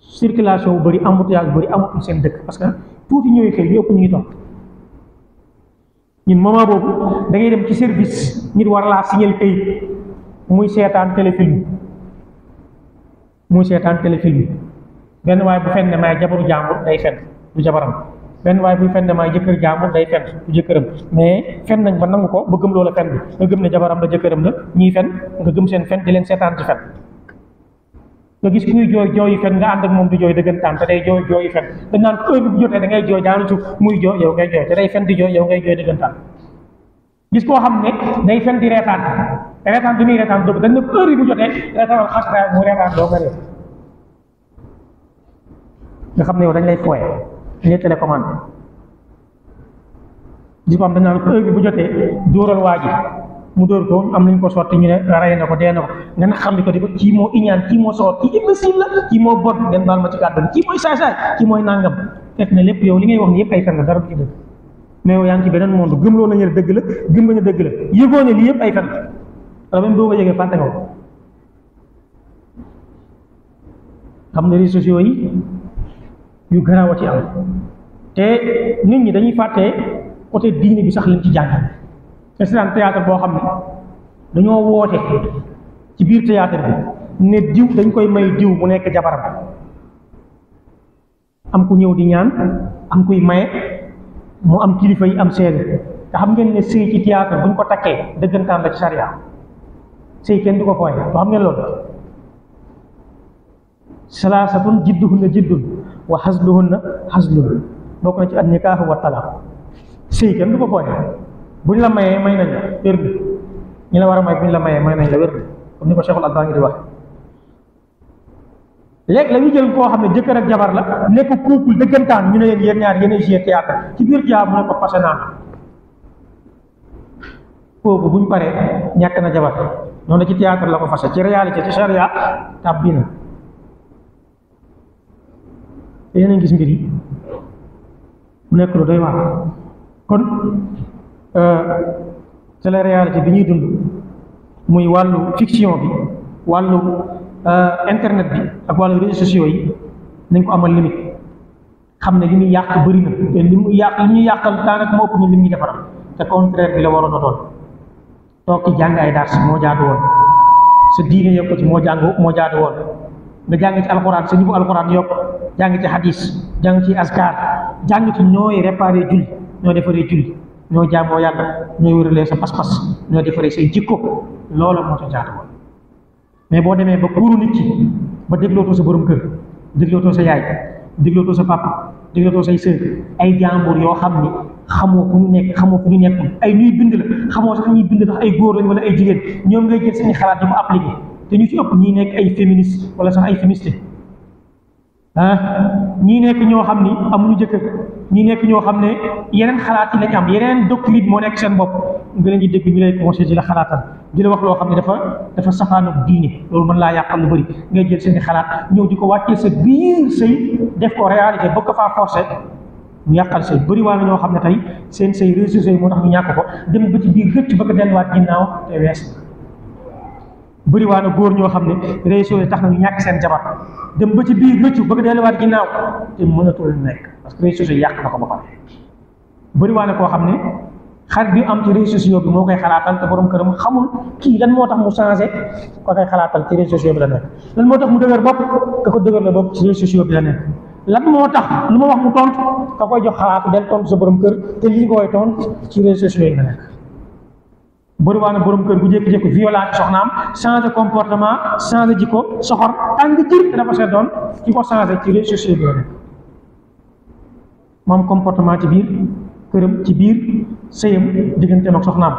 circulation bu bëri embouteillage bu bëri amatul seen dëkk parce que tuuti ñëwee xëy ñëpp ñu ngi ñun moment boobu da ngay dem ci service nit war laa signal kayit muy seetaan téléfilm muy seetaan téléfilm benn waaye bu fenn maay jabaru jàmbur day fenn du jabaram benn waaye buy fenn maay jëkkër jàmbur day fenn du jëkkëram mais fenn nañ ba nangu ko ba gëm loola fenn bi nga gëm ne jabaram la jëkkëram la ñiy fen nga gëm seen fenn di leen seetaan ci fenn nga gis kuy jooy jooy fen nga ànd ak moom di jooy dëggantaan te day jooy dañ naan heure bu jotee da ngay jooy muy jooy yow ngay jooy te day fen di gis koo xam ne day fen di reetaan reetaan bi muy reetaan dëgg dañ ne heure bu jotee nga xam ne yow dañ lay fooye dañ lay télécommande gis ko xam dañ naan heure bu jotee dóoral waa ji mu dóor ko am nañ ko sotti ñu ne rey ko dee na ko ngeen xam ne ko di ko kii moo iñaan kii moo soxor kii imbécile la kii moo bon ngeen baal ma ci kàddu kii mooy saay-saay kii lépp yow li ngay wax ni ay fen la dara du ci dëgg mais yow yaa ngi ci beneen monde gëmloo nañu ne dëgg la gëm nga ne dëgg la yëgoo ne lii yëpp ay fen la boo ko yëgee fàtte nga nga réseaux sociaux yi yu garaaw a ci am te nit ñi dañuy fàtte côté diine bi sax lañ ci jàngal instant théâtre boo xam ne dañoo woote ci biir théâtre bi ne diw dañ koy may diw bu nekk jabaram am ku ñëw di ñaan am kuy maye mu am kilifa yi am seede te xam ngeen ne sëy ci théâtre buñ ko takkee dëggantaan la ci sariya sëy kenn du ko fooy loo xam ngeen loolu salaasatun jidduhunna jiddun wa xasluhunna xaslun bokk na ci an nikaahu wa talaq sëy kenn du ko fooy bu ñu la mayee may nañ la wér bi ñi la war a may bu ñu la mayee may nañ la wér bi comme ni ko Cheikhul jël koo xam ne jëkkër ak jabar la nekk couple dëggantaan ñu ne leen yéen ñaar yéen a joué théâtre ci biir théâtre mu ko passé naa kooku buñ paree ñàkk na jabar noonu ci théâtre la ko fase ci réalité ci charia tàbbi na yéen gis mbir yi mu nekk lu kon Euh, ci bi ñuy dund muy wàllu fiction bi wàllu euh, internet bi ak wàllu réseaux sociaux yi nañ ko amal limite xam ne li muy yàq bëri na te li mu yàq li ñuy yàqal daanaka moo ëpp ñu li mu ñu te contraire bi la waroon a doon toog jàng ay dars moo jaadu woon sa diine yokk ci moo jàng moo jaadu woon nga jàng ci alxuraan sa bu alxuraan yokk jàng ci hadis jàng ci askar jàng ci ñooy réparé julli ñoo defaree julli ñoo jaamoo yàlla ñoo wéralee sa pas-pas ñoo defaree say jikko loolu moo ca jaatu woon mais boo demee ba kuuru nit ci ba déglootoo sa borom kër déglootoo sa yaay déglootoo sa papa déglootoo say sër ay jàmbur yoo xam ni xamoo ku ñu nekk xamoo ku ñu nekkul ay ñuy bind la xamoo tax ñuy bind ndax ay góor lañ wala ay jigéen ñoom ngay jël seen xalaat di ko appliqué te ñu ci ëpp ñi nekk ay féministe wala sax ay féministe ah ñii nekk ñoo xam ni amuñu jëkkër ñii nekk ñoo xam ne yeneen xalaat yi lañ am yeneen doctrine moo nekk seen bopp nga di dégg ñu lay la xalaatal di la wax loo xam ne dafa dafa safaanoog diine loolu mën laa yàqal lu bëri ngay jël seen i xalaat ñëw di ko wàccee sa biir sëy def ko réalité ba ko faa forcé mu yàqal sëy bëri waa ñoo xam ne tey seen sëy réseau sëy moo tax ñu ñàkk ko dem ba ci biir rëcc ba ko delluwaat ginnaaw te wees bëriwaa na góor ñoo xam ne réseau yi tax na ñu ñàkk seen jabar dem ba ci biir rëccu bëgg delluwaat ginnaaw te mënatul nekk parce que réseau yi yàq na ko ba pare bëriwaa na koo xam ne xar bi am ci réseau sociaux bi moo koy xalaatal te borom këram xamul kii lan moo tax mu changé ko koy xalaatal ci réseau la nekk lan moo tax mu dëgër bopp ka ko dëgër la bopp ci réseau bi la nekk lan moo tax lu ma wax mu tontu ka koy jox xalaatu del tontu sa borom kër te lii koy tontu ci réseau sociaux yi la bëriwaa na borom kër bu jékki-jékki violent soxnaam changé comportement changé ji soxor tàng jir te dafa ko changé ci réseaux moom comportement ci biir këram ci biir sëyam digganteem ak soxnaam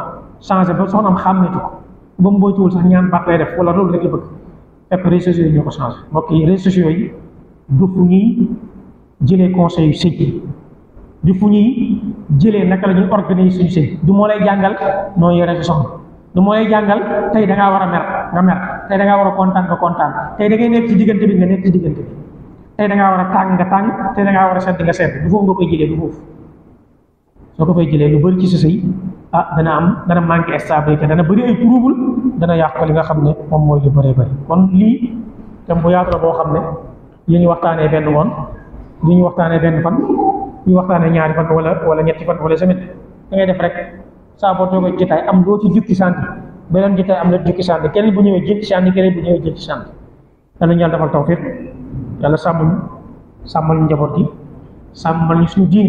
changé ba soxnaam xàmmeetu ko ba mu moytuwul sax ñaan baat lay wala loolu rek la bëgg sociaux yi ñoo ko changé mbokk yi réseaux sociaux yi du fu ñuy jëlee conseil yu sëy di fu ñuy jëlee naka la ñuy organiser suñu sëy du moo lay jàngal noo yore si soxna du moo lay jàngal tey da ngaa war a mer nga mer tey da war a kontaan nga kontaan tey da nekk ci diggante bi nga nekk ci diggante bi tey da ngaa war a tàng nga tàng tey da war a sedd nga sedd du foofu nga koy jëlee du foofu soo ko fay jëlee lu bëri ci sa sëy ah dana am dana manqué stabilité dana bëri ay trouble dana yàq li nga xam ne moom mooy lu bëree bëri kon lii tam bu yaatu la boo benn woon waxtaanee benn fan ñu waxtaanee ñaari fan wala wala ñetti fan wala semaine da ngay def rek saa boo toogee jotaay am loo ci jukki sànni benn jotaay am la jukki sànni keneen bu ñëwee jël sànni keneen bu ñëwee jël ci sànni yàlla ñu yàlla defal tawfiq yàlla sàmm sàmmal ñu njaboot gi sàmmal ñu suñu diin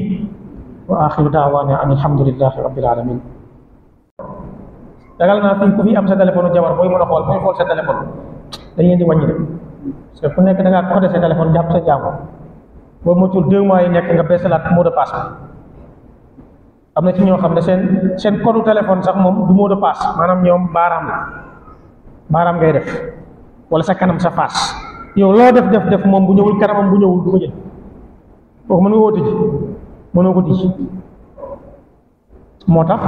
wa axiru daawaana an alhamdulillahi rabbil alamin ragal naa fi ku fi am sa téléphone jabar booy mën a xool booy xool sa téléphone dañ leen di wàññi rek parce que ku nekk da ngaa ko sa téléphone jàpp sa jàmm boo motul deux mois yi nekk nga beesalaat mot de passe am na ci ñoo xam ne seen seen code téléphone sax moom du moo de passe maanaam ñoom baaraam la baaraam ngay def wala sa kanam sa face yow loo def def def moom bu ñëwul kanamam bu ñëwul du ko jël kooku mën nga woote ji mënoo ko di moo tax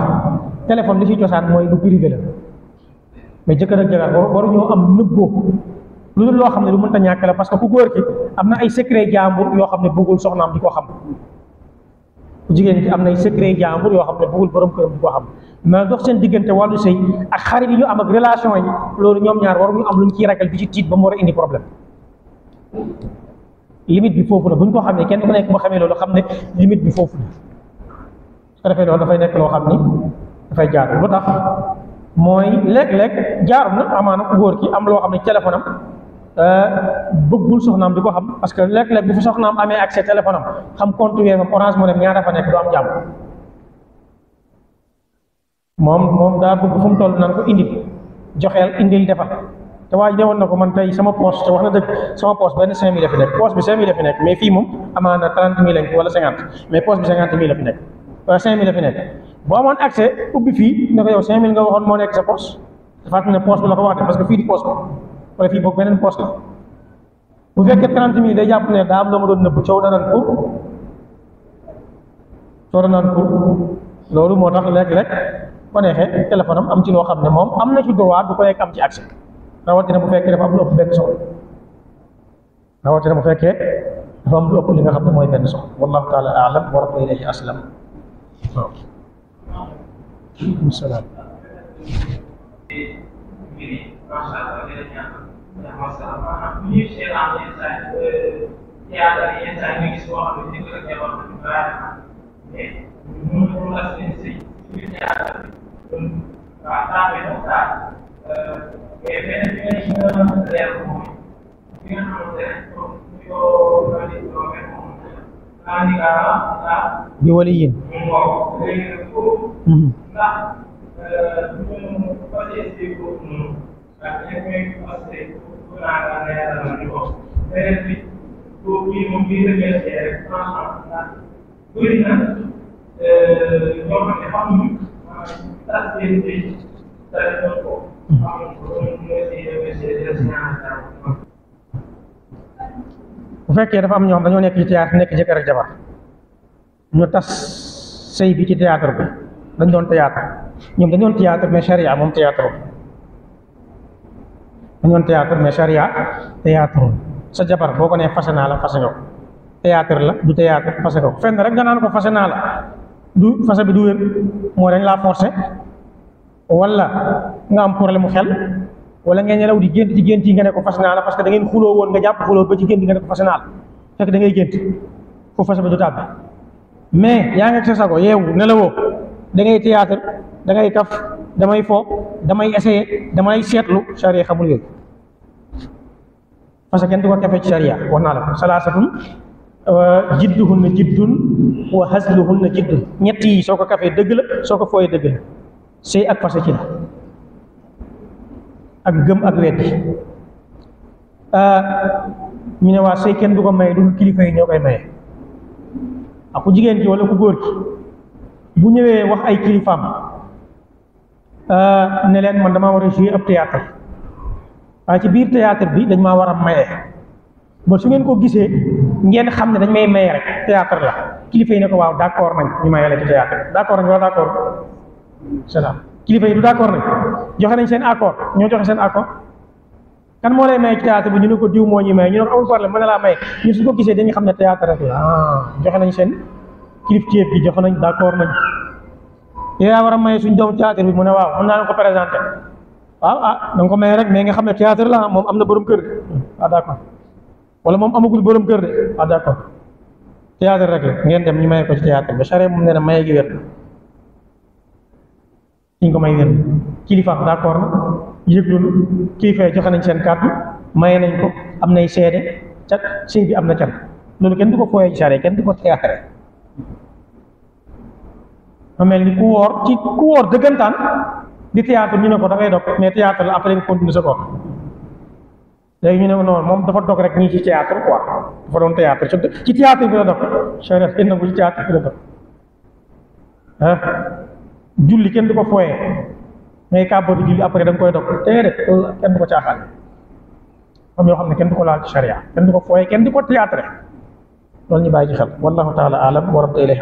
téléphone li ci cosaan mooy du privé la mais jëkkër ak jabar waruñoo am nëbboo lu loo xam ne lu mënta ñàkk la parce que ku na ay secret jàmbur yoo xam ne bëggul soxnaam di ko xam jigéen ki am na ay secret jàmbur yoo xam ne bëggul borom këram di xam mais dox seen diggante wàllu sëy ak ñu am ak relation yi loolu ñoom ñaar waruñu am luñ ciy ragal bi ci tiit ba mu war a indi problème bi foofu la bu ñu ko ne kenn ku nekk bu xamee loolu xam ne limite bi foofu la su ko defee loolu dafay nekk loo xam ni dafay jaar lu tax mooy lekk léeg jaar na amaana ku góor ki am loo xam ne téléphone Euh, bëggul soxnaam di ko xam parce que léeg-léeg bu fi soxnaam amee accès téléphone am xam compte weefam orange mu ne fa nekk du am jàmm moom moom daa bëgg fu mu toll nan ko indil joxeel indil defal te waa ji na ko man tey sama poche te wax na dëgg sama poche benn cinq mille la fi nekk poche bi cinq mille la fi nekk mais fii moom amaana trente mille wala mais poche bi cinquante mille la fi nekk wala cinq mille la fi nekk boo amoon accès ubbi fii ne ko yow cinq mille nga waxoon moo nekk sa poche dafa ne poche bi la ko wax de parce que fii di waaye fii boobu beneen poche la bu fekkee trente mille day jàpp ne daa am loo ma doon nëbb coow danaan pour coow danaan pour loolu moo tax léeg-léeg ko neexee téléphone am ci loo xam ne moom am na ci droit du ko am ci accès rawatina bu fekkee am lu ëpp bu fekkee dafa am lu ëpp li nga xam ne mooy benn soxla wallahu taala alam wa rabbi ilayhi aslam macha allah dina ñaanal ñaar macha allah maanaam bu ñuy seetaan yenn saa yi yaatal yenn saa yi nga gis boo xam ne dëgg la jabar bi vraiment mais ñun pour la seen sëy suñu ñaatal kon waa tàmbali na saa mais benn bi nga ci gën a leer mooy bi nga xamante ne comme ñu ko bëri doomee moom naa ni nga ah di wali yéen. waaw léegi nag foofu. ndax ñu ko ndax ñëpp ñooy commencé pour naan ñoo dañoo nekk ci théâtre nekk jëkkër ak jabar ñu tas sëy bi ci théâtre bi dañ doon théâtre ñoom dañ doon théâtre mais charia moom théâtre bu théâtre mais charia théâtre sa jabar boo ko nee fase naa la fase nga ko théâtre la du théâtre fase nga ko fenn rek nga naan ko fase naa la du fase bi du wér moo dañ laa forcé wala nga am problème mu xel wala ngeen nelaw di gént ci gént yi nga ne ko fase naa la parce que da ngeen xuloo woon nga jàpp xuloo gént nga ne bi du tàbbi mais yaa ngi sa sago yeewu nelawoo da ngay théâtre da kaf damay fo damay essayer damay seetlu charia xamul yooyu parce que kenn du ko kefe ci sharia wax naa la ko salaasatun euh, jidduhunna jiddun wa hasluhunna jiddun ñett yi soo ko kafee dëgg soo ko fooyee dëgg la ak fase ci la ak gëm ak weddi euh, ñu ne kenn du ko maye du kilifa yi ñoo koy maye ak jigéen ji wala ku góor gi bu ñëwee wax ay kilifaam euh, ne leen man damaa war a jouer waaye ci biir théâtre bi dañ maa war a maye ba su ngeen ko gisee ngeen xam ne dañ may maye rek théâtre la kilifa yi ne ko waaw d' accord nañ ñu maye la ci théâtre d' accord nañ d' accord salaam kilifa yi du accord nañ joxe nañ seen accord ñoo joxe seen accord kan moo lay maye ci théâtre bi ñu ne ko diw moo ñuy maye ñu ne ko amul problème mën na laa maye ñu su ko gisee dañu xam ne théâtre rek la ah, joxe nañ seen kilifteef bi joxe nañ d' accord nañ yaa war a maye suñ doom théâtre bi mu ne waaw mën waaw ah, ah danga ko may rek mais nga xam ne théâtre la moom am na borom kër ah d'accord wala moom amagul borom kër de ah d'accord théâtre rek ngeen dem ñu may ko ci théâtre ba charette moom nee nañ seen kàddu maye nañ ko am nay seede cat sëy am na cat loolu kenn du ko fooyee ci kenn du ko théâtre ma mel ni ku woor ku woor dëggantaan. di théâtre ñu ne ko da ngay dog mais théâtre la après nga continuer sa bopp léegi ñu ne noonu moom dafa dog rek ñii ci théâtre quoi dafa doon théâtre ci théâtre bi la dog charia na ko ci théâtre bi la dog ah julli kenn du ko fooyee ngay kàbbatu julli après da koy dog déedéet kenn du ko caaxaan am yoo xam ne kenn du ko laa ci charia kenn du ko fooyee kenn di ko théâtre loolu ñu bàyyi ci xel wallahu taala alam wa rabbi ilayhi